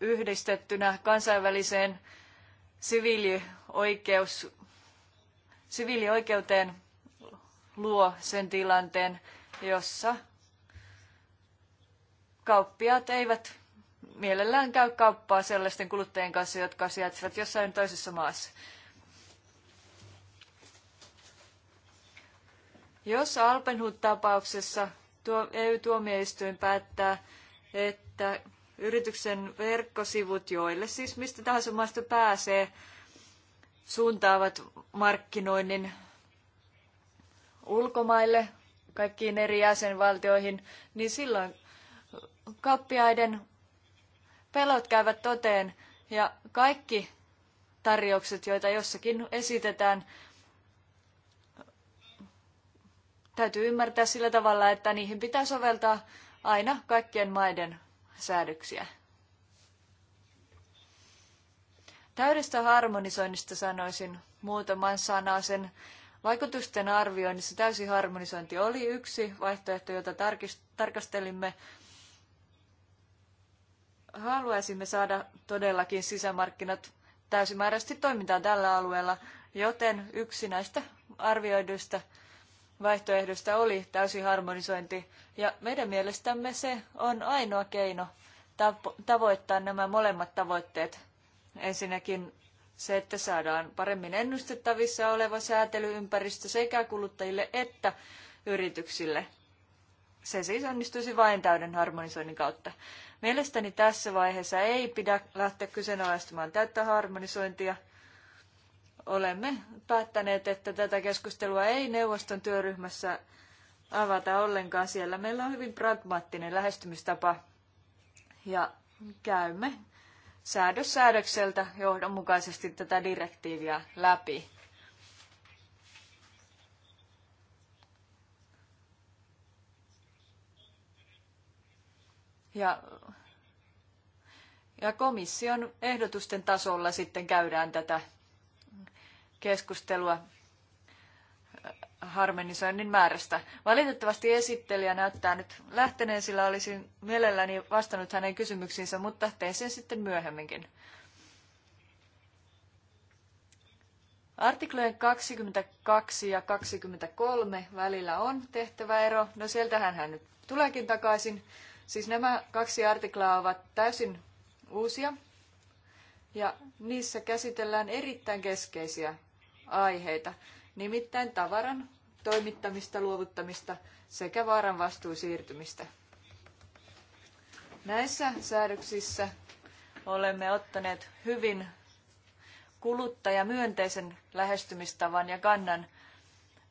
yhdistettynä kansainväliseen siviilioikeus siviilioikeuteen luo sen tilanteen, jossa kauppiaat eivät mielellään käy kauppaa sellaisten kuluttajien kanssa, jotka sijaitsevat jossain toisessa maassa. Jos Alpenhut-tapauksessa EU-tuomioistuin päättää, että yrityksen verkkosivut, joille siis mistä tahansa maasta pääsee, suuntaavat markkinoinnin ulkomaille, kaikkiin eri jäsenvaltioihin, niin silloin kauppiaiden pelot käyvät toteen ja kaikki tarjoukset, joita jossakin esitetään, täytyy ymmärtää sillä tavalla, että niihin pitää soveltaa aina kaikkien maiden säädöksiä. Täydestä harmonisoinnista sanoisin muutaman sen Vaikutusten arvioinnissa täysi harmonisointi oli yksi vaihtoehto, jota tarkastelimme. Haluaisimme saada todellakin sisämarkkinat täysimääräisesti toimintaan tällä alueella, joten yksi näistä arvioiduista vaihtoehdosta oli täysi harmonisointi, ja meidän mielestämme se on ainoa keino tavoittaa nämä molemmat tavoitteet Ensinnäkin se, että saadaan paremmin ennustettavissa oleva säätelyympäristö sekä kuluttajille että yrityksille. Se siis onnistuisi vain täyden harmonisoinnin kautta. Mielestäni tässä vaiheessa ei pidä lähteä kyseenalaistamaan täyttä harmonisointia. Olemme päättäneet, että tätä keskustelua ei neuvoston työryhmässä avata ollenkaan. Siellä meillä on hyvin pragmaattinen lähestymistapa ja käymme säädös säädökseltä johdonmukaisesti tätä direktiiviä läpi. Ja, ja komission ehdotusten tasolla sitten käydään tätä keskustelua harmonisoinnin määrästä. Valitettavasti esittelijä näyttää nyt lähteneen, sillä olisin mielelläni vastannut hänen kysymyksiinsä, mutta teen sen sitten myöhemminkin. Artiklojen 22 ja 23 välillä on tehtävä ero. No sieltähän hän nyt tuleekin takaisin. Siis nämä kaksi artiklaa ovat täysin uusia ja niissä käsitellään erittäin keskeisiä aiheita, nimittäin tavaran toimittamista, luovuttamista sekä vaaran vastuun siirtymistä. Näissä säädöksissä olemme ottaneet hyvin kuluttajamyönteisen lähestymistavan ja kannan.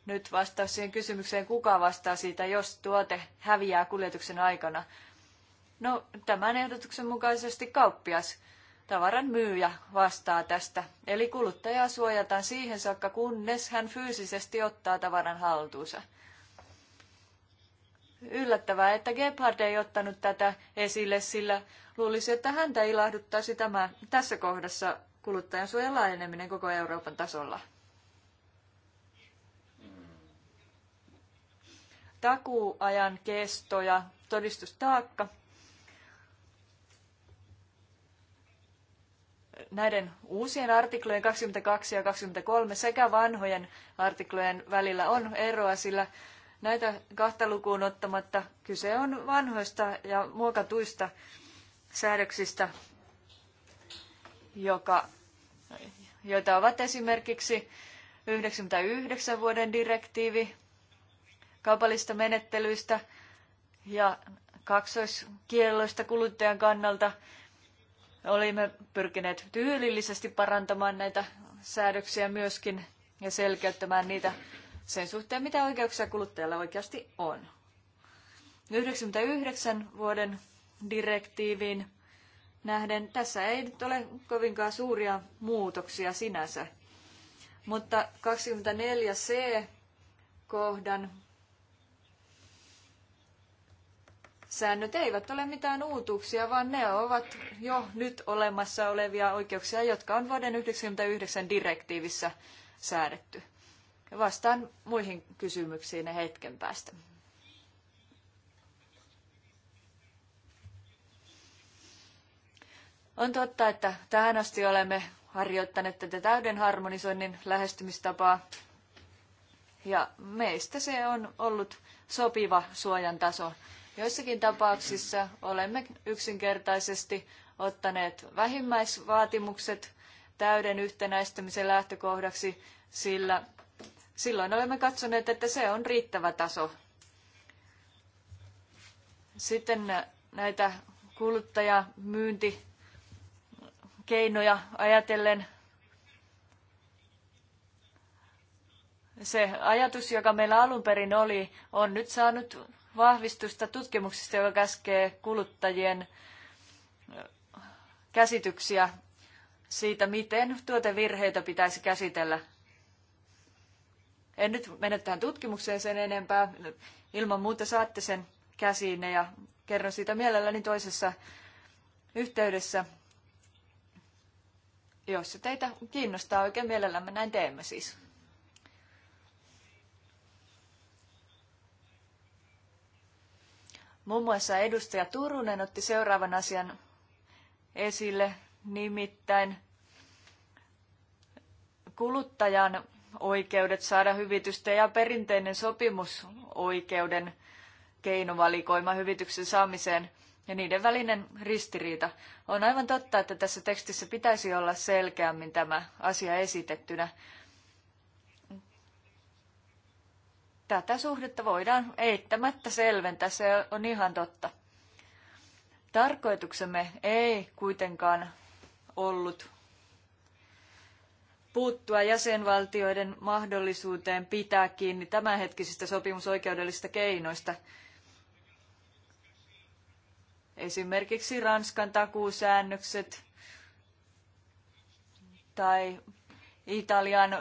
Nyt vastaus siihen kysymykseen, kuka vastaa siitä, jos tuote häviää kuljetuksen aikana. No, tämän ehdotuksen mukaisesti kauppias tavaran myyjä vastaa tästä. Eli kuluttajaa suojataan siihen saakka, kunnes hän fyysisesti ottaa tavaran haltuunsa. Yllättävää, että Gebhard ei ottanut tätä esille, sillä luulisi, että häntä ilahduttaisi tämä, tässä kohdassa kuluttajan suojan laajeneminen koko Euroopan tasolla. Takuuajan kesto ja todistustaakka näiden uusien artiklojen 22 ja 23 sekä vanhojen artiklojen välillä on eroa, sillä näitä kahta lukuun ottamatta kyse on vanhoista ja muokatuista säädöksistä, joka, joita ovat esimerkiksi 99 vuoden direktiivi kaupallista menettelyistä ja kaksoiskielloista kuluttajan kannalta Olimme pyrkineet tyylillisesti parantamaan näitä säädöksiä myöskin ja selkeyttämään niitä sen suhteen, mitä oikeuksia kuluttajalla oikeasti on. 99 vuoden direktiiviin nähden tässä ei nyt ole kovinkaan suuria muutoksia sinänsä. Mutta 24c kohdan säännöt eivät ole mitään uutuuksia, vaan ne ovat jo nyt olemassa olevia oikeuksia, jotka on vuoden 1999 direktiivissä säädetty. Vastaan muihin kysymyksiin hetken päästä. On totta, että tähän asti olemme harjoittaneet tätä täyden harmonisoinnin lähestymistapaa. Ja meistä se on ollut sopiva suojan taso Joissakin tapauksissa olemme yksinkertaisesti ottaneet vähimmäisvaatimukset täyden yhtenäistämisen lähtökohdaksi, sillä silloin olemme katsoneet, että se on riittävä taso. Sitten näitä kuluttajamyyntikeinoja ajatellen se ajatus, joka meillä alun perin oli, on nyt saanut vahvistusta tutkimuksesta, joka käskee kuluttajien käsityksiä siitä, miten tuotevirheitä pitäisi käsitellä. En nyt mene tähän tutkimukseen sen enempää. Ilman muuta saatte sen käsiinne ja kerron siitä mielelläni toisessa yhteydessä. Jos se teitä kiinnostaa oikein mielellämme, näin teemme siis. Muun muassa edustaja Turunen otti seuraavan asian esille, nimittäin kuluttajan oikeudet saada hyvitystä ja perinteinen sopimusoikeuden keinovalikoima hyvityksen saamiseen ja niiden välinen ristiriita. On aivan totta, että tässä tekstissä pitäisi olla selkeämmin tämä asia esitettynä. tätä suhdetta voidaan eittämättä selventää, se on ihan totta. Tarkoituksemme ei kuitenkaan ollut puuttua jäsenvaltioiden mahdollisuuteen pitää kiinni tämänhetkisistä sopimusoikeudellisista keinoista. Esimerkiksi Ranskan takuusäännökset tai Italian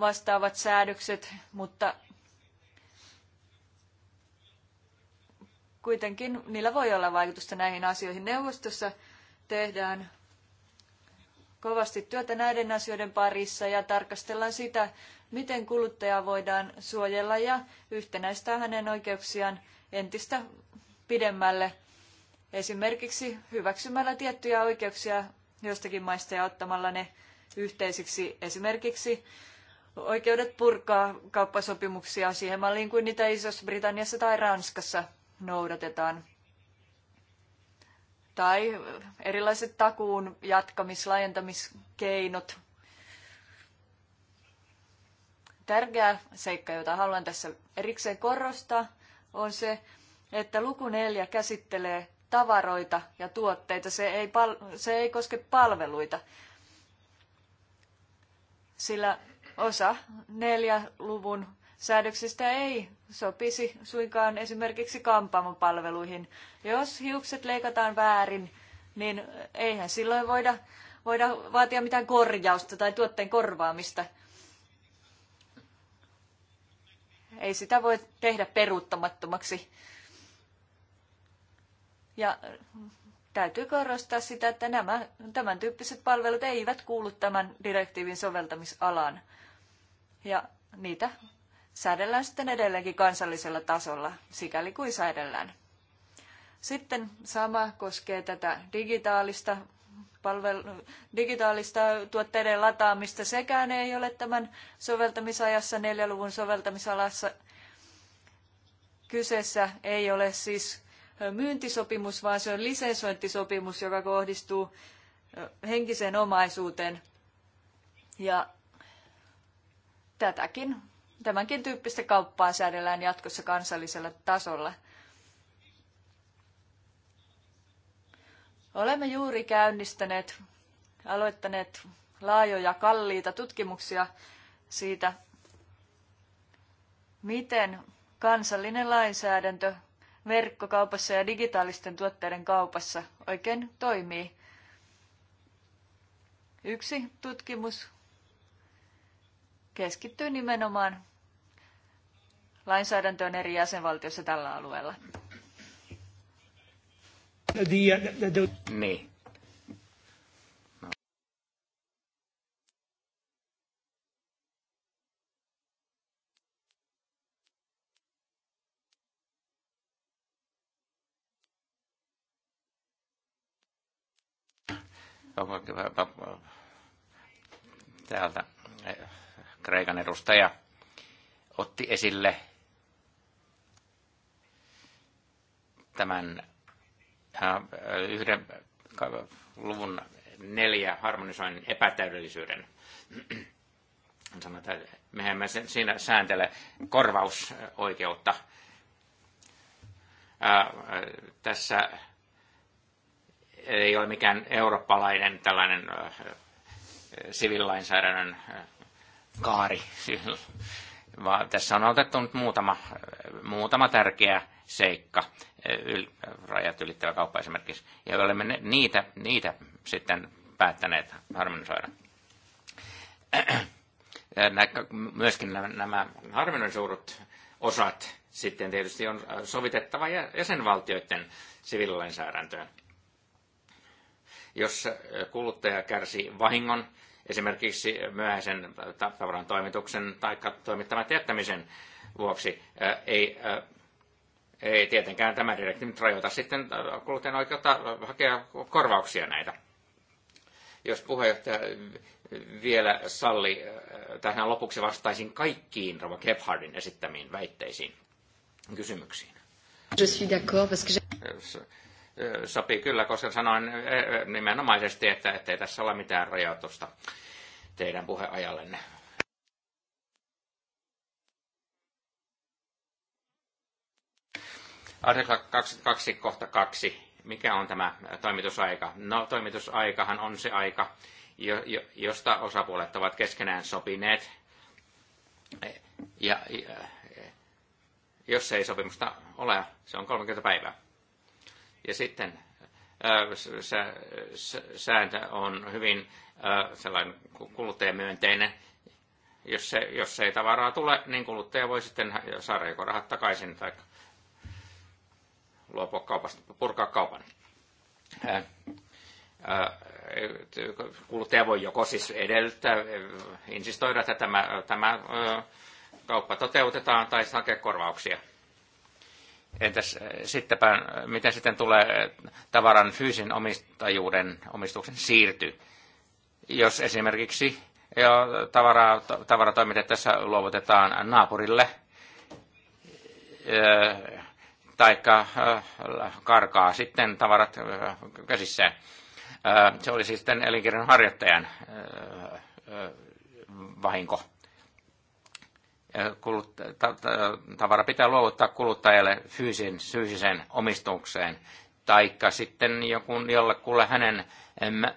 vastaavat säädökset, mutta kuitenkin niillä voi olla vaikutusta näihin asioihin. Neuvostossa tehdään kovasti työtä näiden asioiden parissa ja tarkastellaan sitä, miten kuluttajaa voidaan suojella ja yhtenäistää hänen oikeuksiaan entistä pidemmälle. Esimerkiksi hyväksymällä tiettyjä oikeuksia jostakin maista ja ottamalla ne yhteisiksi. Esimerkiksi oikeudet purkaa kauppasopimuksia siihen malliin kuin niitä Isossa-Britanniassa tai Ranskassa noudatetaan. Tai erilaiset takuun jatkamis- laajentamiskeinot. Tärkeä seikka, jota haluan tässä erikseen korostaa, on se, että luku neljä käsittelee tavaroita ja tuotteita. Se ei, pal- se ei koske palveluita, sillä osa neljä luvun säädöksistä ei sopisi suinkaan esimerkiksi kampaamopalveluihin. Jos hiukset leikataan väärin, niin eihän silloin voida, voida vaatia mitään korjausta tai tuotteen korvaamista. Ei sitä voi tehdä peruuttamattomaksi. Ja täytyy korostaa sitä, että nämä tämän tyyppiset palvelut eivät kuulu tämän direktiivin soveltamisalaan. Ja niitä säädellään sitten edelleenkin kansallisella tasolla, sikäli kuin säädellään. Sitten sama koskee tätä digitaalista, palvelu, digitaalista tuotteiden lataamista. Sekään ei ole tämän soveltamisajassa, neljäluvun soveltamisalassa kyseessä ei ole siis myyntisopimus, vaan se on lisensointisopimus, joka kohdistuu henkiseen omaisuuteen. Ja tätäkin tämänkin tyyppistä kauppaa säädellään jatkossa kansallisella tasolla. Olemme juuri käynnistäneet, aloittaneet laajoja, kalliita tutkimuksia siitä, miten kansallinen lainsäädäntö verkkokaupassa ja digitaalisten tuotteiden kaupassa oikein toimii. Yksi tutkimus keskittyy nimenomaan lainsäädäntöön eri jäsenvaltioissa tällä alueella. Niin. No. Täältä Kreikan edustaja otti esille tämän äh, yhden luvun neljä harmonisoinnin epätäydellisyyden. Sanotaan, että mehän me siinä sääntele korvausoikeutta. Äh, äh, tässä ei ole mikään eurooppalainen tällainen ää, sivillainsäädännön kaari vaan tässä on otettu nyt muutama, muutama tärkeä seikka, yl, rajat ylittävä kauppa esimerkiksi, ja olemme ne, niitä, niitä sitten päättäneet harmonisoida. Myöskin nämä, nämä harmonisoidut osat sitten tietysti on äh, sovitettava jäsenvaltioiden sivililainsäädäntöön. Jos äh, kuluttaja kärsii vahingon, esimerkiksi myöhäisen tavaran toimituksen tai toimittamat jättämisen vuoksi ei, ei tietenkään tämä direktiivi nyt rajoita sitten kuluttajan oikeutta hakea korvauksia näitä. Jos puheenjohtaja vielä salli, tähän lopuksi vastaisin kaikkiin Rova Kephardin esittämiin väitteisiin kysymyksiin. Je suis d'accord parce que Sopii kyllä, koska sanoin eh, eh, nimenomaisesti, että ei tässä ole mitään rajoitusta teidän puheajallenne. Artikla 22 kohta 2. Mikä on tämä toimitusaika? No toimitusaikahan on se aika, josta osapuolet ovat keskenään sopineet. Ja, ja jos ei sopimusta ole, se on 30 päivää. Ja sitten äh, sääntö on hyvin äh, sellainen kuluttajamyönteinen. Jos, se, jos ei tavaraa tule, niin kuluttaja voi sitten saada joko rahat takaisin tai luopua kaupasta, purkaa kaupan. Äh, kuluttaja voi joko siis edellyttää, insistoida, että tämä, tämä kauppa toteutetaan tai hakea korvauksia Entäs eh, sittenpä, miten sitten tulee eh, tavaran fyysin omistajuuden omistuksen siirty? Jos esimerkiksi jo tavara tavaratoimitettaessa luovutetaan naapurille, eh, taikka karkaa sitten tavarat käsissään. Se oli siis sitten tämän elinkeinon harjoittajan vahinko tavara pitää luovuttaa kuluttajalle fyysisen, fyysisen omistukseen taikka sitten jokun, jollekulle hänen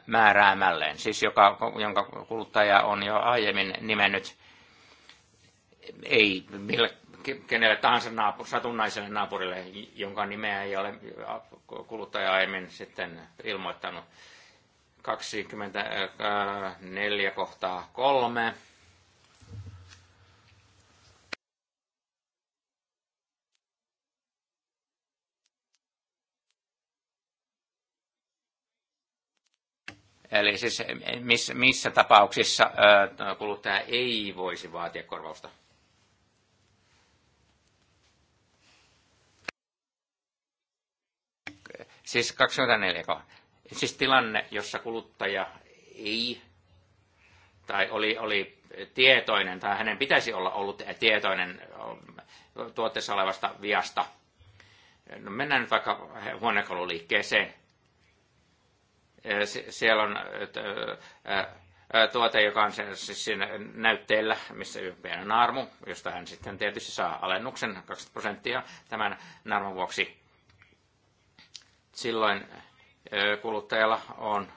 määräämälleen, siis joka, jonka kuluttaja on jo aiemmin nimennyt, ei mille, kenelle tahansa naapur, satunnaiselle naapurille, jonka nimeä ei ole kuluttaja aiemmin sitten ilmoittanut. 24 äh, kohtaa 3 Eli siis eh, miss, missä tapauksissa eh, kuluttaja ei voisi vaatia korvausta? Siis 24. Siis tilanne, jossa kuluttaja ei tai oli, oli tietoinen, tai hänen pitäisi olla ollut tietoinen eh, tuotteessa olevasta viasta. No mennään nyt vaikka huonekaluliikkeeseen siellä on tuote, joka on siis siinä näytteellä, missä pieni naarmu, josta hän sitten tietysti saa alennuksen 20 prosenttia tämän naarmun vuoksi. Silloin kuluttajalla on,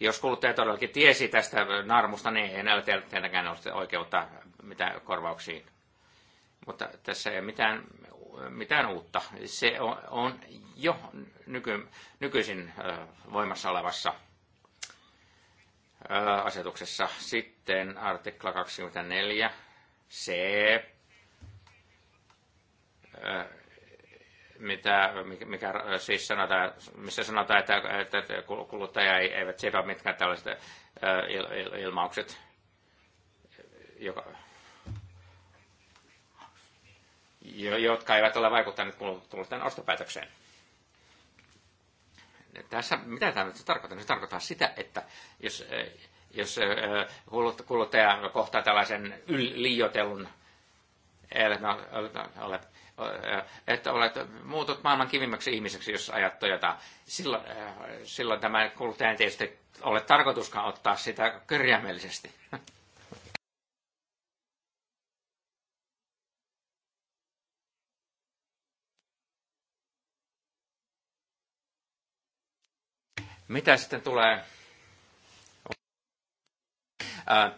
jos kuluttaja todellakin tiesi tästä naarmusta, niin ei näillä tietenkään ole oikeutta mitä korvauksiin. Mutta tässä ei ole mitään mitään uutta. Se on, on jo nyky, nykyisin voimassa olevassa asetuksessa. Sitten artikla 24 C, mitä, mikä siis sanotaan, missä sanotaan, että, että kuluttaja ei, eivät sepä mitkä tällaiset ilmaukset, joka, jotka eivät ole vaikuttaneet kuluttajan ostopäätökseen. Tässä, mitä tämä nyt tarkoittaa? Se tarkoittaa sitä, että jos, eh, jos eh, kuluttaja kohtaa tällaisen liioitelun, eh, no, että olet muutut maailman kivimmäksi ihmiseksi, jos ajat Toyota, Silloin, silloin tämä ei tietysti ole tarkoituskaan ottaa sitä kirjaimellisesti. [laughs] Mitä sitten tulee? Äh, äh,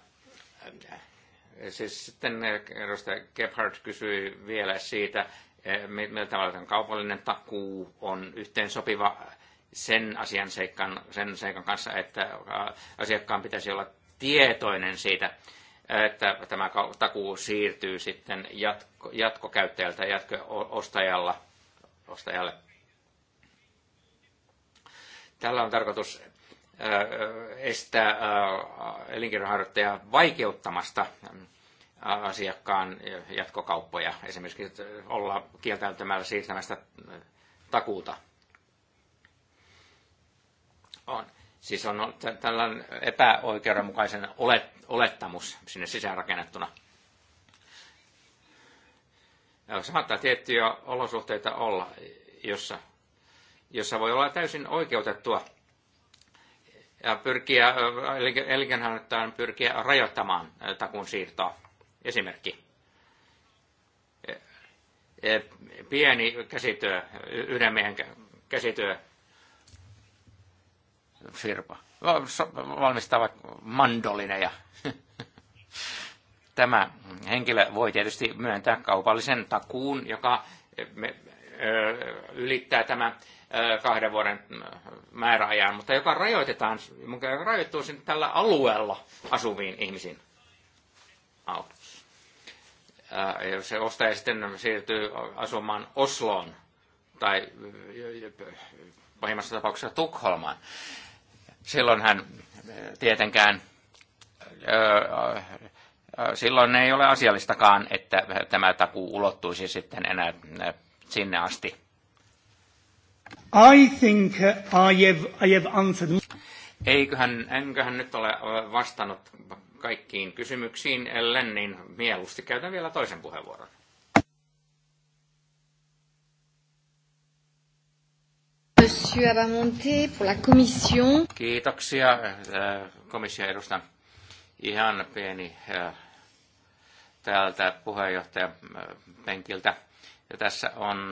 siis sitten edustaja Gebhardt kysyi vielä siitä, äh, millä tavalla kaupallinen takuu on yhteen sopiva sen asian seikan, sen seikan kanssa, että äh, asiakkaan pitäisi olla tietoinen siitä, että tämä takuu siirtyy sitten jatko, jatkokäyttäjältä jatko ostajalla, ostajalle Tällä on tarkoitus estää elinkeinoharjoittajaa vaikeuttamasta asiakkaan jatkokauppoja, esimerkiksi olla kieltäytymällä siirtämästä takuuta. On. Siis on tällainen epäoikeudenmukaisen olet, olettamus sinne sisäänrakennettuna. Saattaa tiettyjä olosuhteita olla, jossa jossa voi olla täysin oikeutettua ja pyrkiä, elinkeinonharjoittajan pyrkiä rajoittamaan takun siirtoa. Esimerkki. E, e, pieni käsityö, yhden miehen käsityö firma. Valmistavat mandolineja. [laughs] Tämä henkilö voi tietysti myöntää kaupallisen takuun, joka e, ylittää tämä kahden vuoden mm, määräajan, mutta joka rajoitetaan, joka rajoittuu sinne tällä alueella asuviin ihmisiin. Jos se ostaja sitten siirtyy asumaan Osloon tai pahimmassa tapauksessa Tukholmaan, silloin hän tietenkään silloin ei ole asiallistakaan, että tämä takuu ulottuisi sitten enää sinne asti I think I have, I have answered. Eiköhän, enköhän nyt ole vastannut kaikkiin kysymyksiin, ellen niin mieluusti käytän vielä toisen puheenvuoron. Monsieur Abamonte pour la commission. Kiitoksia komission edusta. Ihan pieni täältä puheenjohtajan penkiltä. Ja tässä on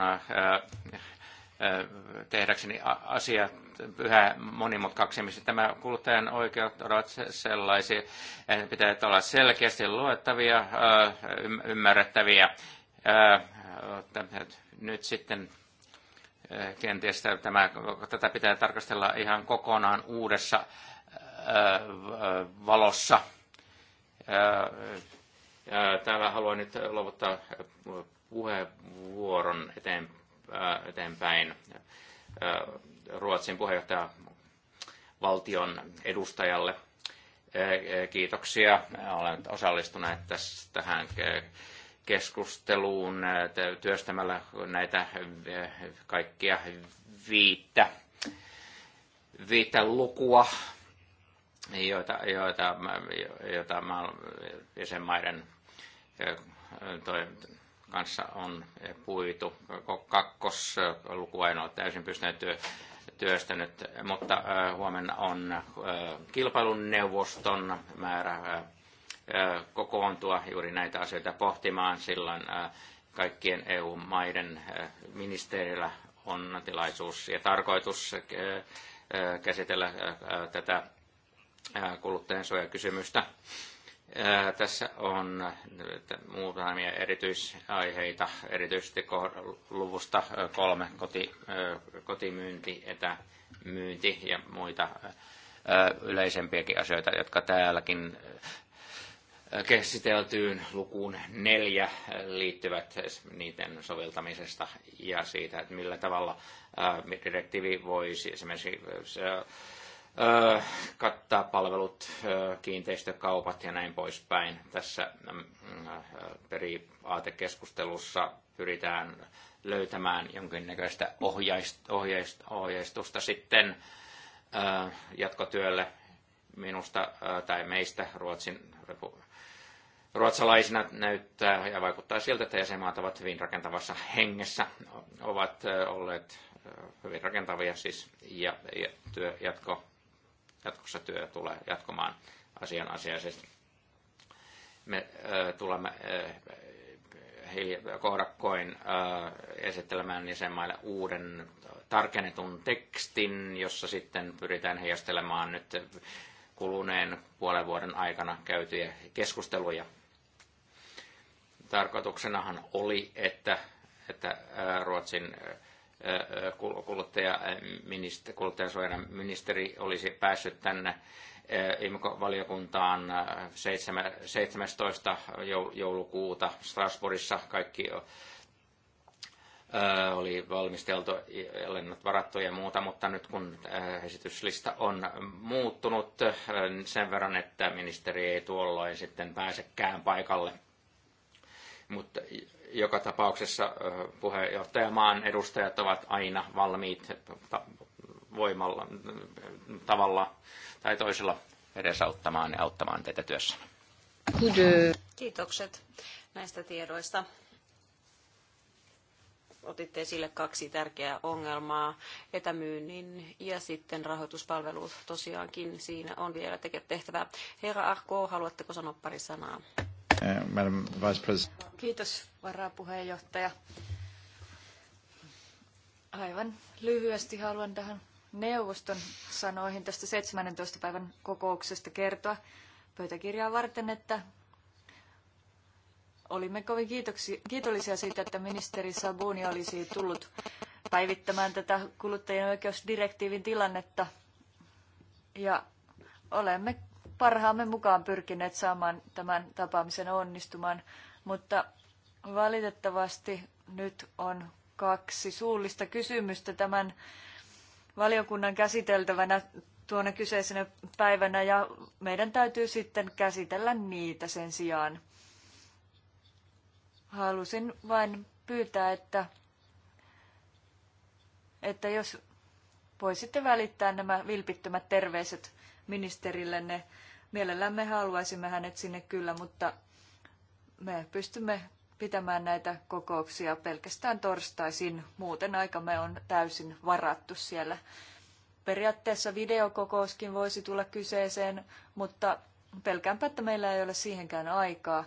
tehdäkseni asiat yhä monimutkaisemmiksi. Tämä kuluttajan oikeudet ovat sellaisia, että pitää olla selkeästi luettavia, ymmärrettäviä. Nyt sitten kenties tämä, tätä pitää tarkastella ihan kokonaan uudessa valossa. Täällä haluan nyt luovuttaa puheenvuoron eteenpäin eteenpäin Ruotsin puheenjohtaja valtion edustajalle. Kiitoksia. Olen osallistunut tähän keskusteluun työstämällä näitä kaikkia viittä, viittä lukua, joita, joita, joita jäsenmaiden toi, kanssa on eh, puitu. Kakkoslukua eh, en ole täysin pystynyt työstänyt, mutta eh, huomenna on kilpailun neuvoston määrä kokoontua juuri näitä asioita pohtimaan. Silloin kaikkien EU-maiden ministerillä on tilaisuus ja tarkoitus käsitellä tätä kuluttajansuojakysymystä. kysymystä tässä on muutamia erityisaiheita, erityisesti luvusta kolme, koti, kotimyynti, etämyynti ja muita yleisempiäkin asioita, jotka täälläkin käsiteltyyn lukuun neljä liittyvät niiden soveltamisesta ja siitä, että millä tavalla direktiivi voisi esimerkiksi kattaa palvelut, kiinteistökaupat ja näin poispäin. Tässä mm, periaatekeskustelussa pyritään löytämään jonkinnäköistä ohjeistusta sitten jatkotyölle minusta tai meistä Ruotsin ruotsalaisina näyttää ja vaikuttaa siltä, että jäsenmaat ovat hyvin rakentavassa hengessä, ovat olleet hyvin rakentavia siis ja, ja työ jatko jatkossa työ tulee jatkumaan asian asiaisesti. Me tulemme kohdakkoin esittelemään jäsenmaille uuden tarkennetun tekstin, jossa sitten pyritään heijastelemaan nyt kuluneen puolen vuoden aikana käytyjä keskusteluja. Tarkoituksenahan oli, että, että Ruotsin kuluttaja, kuluttajasuojan ministeri olisi päässyt tänne eh, IMCO-valiokuntaan 17. Eh, joulukuuta Strasbourgissa. Kaikki eh, oli valmisteltu, lennot varattu ja muuta, mutta nyt kun esityslista on muuttunut sen verran, että ministeri ei tuolloin sitten pääsekään paikalle. Mutta joka tapauksessa puheenjohtajamaan edustajat ovat aina valmiit voimalla, tavalla tai toisella edesauttamaan ja auttamaan teitä työssä. Kiitokset näistä tiedoista. Otitte esille kaksi tärkeää ongelmaa, etämyynnin ja sitten rahoituspalvelut. Tosiaankin siinä on vielä tehtävää. Herra Arko, haluatteko sanoa pari sanaa? Eh, Madam Vice President. Kiitos varapuheenjohtaja. Aivan lyhyesti haluan tähän neuvoston sanoihin tästä 17. päivän kokouksesta kertoa pöytäkirjaa varten, että olimme kovin kiitollisia siitä, että ministeri Sabuni olisi tullut päivittämään tätä kuluttajien oikeusdirektiivin tilannetta. Ja olemme parhaamme mukaan pyrkineet saamaan tämän tapaamisen onnistumaan, mutta valitettavasti nyt on kaksi suullista kysymystä tämän valiokunnan käsiteltävänä tuona kyseisenä päivänä ja meidän täytyy sitten käsitellä niitä sen sijaan. Halusin vain pyytää, että, että jos voisitte välittää nämä vilpittömät terveiset ministerillenne Mielellämme haluaisimme hänet sinne kyllä, mutta me pystymme pitämään näitä kokouksia pelkästään torstaisin. Muuten aikamme on täysin varattu siellä. Periaatteessa videokokouskin voisi tulla kyseeseen, mutta pelkäänpä, että meillä ei ole siihenkään aikaa.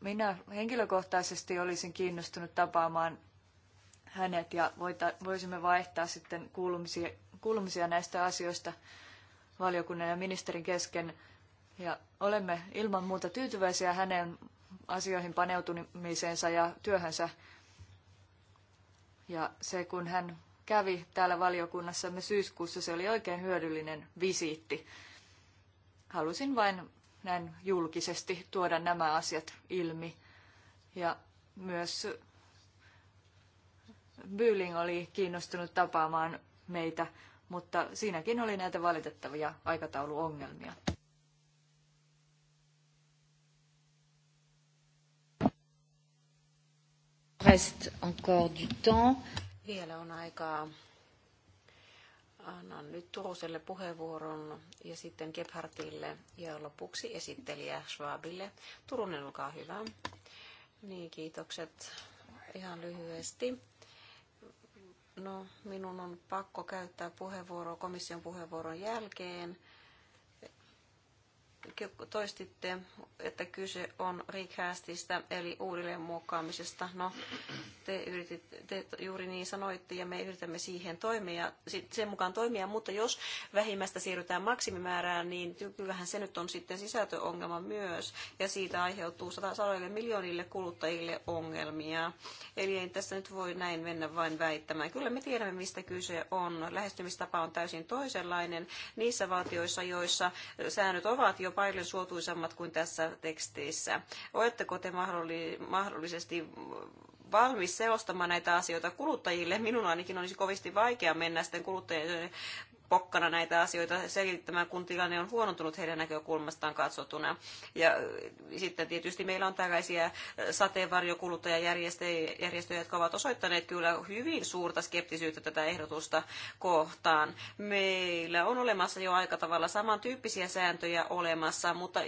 Minä henkilökohtaisesti olisin kiinnostunut tapaamaan hänet ja voita, voisimme vaihtaa sitten kuulumisia, kuulumisia näistä asioista valiokunnan ja ministerin kesken. Ja olemme ilman muuta tyytyväisiä hänen asioihin paneutumiseensa ja työhönsä. Ja se, kun hän kävi täällä valiokunnassamme syyskuussa, se oli oikein hyödyllinen visiitti. Halusin vain näin julkisesti tuoda nämä asiat ilmi. Ja myös Byyling oli kiinnostunut tapaamaan meitä, mutta siinäkin oli näitä valitettavia aikatauluongelmia. Reste encore du temps. Vielä on aikaa. Annan nyt Turuselle puheenvuoron ja sitten Gebhardille ja lopuksi esittelijä Schwabille. Turunen, olkaa hyvä. Niin, kiitokset ihan lyhyesti. No, minun on pakko käyttää puheenvuoro komission puheenvuoron jälkeen toistitte, että kyse on recastista, eli uudelleen muokkaamisesta. No, te, yritit, te juuri niin sanoitte, ja me yritämme siihen toimia, sen mukaan toimia, mutta jos vähimmästä siirrytään maksimimäärään, niin kyllähän se nyt on sitten sisältöongelma myös, ja siitä aiheutuu sadoille miljoonille kuluttajille ongelmia. Eli ei tässä nyt voi näin mennä vain väittämään. Kyllä me tiedämme, mistä kyse on. Lähestymistapa on täysin toisenlainen niissä valtioissa, joissa säännöt ovat jopa paljon suotuisammat kuin tässä tekstissä. Oletteko te mahdollisesti valmis selostamaan näitä asioita kuluttajille. Minun ainakin olisi kovasti vaikea mennä sitten kuluttajien pokkana näitä asioita selittämään, kun tilanne on huonontunut heidän näkökulmastaan katsotuna. Ja sitten tietysti meillä on tällaisia sateenvarjokuluttajajärjestöjä, jotka ovat osoittaneet kyllä hyvin suurta skeptisyyttä tätä ehdotusta kohtaan. Meillä on olemassa jo aika tavalla samantyyppisiä sääntöjä olemassa, mutta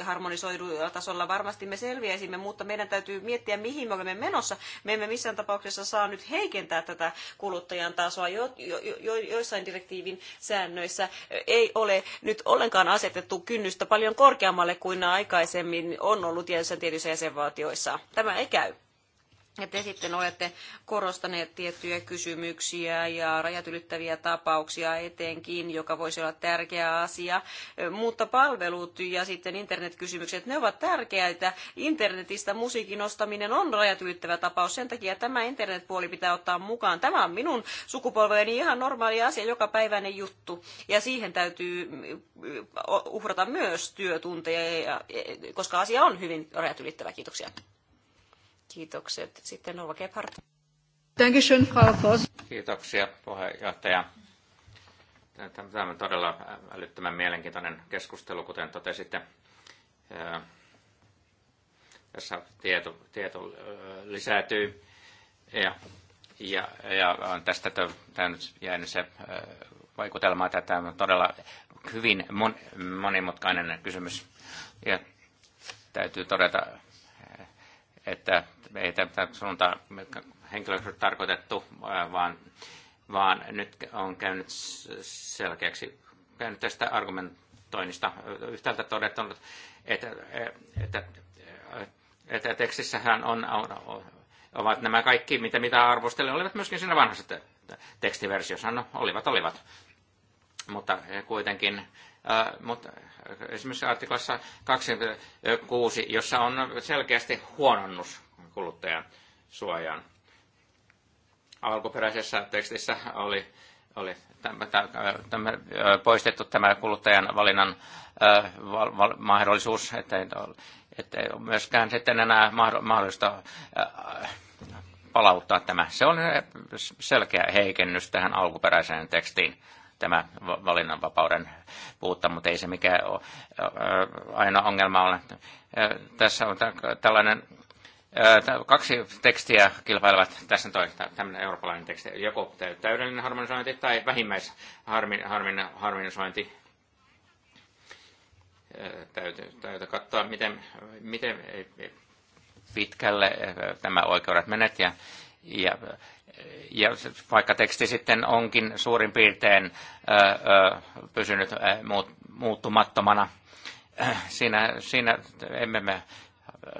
harmonisoidulla tasolla varmasti me selviäisimme, mutta meidän täytyy miettiä, mihin me olemme menossa. Me emme missään tapauksessa saa nyt heikentää tätä kuluttajan tasoa. Jo, jo, jo, joissain direktiivin säännöissä ei ole nyt ollenkaan asetettu kynnystä paljon korkeammalle kuin aikaisemmin on ollut tietyissä jäsenvaltioissa. Tämä ei käy te sitten olette korostaneet tiettyjä kysymyksiä ja rajat ylittäviä tapauksia etenkin, joka voisi olla tärkeä asia. Mutta palvelut ja sitten internetkysymykset, ne ovat tärkeitä. Internetistä musiikin ostaminen on rajat ylittävä tapaus. Sen takia tämä internetpuoli pitää ottaa mukaan. Tämä on minun sukupolveni ihan normaali asia, joka päiväinen juttu. Ja siihen täytyy uhrata myös työtunteja, e, koska asia on hyvin rajat ylittävä. Kiitoksia. Kiitokset. Sitten Ulla Gebhardt. Dankeschön, Frau Voss. Kiitoksia, puheenjohtaja. Tämä on todella älyttömän mielenkiintoinen keskustelu, kuten totesitte. Tässä tieto, tieto lisääntyy ja, ja, ja on tästä tämä jäänyt se vaikutelma, että tämä on todella hyvin monimutkainen kysymys. Ja täytyy todeta, että ei tätä suuntaan henkilöksi tarkoitettu, vaan, vaan nyt on käynyt selkeäksi käynyt tästä argumentoinnista. Yhtäältä todettu, että, että, että tekstissähän on, on, ovat nämä kaikki, mitä, mitä arvostelin, olivat myöskin siinä vanhassa tekstiversiossa. No, olivat, olivat. Mutta kuitenkin Äh, mutta äh, esimerkiksi artiklassa 26, jossa on selkeästi huononnus kuluttajan suojaan. Alkuperäisessä tekstissä oli, oli tämä, tämä, poistettu tämä kuluttajan valinnan val, val, mahdollisuus, että, että myöskään sitten enää mahdollista palauttaa tämä. Se on selkeä heikennys tähän alkuperäiseen tekstiin tämä valinnanvapauden puutta, mutta ei se mikään aina ongelma ole. Tässä on tällainen kaksi tekstiä kilpailevat, tässä on toi, tämmöinen eurooppalainen teksti, joko täydellinen harmonisointi tai vähimmäisharmonisointi. Täytyy, täytyy katsoa, miten, miten pitkälle tämä oikeudet menet ja, ja, ja vaikka teksti sitten onkin suurin piirtein pysynyt muuttumattomana, [clears throat] siinä, siinä emme me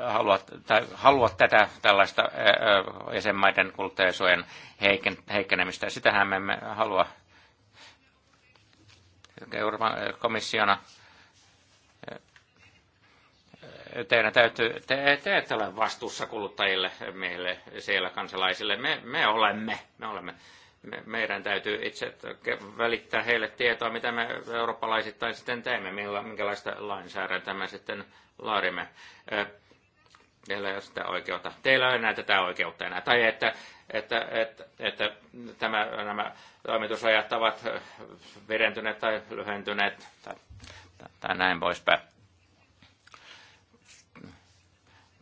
halua, tai halua tätä tällaista jäsenmaiden kuluttajasuojan heikkenemistä. Sitähän me emme halua Euroopan komissiona teidän täytyy, te, te ette ole vastuussa kuluttajille, meille siellä kansalaisille. Me, me olemme, me olemme. Me, meidän täytyy itse välittää heille tietoa, mitä me eurooppalaisittain sitten teemme, millä, minkälaista lainsäädäntöä me sitten laadimme. Teillä ei ole sitä oikeutta. Teillä ei ole enää tätä oikeutta enää. Tai että, että, että, että tämä, nämä toimitusajat ovat vedentyneet tai lyhentyneet tai, tai näin poispäin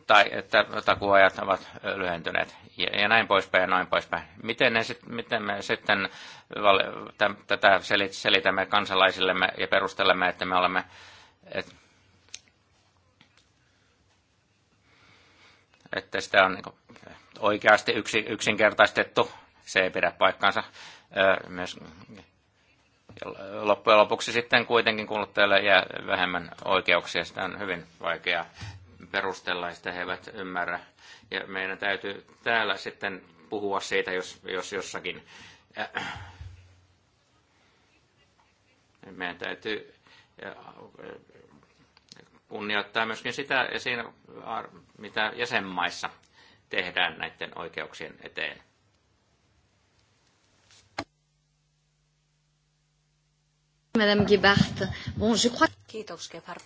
tai että takuajat ovat lyhentyneet ja, ja näin poispäin ja näin poispäin. Miten, ne sit, miten me sitten val, täm, tätä selit, selitämme kansalaisillemme ja perustelemme, että me olemme... Et, että sitä on niin oikeasti yksi, yksinkertaistettu, se ei pidä paikkaansa. Öö, myös loppujen lopuksi sitten kuitenkin kuluttajalle jää vähemmän oikeuksia. Sitä on hyvin vaikea perustella, ja sitä he eivät ymmärrä. Ja meidän täytyy täällä sitten puhua siitä, jos, jos jossakin. Äh, meidän täytyy äh, kunnioittaa myöskin sitä äh, mitä jäsenmaissa tehdään näiden oikeuksien eteen. Madame Gebhardt, bon, je crois... Kiitos Gebhard.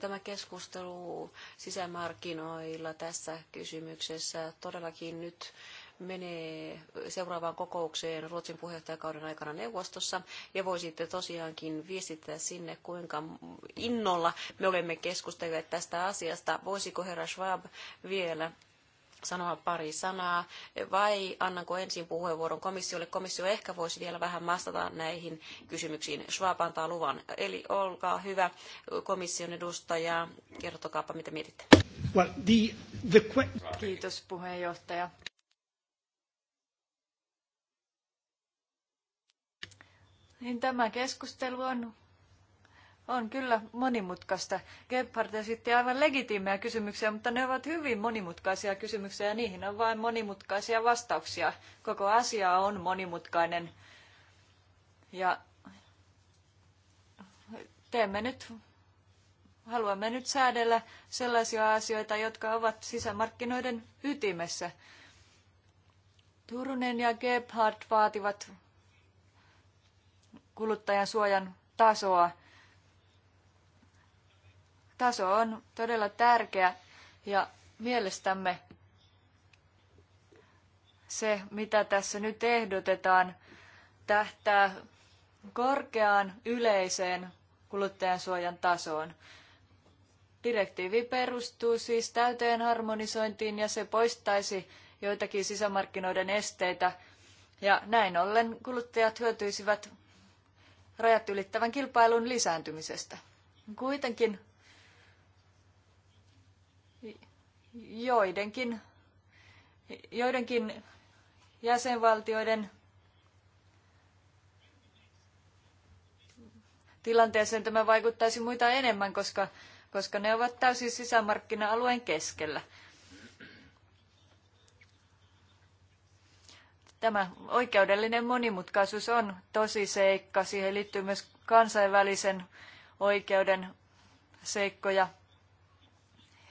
Tämä keskustelu sisämarkkinoilla tässä kysymyksessä todellakin nyt menee seuraavaan kokoukseen Ruotsin puheenjohtajakauden aikana neuvostossa ja voisitte tosiaankin viestittää sinne, kuinka innolla me olemme keskustelleet tästä asiasta. Voisiko herra Schwab vielä sanoa pari sanaa, vai annanko ensin puheenvuoron komissiolle? Komissio ehkä voisi vielä vähän vastata näihin kysymyksiin. Schwab antaa luvan. Eli olkaa hyvä komission edustaja, kertokaapa mitä mietitte. Well, the, the... Kiitos puheenjohtaja. Niin tämä keskustelu on on kyllä monimutkaista. Gebhardt esitti aivan legitiimejä kysymyksiä, mutta ne ovat hyvin monimutkaisia kysymyksiä ja niihin on vain monimutkaisia vastauksia. Koko asia on monimutkainen. Ja teemme nyt, haluamme nyt säädellä sellaisia asioita, jotka ovat sisämarkkinoiden ytimessä. Turunen ja Gebhardt vaativat kuluttajan suojan tasoa – taso on todella tärkeä ja mielestämme se, mitä tässä nyt ehdotetaan, tähtää korkeaan yleiseen kuluttajansuojan tasoon. Direktiivi perustuu siis täyteen harmonisointiin ja se poistaisi joitakin sisämarkkinoiden esteitä ja näin ollen kuluttajat hyötyisivät rajat ylittävän kilpailun lisääntymisestä. Kuitenkin joidenkin, joidenkin jäsenvaltioiden tilanteeseen tämä vaikuttaisi muita enemmän, koska, koska ne ovat täysin sisämarkkina-alueen keskellä. Tämä oikeudellinen monimutkaisuus on tosi seikka. Siihen liittyy myös kansainvälisen oikeuden seikkoja.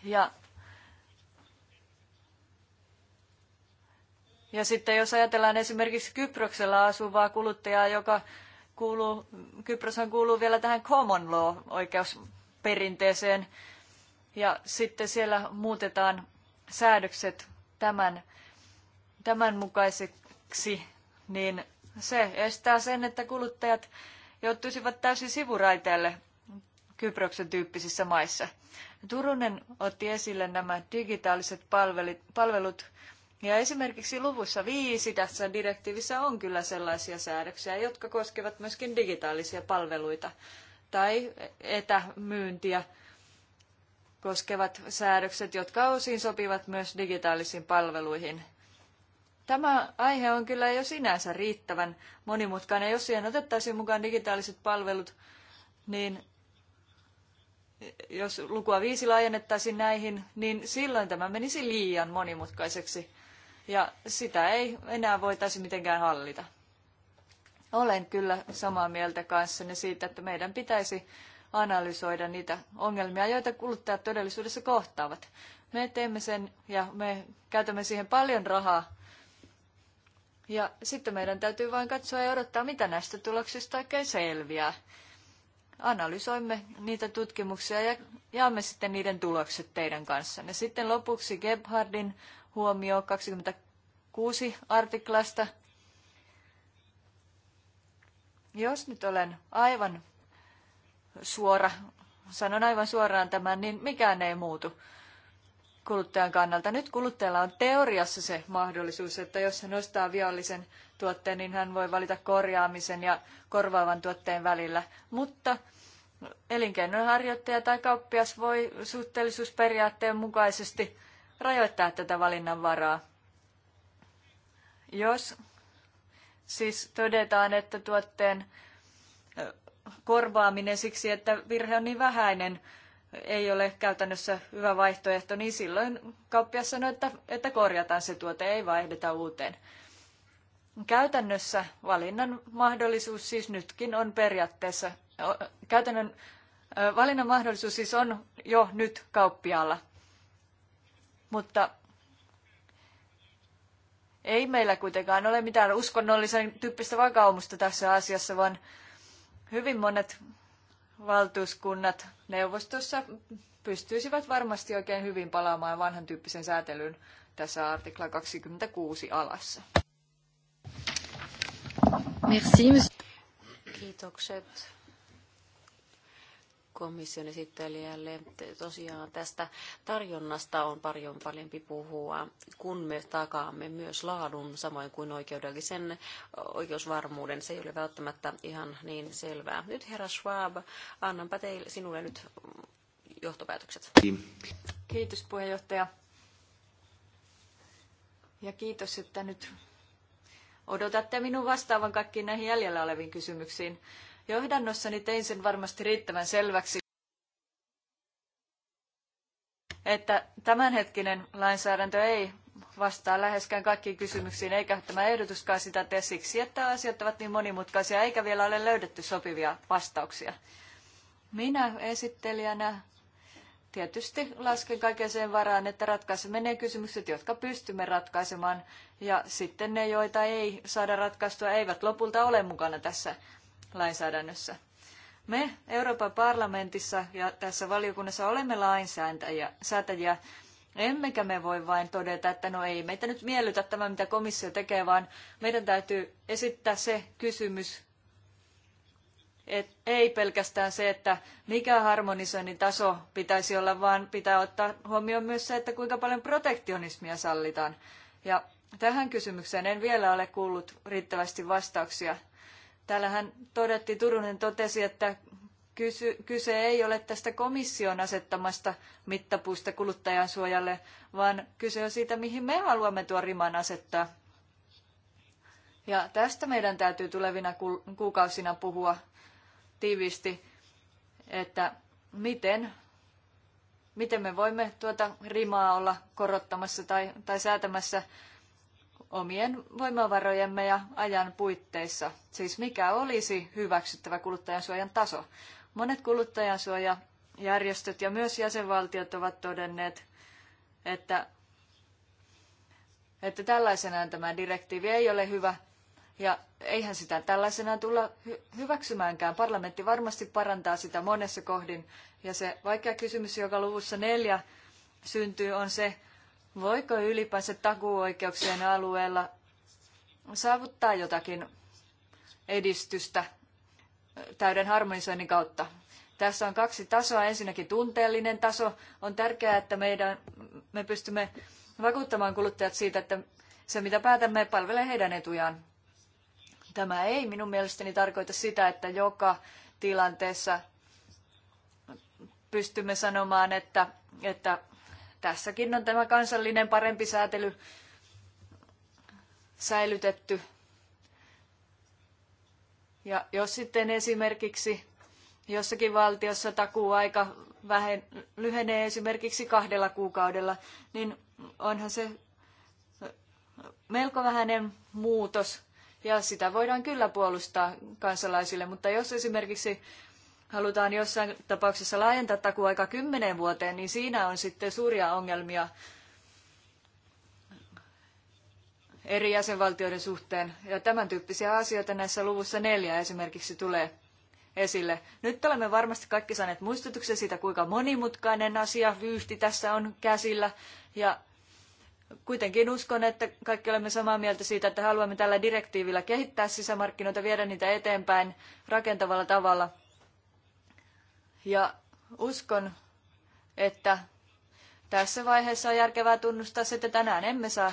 Ja Ja sitten jos ajatellaan esimerkiksi Kyproksella asuvaa kuluttajaa, joka kuuluu, Kyproshan kuuluu vielä tähän common law-oikeusperinteeseen, ja sitten siellä muutetaan säädökset tämän, tämän mukaiseksi, niin se estää sen, että kuluttajat joutuisivat täysin sivuraiteelle Kyproksen tyyppisissä maissa. Turunen otti esille nämä digitaaliset palvelut, palvelut ja esimerkiksi luvussa viisi tässä direktiivissä on kyllä sellaisia säädöksiä, jotka koskevat myöskin digitaalisia palveluita tai etämyyntiä koskevat säädökset, jotka osin sopivat myös digitaalisiin palveluihin. Tämä aihe on kyllä jo sinänsä riittävän monimutkainen. Jos siihen otettaisiin mukaan digitaaliset palvelut, niin jos lukua viisi laajennettaisiin näihin, niin silloin tämä menisi liian monimutkaiseksi ja sitä ei enää voitaisi mitenkään hallita. Olen kyllä samaa mieltä kanssanne siitä, että meidän pitäisi analysoida niitä ongelmia, joita kuluttajat todellisuudessa kohtaavat. Me teemme sen ja me käytämme siihen paljon rahaa. Ja sitten meidän täytyy vain katsoa ja odottaa, mitä näistä tuloksista oikein selviää. Analysoimme niitä tutkimuksia ja jaamme sitten niiden tulokset teidän kanssanne. Sitten lopuksi Gebhardin huomio 26 artiklasta. Jos nyt olen aivan suora, sanon aivan suoraan tämän, niin mikään ei muutu kuluttajan kannalta. Nyt kuluttajalla on teoriassa se mahdollisuus, että jos hän ostaa viallisen tuotteen, niin hän voi valita korjaamisen ja korvaavan tuotteen välillä. Mutta elinkeinonharjoittaja tai kauppias voi suhteellisuusperiaatteen mukaisesti rajoittaa tätä valinnanvaraa. Jos siis todetaan, että tuotteen korvaaminen siksi, että virhe on niin vähäinen, ei ole käytännössä hyvä vaihtoehto, niin silloin kauppias sanoo, että, että korjataan se tuote, ei vaihdeta uuteen. Käytännössä valinnan mahdollisuus siis nytkin on periaatteessa, käytännön valinnan mahdollisuus siis on jo nyt kauppialla. Mutta ei meillä kuitenkaan ole mitään uskonnollisen tyyppistä vakaumusta tässä asiassa, vaan hyvin monet valtuuskunnat neuvostossa pystyisivät varmasti oikein hyvin palaamaan vanhan tyyppisen säätelyyn tässä artikla 26 alassa. Merci. Kiitokset komission esittelijälle. Tosiaan tästä tarjonnasta on paljon parempi puhua, kun me takaamme myös laadun samoin kuin oikeudellisen oikeusvarmuuden. Se ei ole välttämättä ihan niin selvää. Nyt herra Schwab, annanpa teille, sinulle nyt johtopäätökset. Kiitos puheenjohtaja. Ja kiitos, että nyt odotatte minun vastaavan kaikkiin näihin jäljellä oleviin kysymyksiin johdannossani tein sen varmasti riittävän selväksi, että tämänhetkinen lainsäädäntö ei vastaa läheskään kaikkiin kysymyksiin, eikä tämä ehdotuskaan sitä tee siksi, että asiat ovat niin monimutkaisia, eikä vielä ole löydetty sopivia vastauksia. Minä esittelijänä tietysti lasken kaiken sen varaan, että ratkaisemme ne kysymykset, jotka pystymme ratkaisemaan, ja sitten ne, joita ei saada ratkaistua, eivät lopulta ole mukana tässä lainsäädännössä. Me Euroopan parlamentissa ja tässä valiokunnassa olemme lainsäätäjiä, emmekä me voi vain todeta, että no ei meitä nyt miellytä tämä, mitä komissio tekee, vaan meidän täytyy esittää se kysymys, et ei pelkästään se, että mikä harmonisoinnin taso pitäisi olla, vaan pitää ottaa huomioon myös se, että kuinka paljon protektionismia sallitaan. Ja tähän kysymykseen en vielä ole kuullut riittävästi vastauksia. Täällähän todettiin, Turunen totesi, että kysy, kyse ei ole tästä komission asettamasta mittapuusta kuluttajan suojalle, vaan kyse on siitä, mihin me haluamme tuo riman asettaa. Ja tästä meidän täytyy tulevina kuukausina puhua tiiviisti, että miten, miten me voimme tuota rimaa olla korottamassa tai, tai säätämässä omien voimavarojemme ja ajan puitteissa. Siis mikä olisi hyväksyttävä kuluttajansuojan taso? Monet kuluttajansuojajärjestöt ja myös jäsenvaltiot ovat todenneet, että, että tällaisenaan tämä direktiivi ei ole hyvä ja eihän sitä tällaisenaan tulla hyväksymäänkään. Parlamentti varmasti parantaa sitä monessa kohdin. Ja se vaikea kysymys, joka luvussa neljä syntyy, on se, Voiko ylipäänsä takuuoikeuksien alueella saavuttaa jotakin edistystä täyden harmonisoinnin kautta? Tässä on kaksi tasoa. Ensinnäkin tunteellinen taso. On tärkeää, että meidän, me pystymme vakuuttamaan kuluttajat siitä, että se mitä päätämme palvelee heidän etujaan. Tämä ei minun mielestäni tarkoita sitä, että joka tilanteessa pystymme sanomaan, että, että Tässäkin on tämä kansallinen parempi säätely säilytetty. Ja jos sitten esimerkiksi jossakin valtiossa takuuaika vähen, lyhenee esimerkiksi kahdella kuukaudella, niin onhan se melko vähäinen muutos ja sitä voidaan kyllä puolustaa kansalaisille, mutta jos esimerkiksi halutaan jossain tapauksessa laajentaa takuaika kymmeneen vuoteen, niin siinä on sitten suuria ongelmia eri jäsenvaltioiden suhteen. Ja tämän tyyppisiä asioita näissä luvussa neljä esimerkiksi tulee esille. Nyt olemme varmasti kaikki saaneet muistutuksen siitä, kuinka monimutkainen asia vyyhti tässä on käsillä. Ja kuitenkin uskon, että kaikki olemme samaa mieltä siitä, että haluamme tällä direktiivillä kehittää sisämarkkinoita, viedä niitä eteenpäin rakentavalla tavalla – ja uskon, että tässä vaiheessa on järkevää tunnustaa se, että tänään emme saa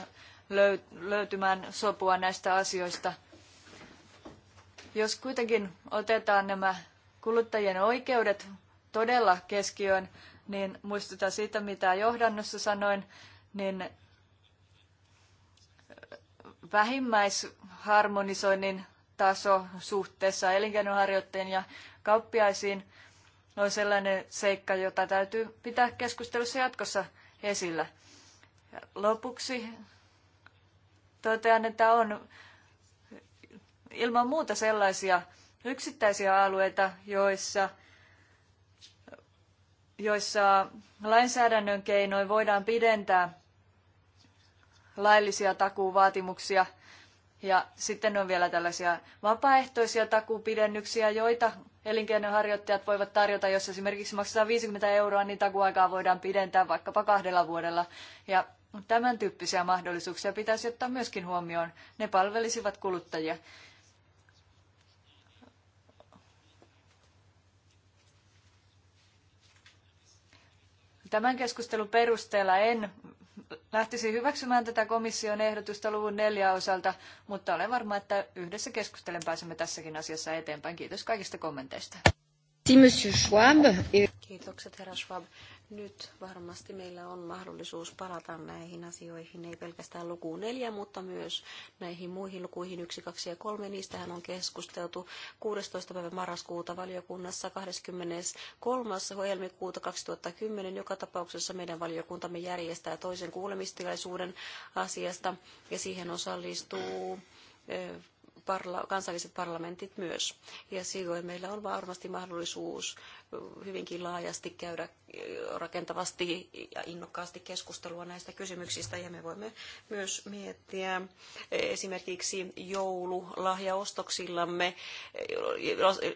löytymään sopua näistä asioista. Jos kuitenkin otetaan nämä kuluttajien oikeudet todella keskiöön, niin muistutan siitä, mitä johdannossa sanoin, niin vähimmäisharmonisoinnin taso suhteessa elinkeinoharjoittajien ja kauppiaisiin – on sellainen seikka, jota täytyy pitää keskustelussa jatkossa esillä. Ja lopuksi totean, että on ilman muuta sellaisia yksittäisiä alueita, joissa, joissa lainsäädännön keinoin voidaan pidentää laillisia takuuvaatimuksia. Ja sitten on vielä tällaisia vapaaehtoisia takuupidennyksiä, joita elinkeinonharjoittajat voivat tarjota, jos esimerkiksi maksetaan 50 euroa, niin takuaikaa voidaan pidentää vaikkapa kahdella vuodella. Ja tämän tyyppisiä mahdollisuuksia pitäisi ottaa myöskin huomioon. Ne palvelisivat kuluttajia. Tämän keskustelun perusteella en lähtisi hyväksymään tätä komission ehdotusta luvun neljä osalta, mutta olen varma, että yhdessä keskustelen pääsemme tässäkin asiassa eteenpäin. Kiitos kaikista kommenteista. Kiitokset, herra Schwab nyt varmasti meillä on mahdollisuus palata näihin asioihin, ei pelkästään lukuun neljä, mutta myös näihin muihin lukuihin yksi, kaksi ja kolme. Niistähän on keskusteltu 16. päivä marraskuuta valiokunnassa 23. helmikuuta 2010. Joka tapauksessa meidän valiokuntamme järjestää toisen kuulemistilaisuuden asiasta ja siihen osallistuu parla- kansalliset parlamentit myös. Ja silloin meillä on varmasti mahdollisuus hyvinkin laajasti käydä rakentavasti ja innokkaasti keskustelua näistä kysymyksistä ja me voimme myös miettiä esimerkiksi joululahjaostoksillamme,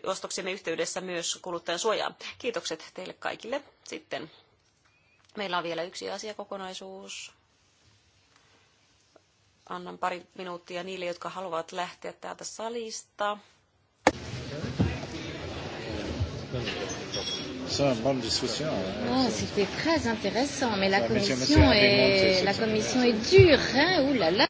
ostoksemme yhteydessä myös kuluttajan suojaa. Kiitokset teille kaikille sitten. Meillä on vielä yksi asiakokonaisuus annan pari minuuttia niille, jotka haluavat lähteä täältä salista. C'est une bonne discussion. Hein. Oh, C'était très intéressant, mais la, la commission, est, la commission est dure. Hein Ouh là là.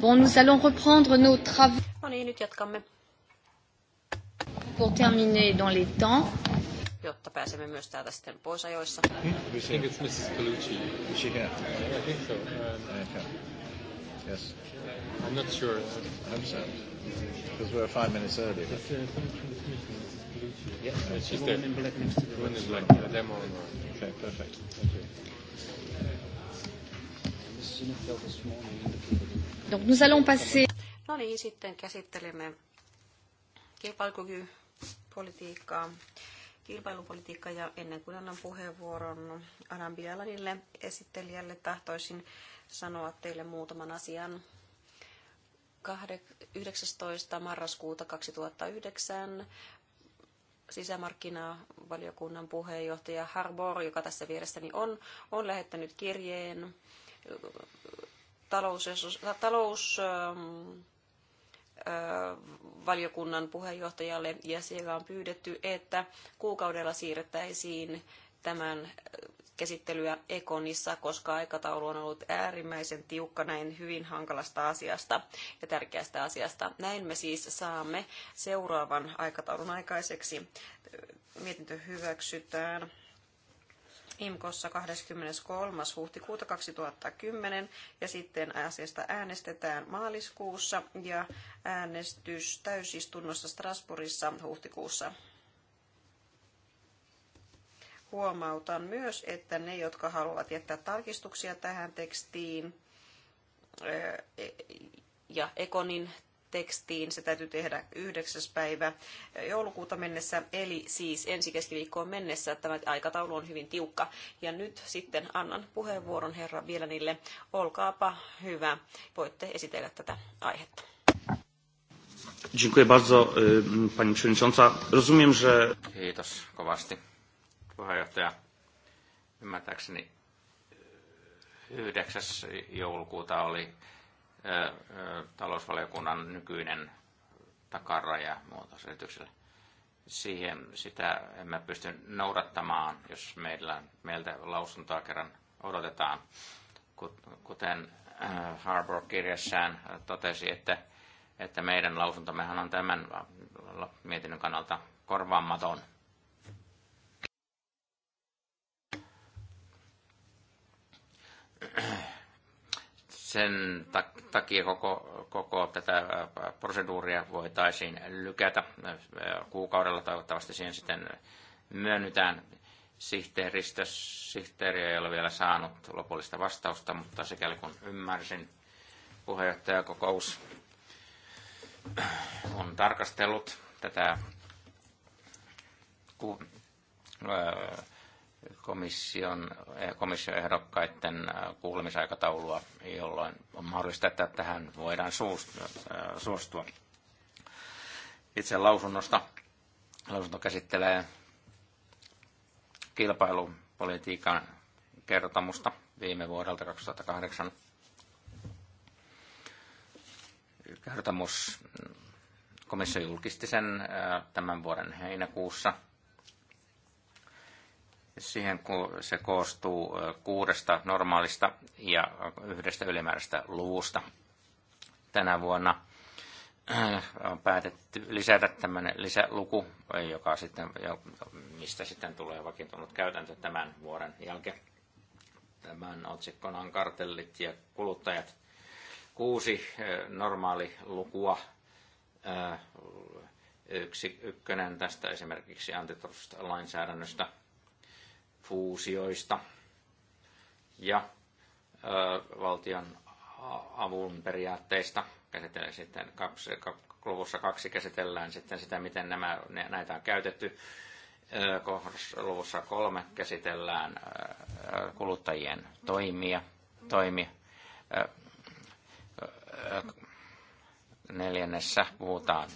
Bon, nous allons reprendre nos travaux. No niin, nyt jatkamme. Pour terminer dans les temps. Jotta pääsemme myös täältä sitten pois ajoissa. Hmm? Donc nous allons passer... No niin, sitten käsittelemme kilpailukykypolitiikkaa, kilpailupolitiikkaa ja ennen kuin annan puheenvuoron Adam Bialanille esittelijälle, tahtoisin sanoa teille muutaman asian. 19. marraskuuta 2009 sisämarkkinavaliokunnan puheenjohtaja Harbor, joka tässä vieressäni on, on lähettänyt kirjeen talous, talous ähm, äh, valiokunnan puheenjohtajalle ja siellä on pyydetty, että kuukaudella siirrettäisiin tämän äh, käsittelyä Ekonissa, koska aikataulu on ollut äärimmäisen tiukka näin hyvin hankalasta asiasta ja tärkeästä asiasta. Näin me siis saamme seuraavan aikataulun aikaiseksi. Mietintö hyväksytään IMKossa 23. huhtikuuta 2010 ja sitten asiasta äänestetään maaliskuussa ja äänestys täysistunnossa Strasbourgissa huhtikuussa. Huomautan myös, että ne, jotka haluavat jättää tarkistuksia tähän tekstiin e, ja Ekonin tekstiin. Se täytyy tehdä 9. päivä joulukuuta mennessä, eli siis ensi keskiviikkoon mennessä. Tämä aikataulu on hyvin tiukka. Ja nyt sitten annan puheenvuoron herra Vielanille. Olkaapa hyvä, voitte esitellä tätä aihetta. Dziękuję bardzo, pani przewodnicząca. Rozumiem, że... Kiitos kovasti, puheenjohtaja. Ymmärtääkseni 9. joulukuuta oli talousvaliokunnan nykyinen takaraja muutosesityksellä. Siihen sitä emme pysty noudattamaan, jos meillä, meiltä lausuntoa kerran odotetaan. Kuten Harbour kirjassaan totesi, että, että meidän lausuntomehan on tämän mietinnön kannalta korvaamaton – sen takia koko, koko tätä proseduuria voitaisiin lykätä kuukaudella. Toivottavasti siihen sitten myönnytään. Sihteeristö, sihteeri ei ole vielä saanut lopullista vastausta, mutta sikäli kun ymmärsin, puheenjohtajakokous on tarkastellut tätä ku, öö, komission, eh, komission ehdokkaiden eh, kuulemisaikataulua, jolloin on mahdollista, että tähän voidaan eh, suostua. Itse lausunnosta. Lausunto käsittelee kilpailupolitiikan kertomusta viime vuodelta 2008. Kertomus mm, komissio julkisti sen tämän vuoden heinäkuussa – Siihen se koostuu kuudesta normaalista ja yhdestä ylimääräistä luvusta. Tänä vuonna on päätetty lisätä tämmöinen lisäluku, joka sitten, mistä sitten tulee vakiintunut käytäntö tämän vuoden jälkeen. Tämän otsikkona on kartellit ja kuluttajat. Kuusi normaali lukua. Yksi ykkönen tästä esimerkiksi antitrust-lainsäädännöstä – fuusioista ja valtion avun periaatteista. Käsitellään sitten kaksi, luvussa kaksi käsitellään sitten sitä, miten nämä, näitä on käytetty. Luvussa kolme käsitellään kuluttajien toimia, toimia. Neljännessä puhutaan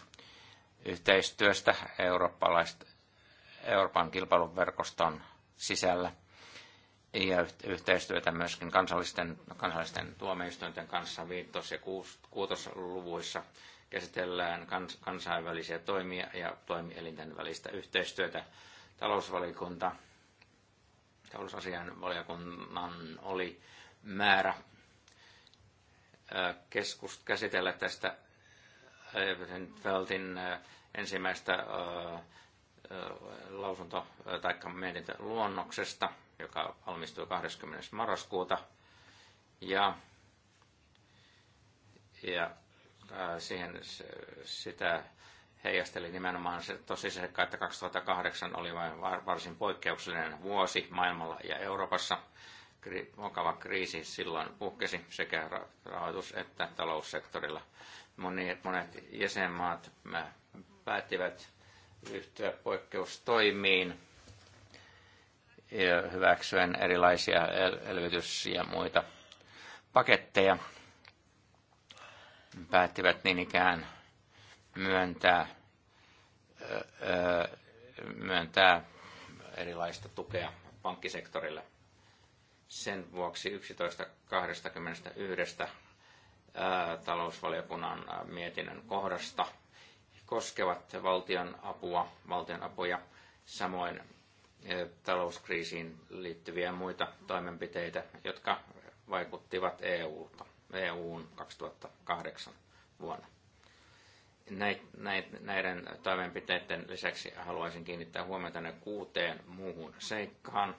yhteistyöstä eurooppalaista Euroopan kilpailuverkoston sisällä ja yhteistyötä myöskin kansallisten, kansallisten tuomioistuinten kanssa 5- ja 6-luvuissa käsitellään kans, kansainvälisiä toimia ja toimielinten välistä yhteistyötä. Talousvalikunta, talousasianvaliokunnan oli määrä keskus, käsitellä tästä Feltin ensimmäistä Äh, lausunto äh, tai mietintö luonnoksesta, joka valmistui 20. marraskuuta. Ja, ja äh, siihen sitä heijasteli nimenomaan se tosiseikka, että 2008 oli vain varsin poikkeuksellinen vuosi maailmalla ja Euroopassa. Vakava kriisi silloin puhkesi sekä rahoitus- että taloussektorilla. Monet, monet jäsenmaat päättivät ryhtyä poikkeustoimiin hyväksyen erilaisia elvytys- ja muita paketteja. Päättivät niin ikään myöntää, myöntää erilaista tukea pankkisektorille. Sen vuoksi 11.21 talousvaliokunnan mietinnön kohdasta – koskevat valtion apua, valtion apuja, samoin eh, talouskriisiin liittyviä muita toimenpiteitä, jotka vaikuttivat EU-ta, EUn 2008 vuonna. Näiden toimenpiteiden lisäksi haluaisin kiinnittää huomiota ne kuuteen muuhun seikkaan,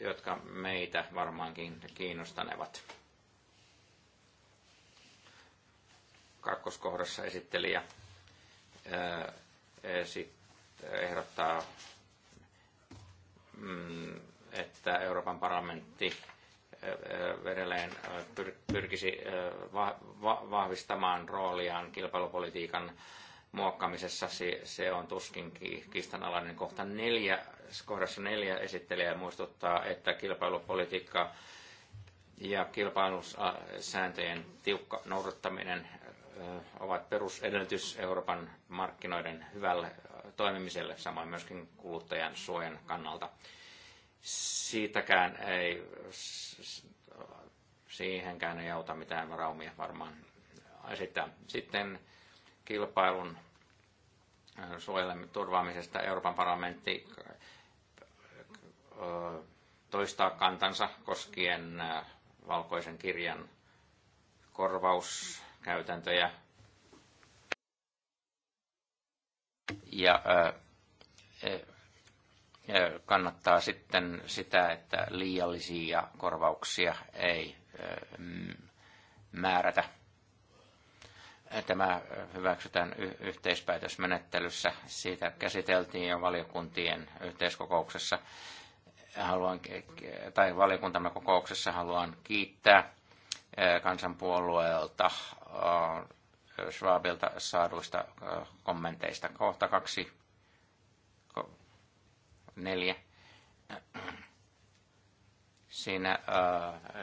jotka meitä varmaankin kiinnostanevat kakkoskohdassa esittelijä e, ehdottaa, mm, että Euroopan parlamentti edelleen pyrkisi vahvistamaan rooliaan kilpailupolitiikan muokkaamisessa. Se on tuskin kiistanalainen kohta neljä. Kohdassa neljä esittelijä muistuttaa, että kilpailupolitiikka ja kilpailusääntöjen tiukka noudattaminen ovat perusedellytys Euroopan markkinoiden hyvälle toimimiselle, samoin myöskin kuluttajan suojan kannalta. Siitäkään ei, siihenkään ei auta mitään raumia varmaan esittää. Sitten kilpailun turvaamisesta Euroopan parlamentti toistaa kantansa koskien valkoisen kirjan korvaus käytäntöjä. Ja kannattaa sitten sitä, että liiallisia korvauksia ei määrätä. Tämä hyväksytään yhteispäätösmenettelyssä. Siitä käsiteltiin jo valiokuntien yhteiskokouksessa haluan, tai valiokuntamme kokouksessa haluan kiittää kansanpuolueelta Schwabilta saaduista kommenteista. Kohta kaksi, neljä. Siinä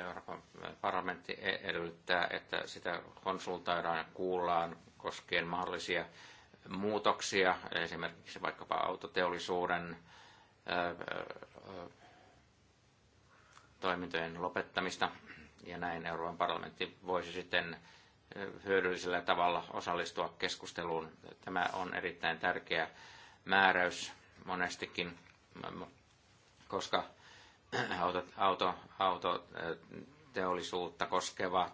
Euroopan parlamentti e-, edellyttää, että sitä konsultoidaan ja kuullaan koskien mahdollisia muutoksia, esimerkiksi vaikkapa autoteollisuuden toimintojen lopettamista. Ja näin Euroopan parlamentti voisi sitten hyödyllisellä tavalla osallistua keskusteluun. Tämä on erittäin tärkeä määräys monestikin, koska auto, auto, autoteollisuutta koskevat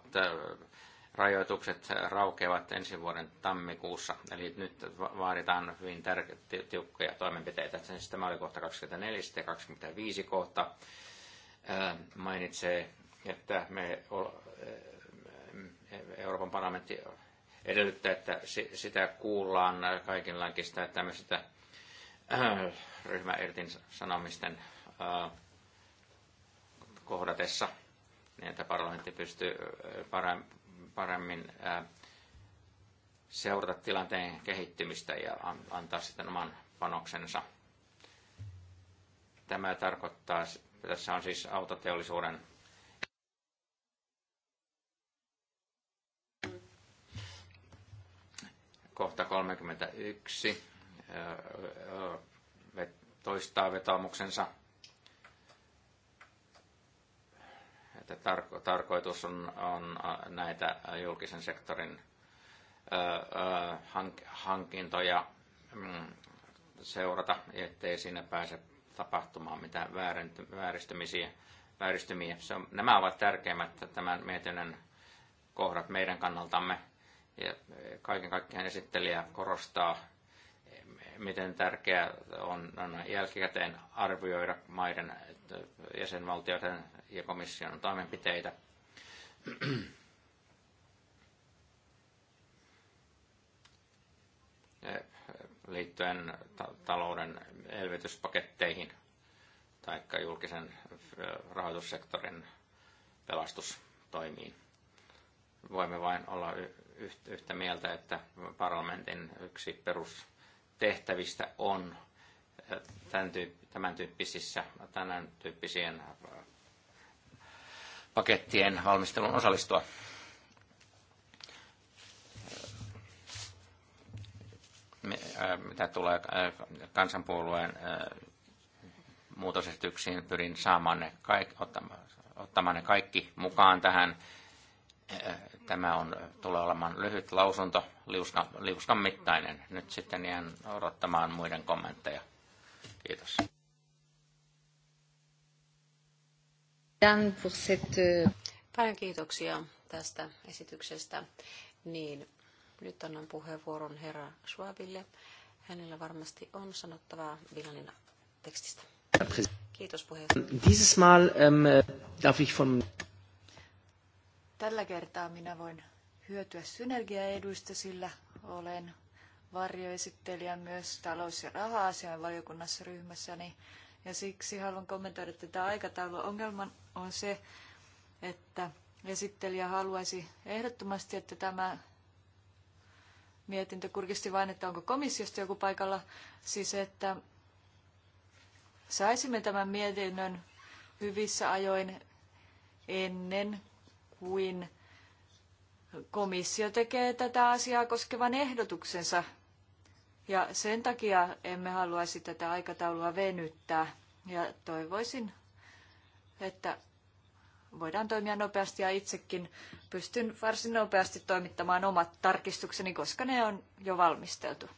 rajoitukset raukeavat ensi vuoden tammikuussa. Eli nyt vaaditaan hyvin tärkeitä tiukkoja toimenpiteitä. Sen sitten siis oli kohta 24 ja 25 kohta mainitsee, että me Euroopan parlamentti edellyttää, että sitä kuullaan sitä tämmöistä äh, ryhmäirtin sanomisten äh, kohdatessa, niin että parlamentti pystyy äh, paremmin seurata tilanteen kehittymistä ja antaa sitten oman panoksensa. Tämä tarkoittaa, tässä on siis autoteollisuuden Kohta 31 toistaa vetoomuksensa että tarko- tarkoitus on, on näitä julkisen sektorin ö, hank- hankintoja mm, seurata, ettei siinä pääse tapahtumaan mitään väärenty- vääristymisiä. vääristymiä. Se on, nämä ovat tärkeimmät tämän mietinnön kohdat meidän kannaltamme. Ja e, kaiken kaikkiaan esittelijä korostaa, e, miten tärkeää on, jälkikäteen arvioida maiden, e, jäsenvaltioiden ja komission toimenpiteitä. liittyen talouden elvytyspaketteihin tai julkisen rahoitussektorin pelastustoimiin. Voimme vain olla yhtä mieltä, että parlamentin yksi perustehtävistä on äh, tämän, tyyppi, tämän tyyppisissä, tämän tyyppisien äh, pakettien valmistelun osallistua. Äh, mitä tulee kansanpuolueen muutosesityksiin, pyrin saamaan ne, ottamaan ne kaikki mukaan tähän Tämä on, tulee olemaan lyhyt lausunto, liuska, liuskan mittainen. Nyt sitten jään odottamaan muiden kommentteja. Kiitos. Euh, Paljon kiitoksia tästä esityksestä. Niin, nyt annan puheenvuoron herra Schwabille. Hänellä varmasti on sanottavaa Vilanin tekstistä. Kiitos puheenjohtaja. Dieses Mal ähm, äh, darf ich von Tällä kertaa minä voin hyötyä synergiaeduista, sillä olen varjoesittelijä myös talous- ja raha-asian valiokunnassa ryhmässäni. Ja siksi haluan kommentoida tätä aikataulua. Ongelman on se, että esittelijä haluaisi ehdottomasti, että tämä mietintö kurkisti vain, että onko komissiosta joku paikalla, siis että saisimme tämän mietinnön hyvissä ajoin ennen kuin komissio tekee tätä asiaa koskevan ehdotuksensa. Ja sen takia emme haluaisi tätä aikataulua venyttää. Ja toivoisin, että voidaan toimia nopeasti ja itsekin pystyn varsin nopeasti toimittamaan omat tarkistukseni, koska ne on jo valmisteltu.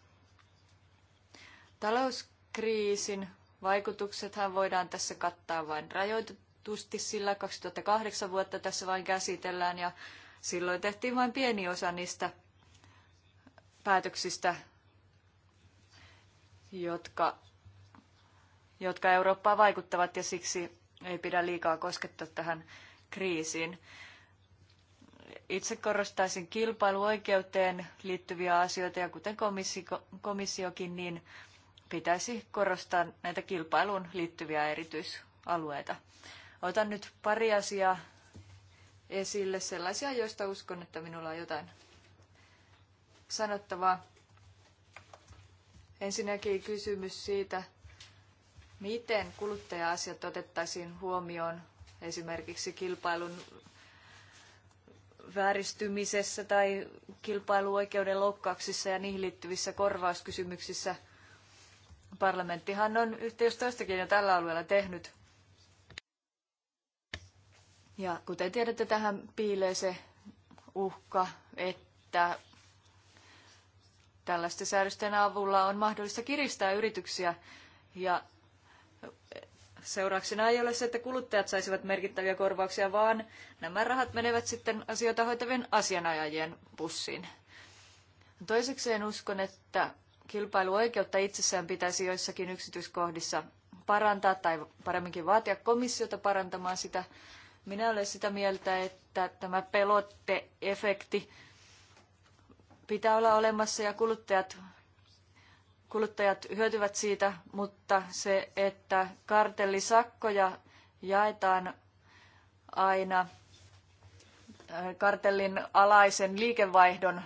Talouskriisin vaikutuksethan voidaan tässä kattaa vain rajoitettu korostetusti, sillä 2008 vuotta tässä vain käsitellään ja silloin tehtiin vain pieni osa niistä päätöksistä, jotka, jotka Eurooppaan vaikuttavat ja siksi ei pidä liikaa koskettaa tähän kriisiin. Itse korostaisin kilpailuoikeuteen liittyviä asioita ja kuten komissiokin, niin pitäisi korostaa näitä kilpailuun liittyviä erityisalueita. Otan nyt pari asiaa esille, sellaisia, joista uskon, että minulla on jotain sanottavaa. Ensinnäkin kysymys siitä, miten kuluttaja-asiat otettaisiin huomioon esimerkiksi kilpailun vääristymisessä tai kilpailuoikeuden loukkauksissa ja niihin liittyvissä korvauskysymyksissä. Parlamenttihan on yhteistyöstäkin jo tällä alueella tehnyt ja kuten tiedätte, tähän piilee se uhka, että tällaisten säädösten avulla on mahdollista kiristää yrityksiä ja seurauksena ei ole se, että kuluttajat saisivat merkittäviä korvauksia, vaan nämä rahat menevät sitten asioita hoitavien asianajajien pussiin. Toisekseen uskon, että kilpailuoikeutta itsessään pitäisi joissakin yksityiskohdissa parantaa tai paremminkin vaatia komissiota parantamaan sitä minä olen sitä mieltä, että tämä pelotteefekti pitää olla olemassa ja kuluttajat, kuluttajat hyötyvät siitä, mutta se, että kartellisakkoja jaetaan aina äh, kartellin alaisen liikevaihdon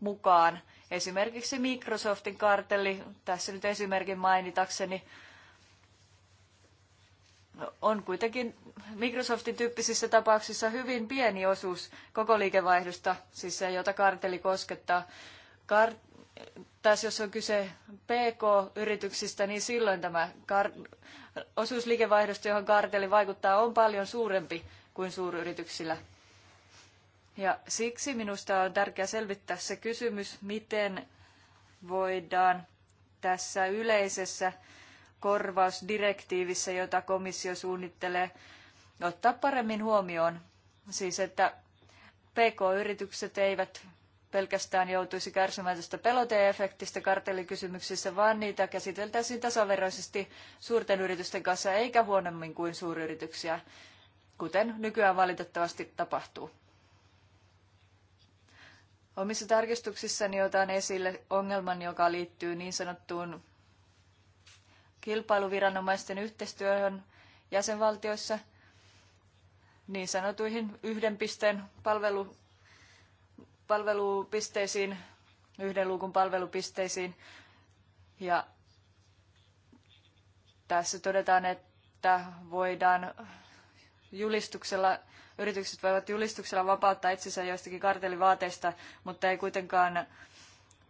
mukaan. Esimerkiksi Microsoftin kartelli, tässä nyt esimerkin mainitakseni, on kuitenkin Microsoftin tyyppisissä tapauksissa hyvin pieni osuus koko liikevaihdosta, siis se, jota karteli koskettaa. Kar- jos on kyse PK-yrityksistä, niin silloin tämä osuus liikevaihdosta, johon karteli vaikuttaa, on paljon suurempi kuin suuryrityksillä. Ja siksi minusta on tärkeää selvittää se kysymys, miten voidaan tässä yleisessä korvausdirektiivissä, jota komissio suunnittelee, ottaa paremmin huomioon. Siis, että PK-yritykset eivät pelkästään joutuisi kärsimään tästä peloteefektistä kartellikysymyksissä, vaan niitä käsiteltäisiin tasaveroisesti suurten yritysten kanssa eikä huonommin kuin suuryrityksiä, kuten nykyään valitettavasti tapahtuu. Omissa tarkistuksissani otan esille ongelman, joka liittyy niin sanottuun kilpailuviranomaisten yhteistyöhön jäsenvaltioissa niin sanotuihin yhden pisteen palvelu, palvelupisteisiin, yhden luukun palvelupisteisiin. Ja tässä todetaan, että voidaan julistuksella, yritykset voivat julistuksella vapauttaa itsensä joistakin kartelivaateista, mutta ei kuitenkaan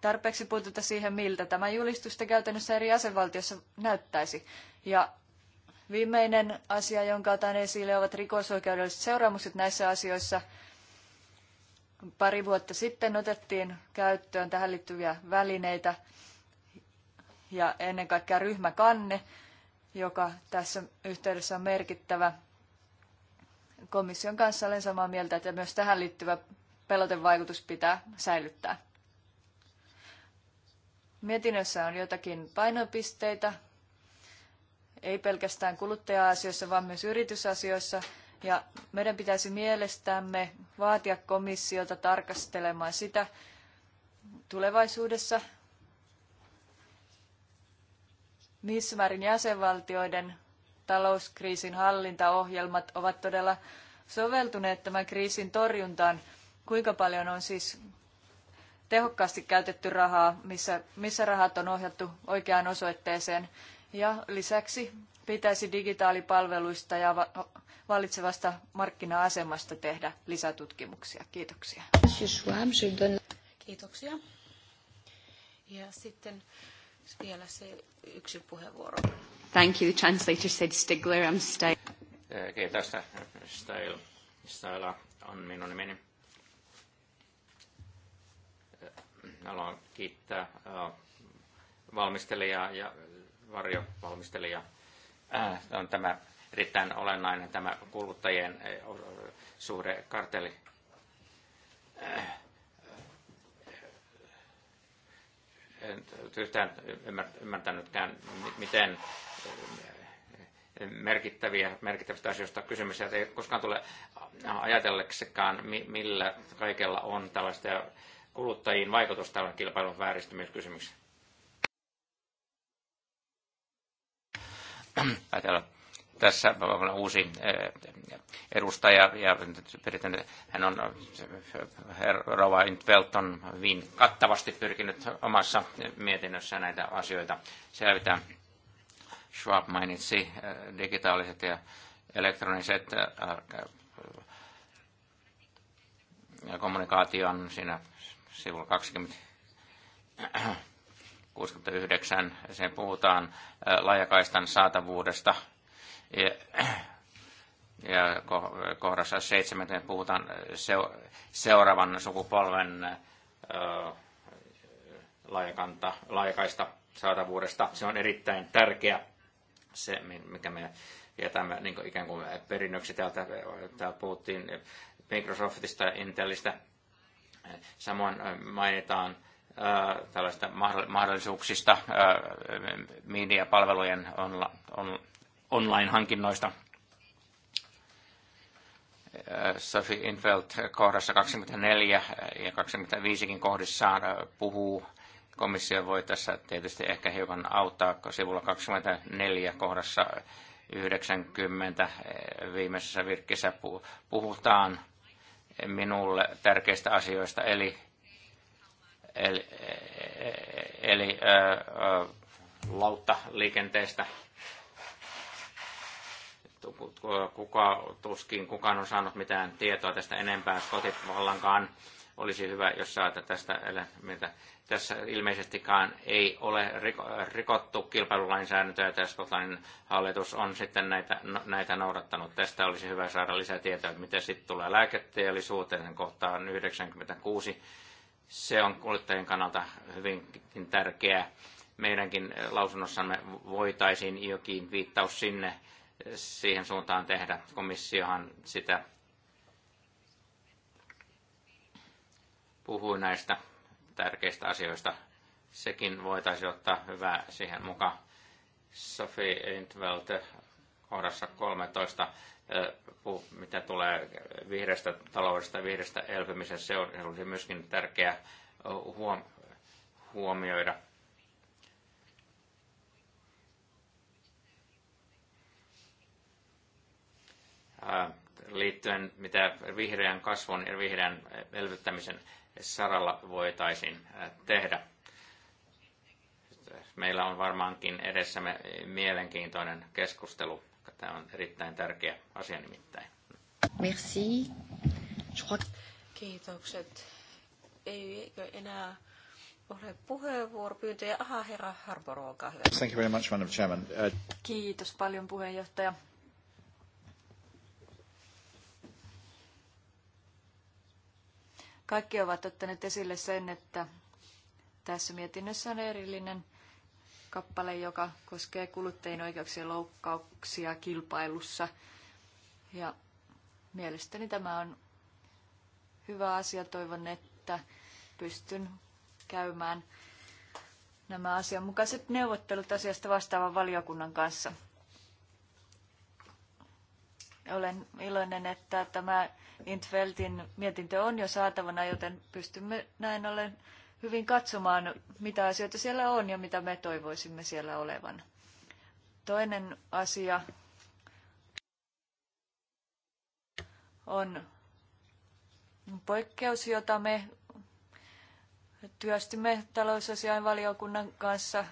tarpeeksi puututa siihen, miltä tämä julistusta käytännössä eri jäsenvaltiossa näyttäisi. Ja viimeinen asia, jonka otan esille, ovat rikosoikeudelliset seuraamukset näissä asioissa. Pari vuotta sitten otettiin käyttöön tähän liittyviä välineitä ja ennen kaikkea ryhmäkanne, joka tässä yhteydessä on merkittävä. Komission kanssa olen samaa mieltä, että myös tähän liittyvä pelotevaikutus pitää säilyttää. Mietinnössä on jotakin painopisteitä, ei pelkästään kuluttaja-asioissa, vaan myös yritysasioissa. Ja meidän pitäisi mielestämme vaatia komissiota tarkastelemaan sitä tulevaisuudessa, missä määrin jäsenvaltioiden talouskriisin hallintaohjelmat ovat todella soveltuneet tämän kriisin torjuntaan. Kuinka paljon on siis tehokkaasti käytetty rahaa, missä, missä rahat on ohjattu oikeaan osoitteeseen. Ja lisäksi pitäisi digitaalipalveluista ja valitsevasta markkina-asemasta tehdä lisätutkimuksia. Kiitoksia. Kiitoksia. Ja sitten vielä se yksi puheenvuoro. Thank you. The translator said Stigler. I'm Style. Kiitos. Style. Style on minun nimeni. Haluan kiittää äh, valmistelijaa ja varjovalmistelijaa. Äh, on tämä erittäin olennainen tämä kuluttajien äh, suhde karteli. En yhtään ymmärtänytkään, miten merkittäviä, merkittävistä asioista on kysymys. ei koskaan tule ajatelleksikaan, millä kaikella on tällaista kuluttajiin vaikutus tällä kilpailun vääristymiskysymyksessä? Ajatellaan tässä on uusi eh, edustaja, ja hän on eh, Rova Intvelton hyvin kattavasti pyrkinyt omassa mietinnössään näitä asioita selvittämään. Schwab mainitsi eh, digitaaliset ja elektroniset kommunikaation siinä sivulla 20. 69, sen puhutaan laajakaistan saatavuudesta. Ja, ja kohdassa 70 puhutaan seuraavan sukupolven laajakanta, laajakaista saatavuudesta. Se on erittäin tärkeä, se mikä me jätämme niin kuin ikään kuin perinnöksi täältä, täällä puhuttiin Microsoftista, Intelistä, Samoin mainitaan tällaista mahdollisuuksista mediapalvelujen online-hankinnoista. Sophie Infeld kohdassa 24 ja 25kin kohdissaan puhuu. Komissio voi tässä tietysti ehkä hiukan auttaa sivulla 24 kohdassa 90 viimeisessä virkkeessä puhutaan – minulle tärkeistä asioista, eli, eli, eli ää, lautta liikenteestä. Kuka, tuskin kukaan on saanut mitään tietoa tästä enempää Skotivallankaan olisi hyvä, jos saata tästä elementä. Tässä ilmeisestikaan ei ole rikottu kilpailulainsäädäntöä, ja Skotlannin hallitus on sitten näitä, no, näitä noudattanut. Tästä olisi hyvä saada että miten sitten tulee lääketeollisuuteen kohtaan 96. Se on kuluttajien kannalta hyvinkin tärkeää. Meidänkin lausunnossamme voitaisiin jokin viittaus sinne siihen suuntaan tehdä. Komissiohan sitä puhui näistä tärkeistä asioista. Sekin voitaisiin ottaa hyvää siihen mukaan. Sophie Entwelte kohdassa 13, mitä tulee vihreästä taloudesta, vihreästä elpymisestä, se olisi myöskin tärkeää huomioida. liittyen mitä vihreän kasvun ja vihreän elvyttämisen saralla voitaisiin tehdä. Meillä on varmaankin edessämme mielenkiintoinen keskustelu. Tämä on erittäin tärkeä asia nimittäin. Merci. Kiitokset. Ei enää ole puheenvuoropyyntöjä. Aha, herra Harbour, olkaa hyvä. Thank you very much, Madam Chairman. Uh, Kiitos paljon puheenjohtaja. Kaikki ovat ottaneet esille sen, että tässä mietinnössä on erillinen kappale, joka koskee kuluttajien oikeuksien loukkauksia kilpailussa. Ja mielestäni tämä on hyvä asia. Toivon, että pystyn käymään nämä asianmukaiset neuvottelut asiasta vastaavan valiokunnan kanssa. Olen iloinen, että tämä Intveltin mietintö on jo saatavana, joten pystymme näin ollen hyvin katsomaan, mitä asioita siellä on ja mitä me toivoisimme siellä olevan. Toinen asia on poikkeus, jota me työstimme talousasiainvaliokunnan kanssa.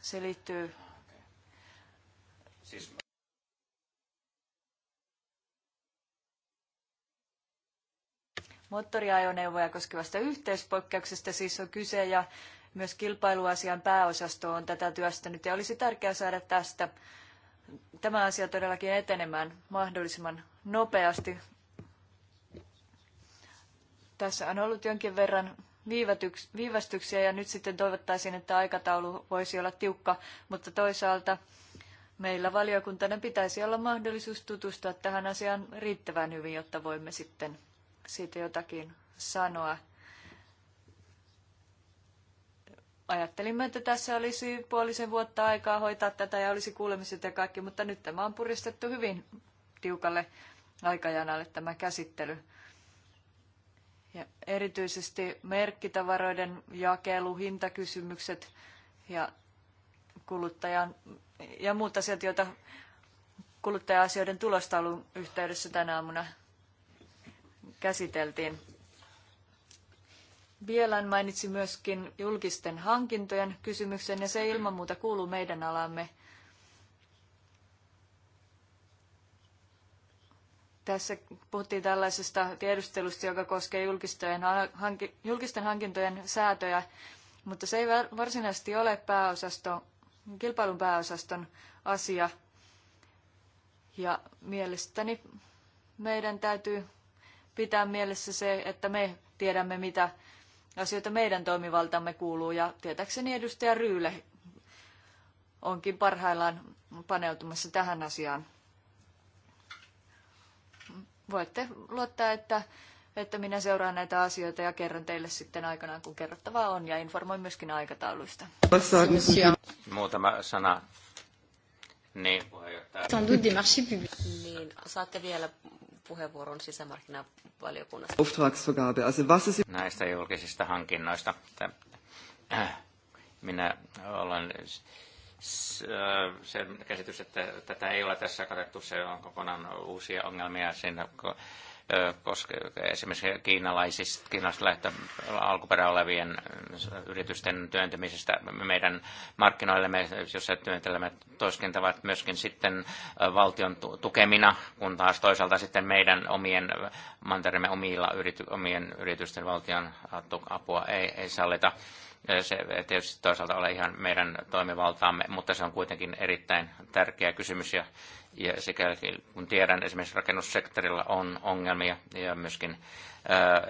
Se liittyy siis moottoriajoneuvoja koskevasta yhteispoikkeuksesta siis on kyse ja myös kilpailuasian pääosasto on tätä työstänyt ja olisi tärkeää saada tästä tämä asia todellakin etenemään mahdollisimman nopeasti. Tässä on ollut jonkin verran viivästyksiä ja nyt sitten toivottaisiin, että aikataulu voisi olla tiukka, mutta toisaalta meillä valiokuntana pitäisi olla mahdollisuus tutustua tähän asiaan riittävän hyvin, jotta voimme sitten siitä jotakin sanoa. Ajattelimme, että tässä olisi puolisen vuotta aikaa hoitaa tätä ja olisi kuulemiset ja kaikki, mutta nyt tämä on puristettu hyvin tiukalle aikajanalle tämä käsittely. Ja erityisesti merkkitavaroiden jakelu, hintakysymykset ja kuluttajan ja muut asiat, joita kuluttaja-asioiden tulostaulun yhteydessä tänä aamuna käsiteltiin. Bielan mainitsi myöskin julkisten hankintojen kysymyksen, ja se ilman muuta kuuluu meidän alamme. Tässä puhuttiin tällaisesta tiedustelusta, joka koskee julkisten, julkisten hankintojen säätöjä, mutta se ei varsinaisesti ole pääosasto, kilpailun pääosaston asia. Ja mielestäni meidän täytyy pitää mielessä se, että me tiedämme, mitä asioita meidän toimivaltamme kuuluu. Ja tietääkseni edustaja Ryyle onkin parhaillaan paneutumassa tähän asiaan. Voitte luottaa, että, että minä seuraan näitä asioita ja kerron teille sitten aikanaan, kun kerrottavaa on, ja informoin myöskin aikatauluista. Muutama sana. Niin, puheenjohtaja. Niin, saatte vielä puheenvuoron sisämarkkinavaliokunnasta. Näistä julkisista hankinnoista. Äh, minä olen äh, sen käsitys, että tätä ei ole tässä katettu, se on kokonaan uusia ongelmia siinä koska esimerkiksi kiinalaisista, kiinalaisista lähtö, alkuperä olevien yritysten työntämisestä meidän markkinoillemme, jos se työntelemme toiskentavat myöskin sitten valtion tukemina, kun taas toisaalta sitten meidän omien manteremme omilla yrity, omien yritysten valtion apua ei, ei sallita. Se ei tietysti toisaalta ole ihan meidän toimivaltaamme, mutta se on kuitenkin erittäin tärkeä kysymys ja ja sikäli kun tiedän, esimerkiksi rakennussektorilla on ongelmia ja myöskin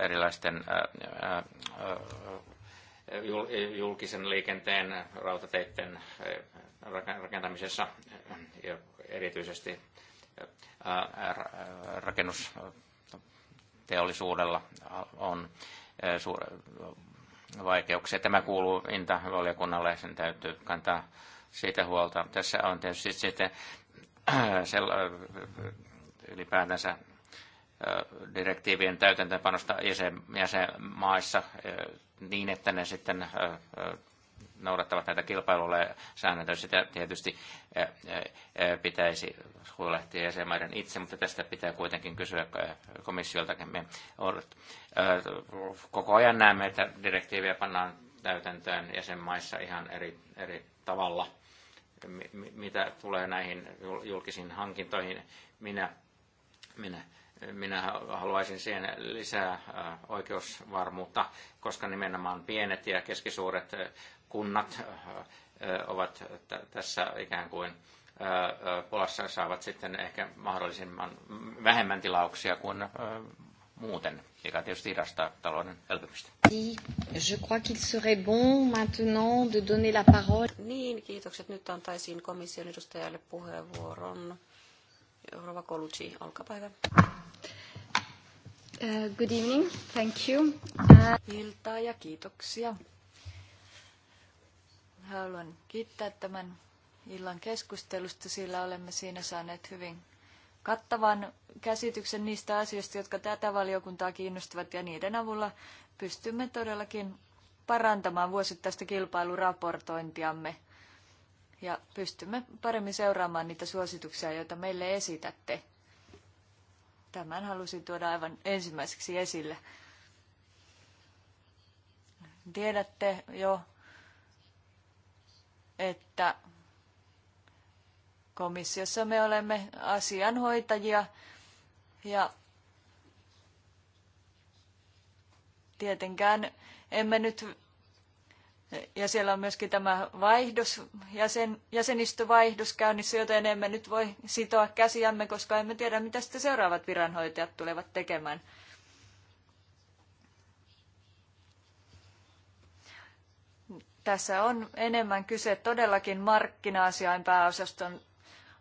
erilaisten julkisen liikenteen, rautateiden rakentamisessa ja erityisesti rakennusteollisuudella on vaikeuksia. Tämä kuuluu inta ja sen täytyy kantaa siitä huolta. Tässä on tietysti sitten ylipäätänsä direktiivien täytäntöönpanosta jäsenmaissa niin, että ne sitten noudattavat näitä kilpailulle säännöitä, sitä tietysti pitäisi huolehtia jäsenmaiden itse, mutta tästä pitää kuitenkin kysyä komissioltakin. Me koko ajan näemme, että direktiiviä pannaan täytäntöön jäsenmaissa ihan eri, eri tavalla – mitä tulee näihin julkisiin hankintoihin, minä, minä, minä haluaisin siihen lisää oikeusvarmuutta, koska nimenomaan pienet ja keskisuuret kunnat ovat tässä ikään kuin pulassa saavat sitten ehkä mahdollisimman vähemmän tilauksia kuin muuten joka tietysti hidastaa talouden elpymistä. Niin, je crois qu'il serait bon maintenant de donner la parole. Niin, kiitokset. Nyt antaisin komission edustajalle puheenvuoron. Rova Colucci, olkaa hyvä. Uh, good evening, thank you. Uh... Iltaa ja kiitoksia. Haluan kiittää tämän illan keskustelusta, sillä olemme siinä saaneet hyvin kattavan käsityksen niistä asioista, jotka tätä valiokuntaa kiinnostavat ja niiden avulla pystymme todellakin parantamaan vuosittaista kilpailuraportointiamme ja pystymme paremmin seuraamaan niitä suosituksia, joita meille esitätte. Tämän halusin tuoda aivan ensimmäiseksi esille. Tiedätte jo, että Komissiossa me olemme asianhoitajia ja tietenkään emme nyt, ja siellä on myöskin tämä vaihdos, jäsen, jäsenistövaihdos käynnissä, joten emme nyt voi sitoa käsiämme, koska emme tiedä, mitä sitten seuraavat viranhoitajat tulevat tekemään. Tässä on enemmän kyse todellakin markkina-asiain pääosaston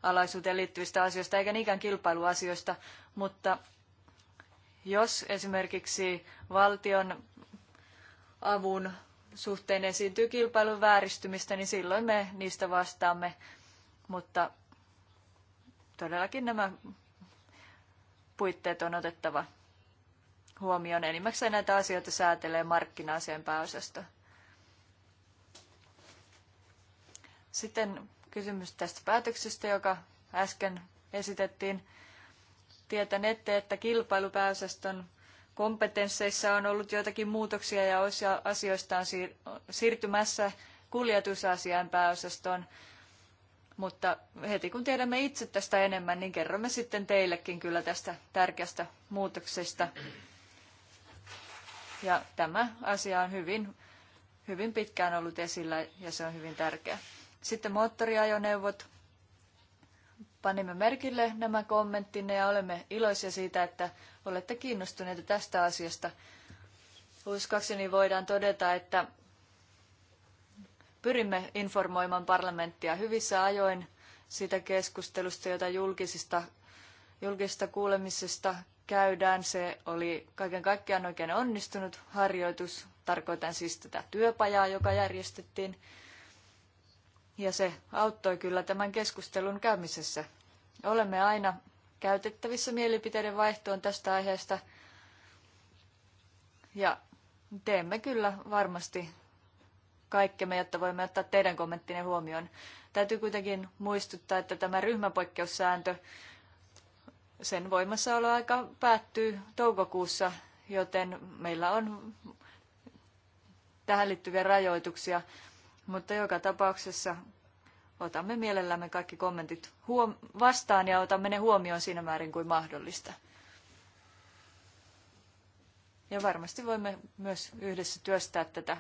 alaisuuteen liittyvistä asioista eikä niinkään kilpailuasioista, mutta jos esimerkiksi valtion avun suhteen esiintyy kilpailun vääristymistä, niin silloin me niistä vastaamme. Mutta todellakin nämä puitteet on otettava huomioon. Enimmäkseen näitä asioita säätelee markkina-asian pääosasto. Sitten kysymys tästä päätöksestä, joka äsken esitettiin. Tietänette, että kilpailupääosaston kompetensseissa on ollut joitakin muutoksia ja osa asioista on siirtymässä kuljetusasian pääosastoon. Mutta heti kun tiedämme itse tästä enemmän, niin kerromme sitten teillekin kyllä tästä tärkeästä muutoksesta. Ja tämä asia on hyvin, hyvin pitkään ollut esillä ja se on hyvin tärkeä. Sitten moottoriajoneuvot. Panimme merkille nämä kommenttinne ja olemme iloisia siitä, että olette kiinnostuneita tästä asiasta. Uskakseni voidaan todeta, että pyrimme informoimaan parlamenttia hyvissä ajoin siitä keskustelusta, jota julkisista, julkisista kuulemisista käydään. Se oli kaiken kaikkiaan oikein onnistunut harjoitus. Tarkoitan siis tätä työpajaa, joka järjestettiin ja se auttoi kyllä tämän keskustelun käymisessä. Olemme aina käytettävissä mielipiteiden vaihtoon tästä aiheesta ja teemme kyllä varmasti kaikkemme, jotta voimme ottaa teidän kommenttinne huomioon. Täytyy kuitenkin muistuttaa, että tämä ryhmäpoikkeussääntö, sen voimassaoloaika päättyy toukokuussa, joten meillä on tähän liittyviä rajoituksia mutta joka tapauksessa otamme mielellämme kaikki kommentit huom- vastaan ja otamme ne huomioon siinä määrin kuin mahdollista. Ja varmasti voimme myös yhdessä työstää tätä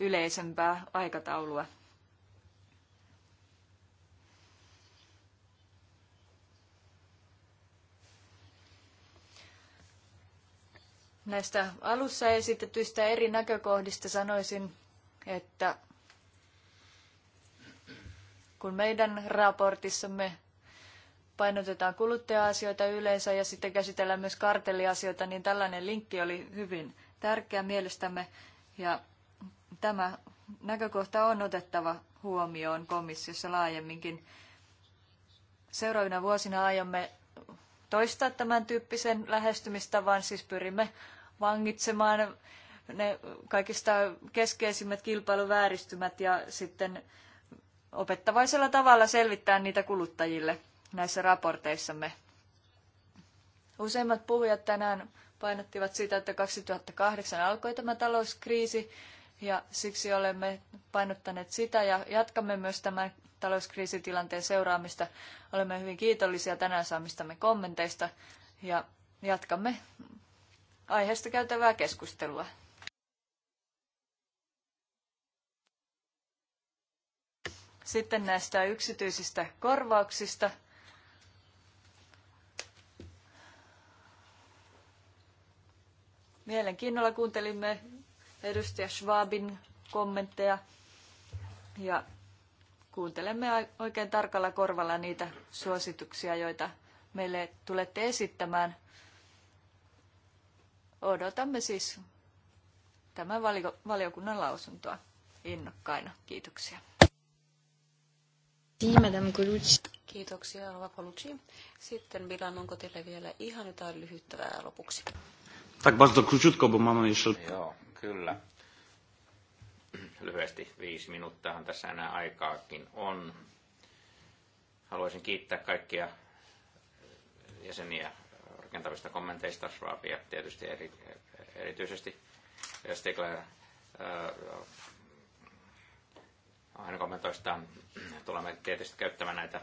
yleisempää aikataulua. Näistä alussa esitetyistä eri näkökohdista sanoisin, että kun meidän raportissamme painotetaan kuluttaja-asioita yleensä ja sitten käsitellään myös kartelliasioita, niin tällainen linkki oli hyvin tärkeä mielestämme ja tämä näkökohta on otettava huomioon komissiossa laajemminkin. Seuraavina vuosina aiomme toistaa tämän tyyppisen lähestymistavan, siis pyrimme vangitsemaan ne kaikista keskeisimmät kilpailuvääristymät ja sitten opettavaisella tavalla selvittää niitä kuluttajille näissä raporteissamme. Useimmat puhujat tänään painottivat sitä, että 2008 alkoi tämä talouskriisi ja siksi olemme painottaneet sitä ja jatkamme myös tämän talouskriisitilanteen seuraamista. Olemme hyvin kiitollisia tänään saamistamme kommenteista ja jatkamme aiheesta käytävää keskustelua. Sitten näistä yksityisistä korvauksista. Mielenkiinnolla kuuntelimme edustaja Schwabin kommentteja ja kuuntelemme oikein tarkalla korvalla niitä suosituksia, joita meille tulette esittämään. Odotamme siis tämän valiokunnan lausuntoa innokkaina. Kiitoksia. Merci, Madame Colucci. Kiitoksia, Rova Colucci. Sitten Milan, onko teille vielä ihan jotain lyhyttävää lopuksi? Tak bardzo króciutko, bo mamy jeszcze... Joo, kyllä. Lyhyesti viisi minuuttiahan tässä enää aikaakin on. Haluaisin kiittää kaikkia jäseniä rakentavista kommenteista, Schwabia tietysti eri, erityisesti Stigler äh, aina kommentoistaan tulemme tietysti käyttämään näitä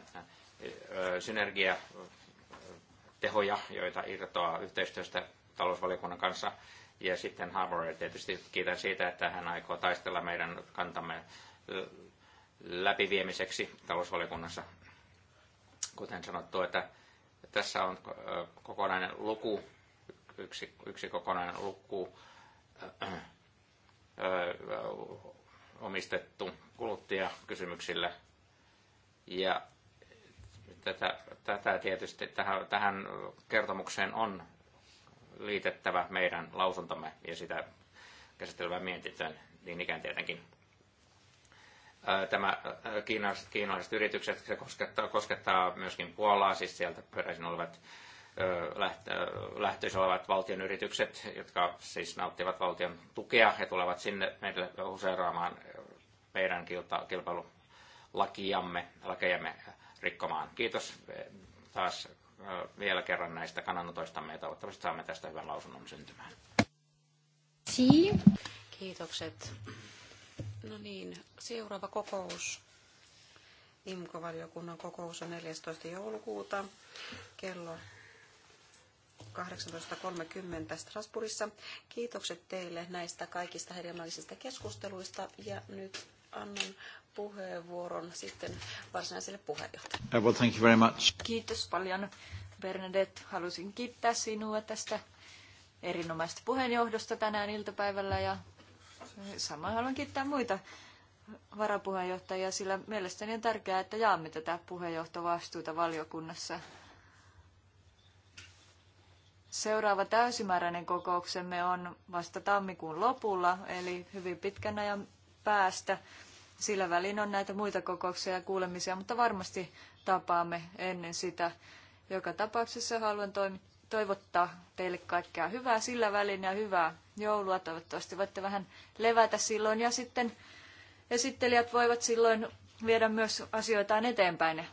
synergiatehoja, joita irtoaa yhteistyöstä talousvaliokunnan kanssa. Ja sitten Harbour tietysti kiitän siitä, että hän aikoo taistella meidän kantamme läpiviemiseksi talousvaliokunnassa. Kuten sanottu, että tässä on kokonainen luku, yksi, yksi kokonainen luku omistettu kuluttajakysymyksille. Ja tätä, tätä tietysti tähän, tähän kertomukseen on liitettävä meidän lausuntomme ja sitä käsittelevä mietintöön niin ikään tietenkin. Tämä kiinalaiset, kiinalaiset yritykset, se koskettaa, koskettaa myöskin Puolaa, siis sieltä peräisin olevat lähtöisä olevat valtion yritykset, jotka siis nauttivat valtion tukea ja tulevat sinne meille useeraamaan meidän kilpailulakiamme lakejamme rikkomaan. Kiitos taas vielä kerran näistä kannanotoistamme ja toivottavasti saamme tästä hyvän lausunnon syntymään. Kiitokset. No niin, seuraava kokous. IMKO-valiokunnan kokous on 14. joulukuuta kello 18.30 Strasbourgissa. Kiitokset teille näistä kaikista hedelmällisistä keskusteluista ja nyt annan puheenvuoron sitten varsinaiselle puheenjohtajalle. Uh, well, thank you very much. Kiitos paljon Bernadette. Halusin kiittää sinua tästä erinomaista puheenjohdosta tänään iltapäivällä ja samoin haluan kiittää muita varapuheenjohtajia, sillä mielestäni on tärkeää, että jaamme tätä puheenjohtovastuuta valiokunnassa. Seuraava täysimääräinen kokouksemme on vasta tammikuun lopulla, eli hyvin pitkän ajan päästä. Sillä välin on näitä muita kokouksia ja kuulemisia, mutta varmasti tapaamme ennen sitä. Joka tapauksessa haluan toivottaa teille kaikkea hyvää sillä välin ja hyvää joulua. Toivottavasti voitte vähän levätä silloin ja sitten esittelijät voivat silloin viedä myös asioitaan eteenpäin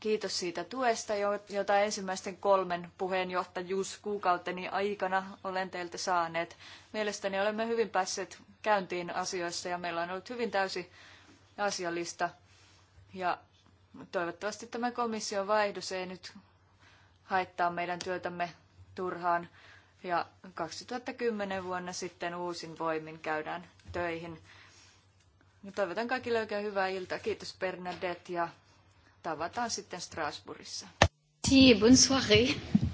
Kiitos siitä tuesta, jota ensimmäisten kolmen puheenjohtajuuskuukauteni aikana olen teiltä saaneet. Mielestäni olemme hyvin päässeet käyntiin asioissa ja meillä on ollut hyvin täysi asialista. Ja toivottavasti tämä komission vaihdus ei nyt haittaa meidän työtämme turhaan. Ja 2010 vuonna sitten uusin voimin käydään töihin. Toivotan kaikille oikein hyvää iltaa. Kiitos Bernadette ja Tavataan sitten Strasbourgissa. Si, bonne soirée.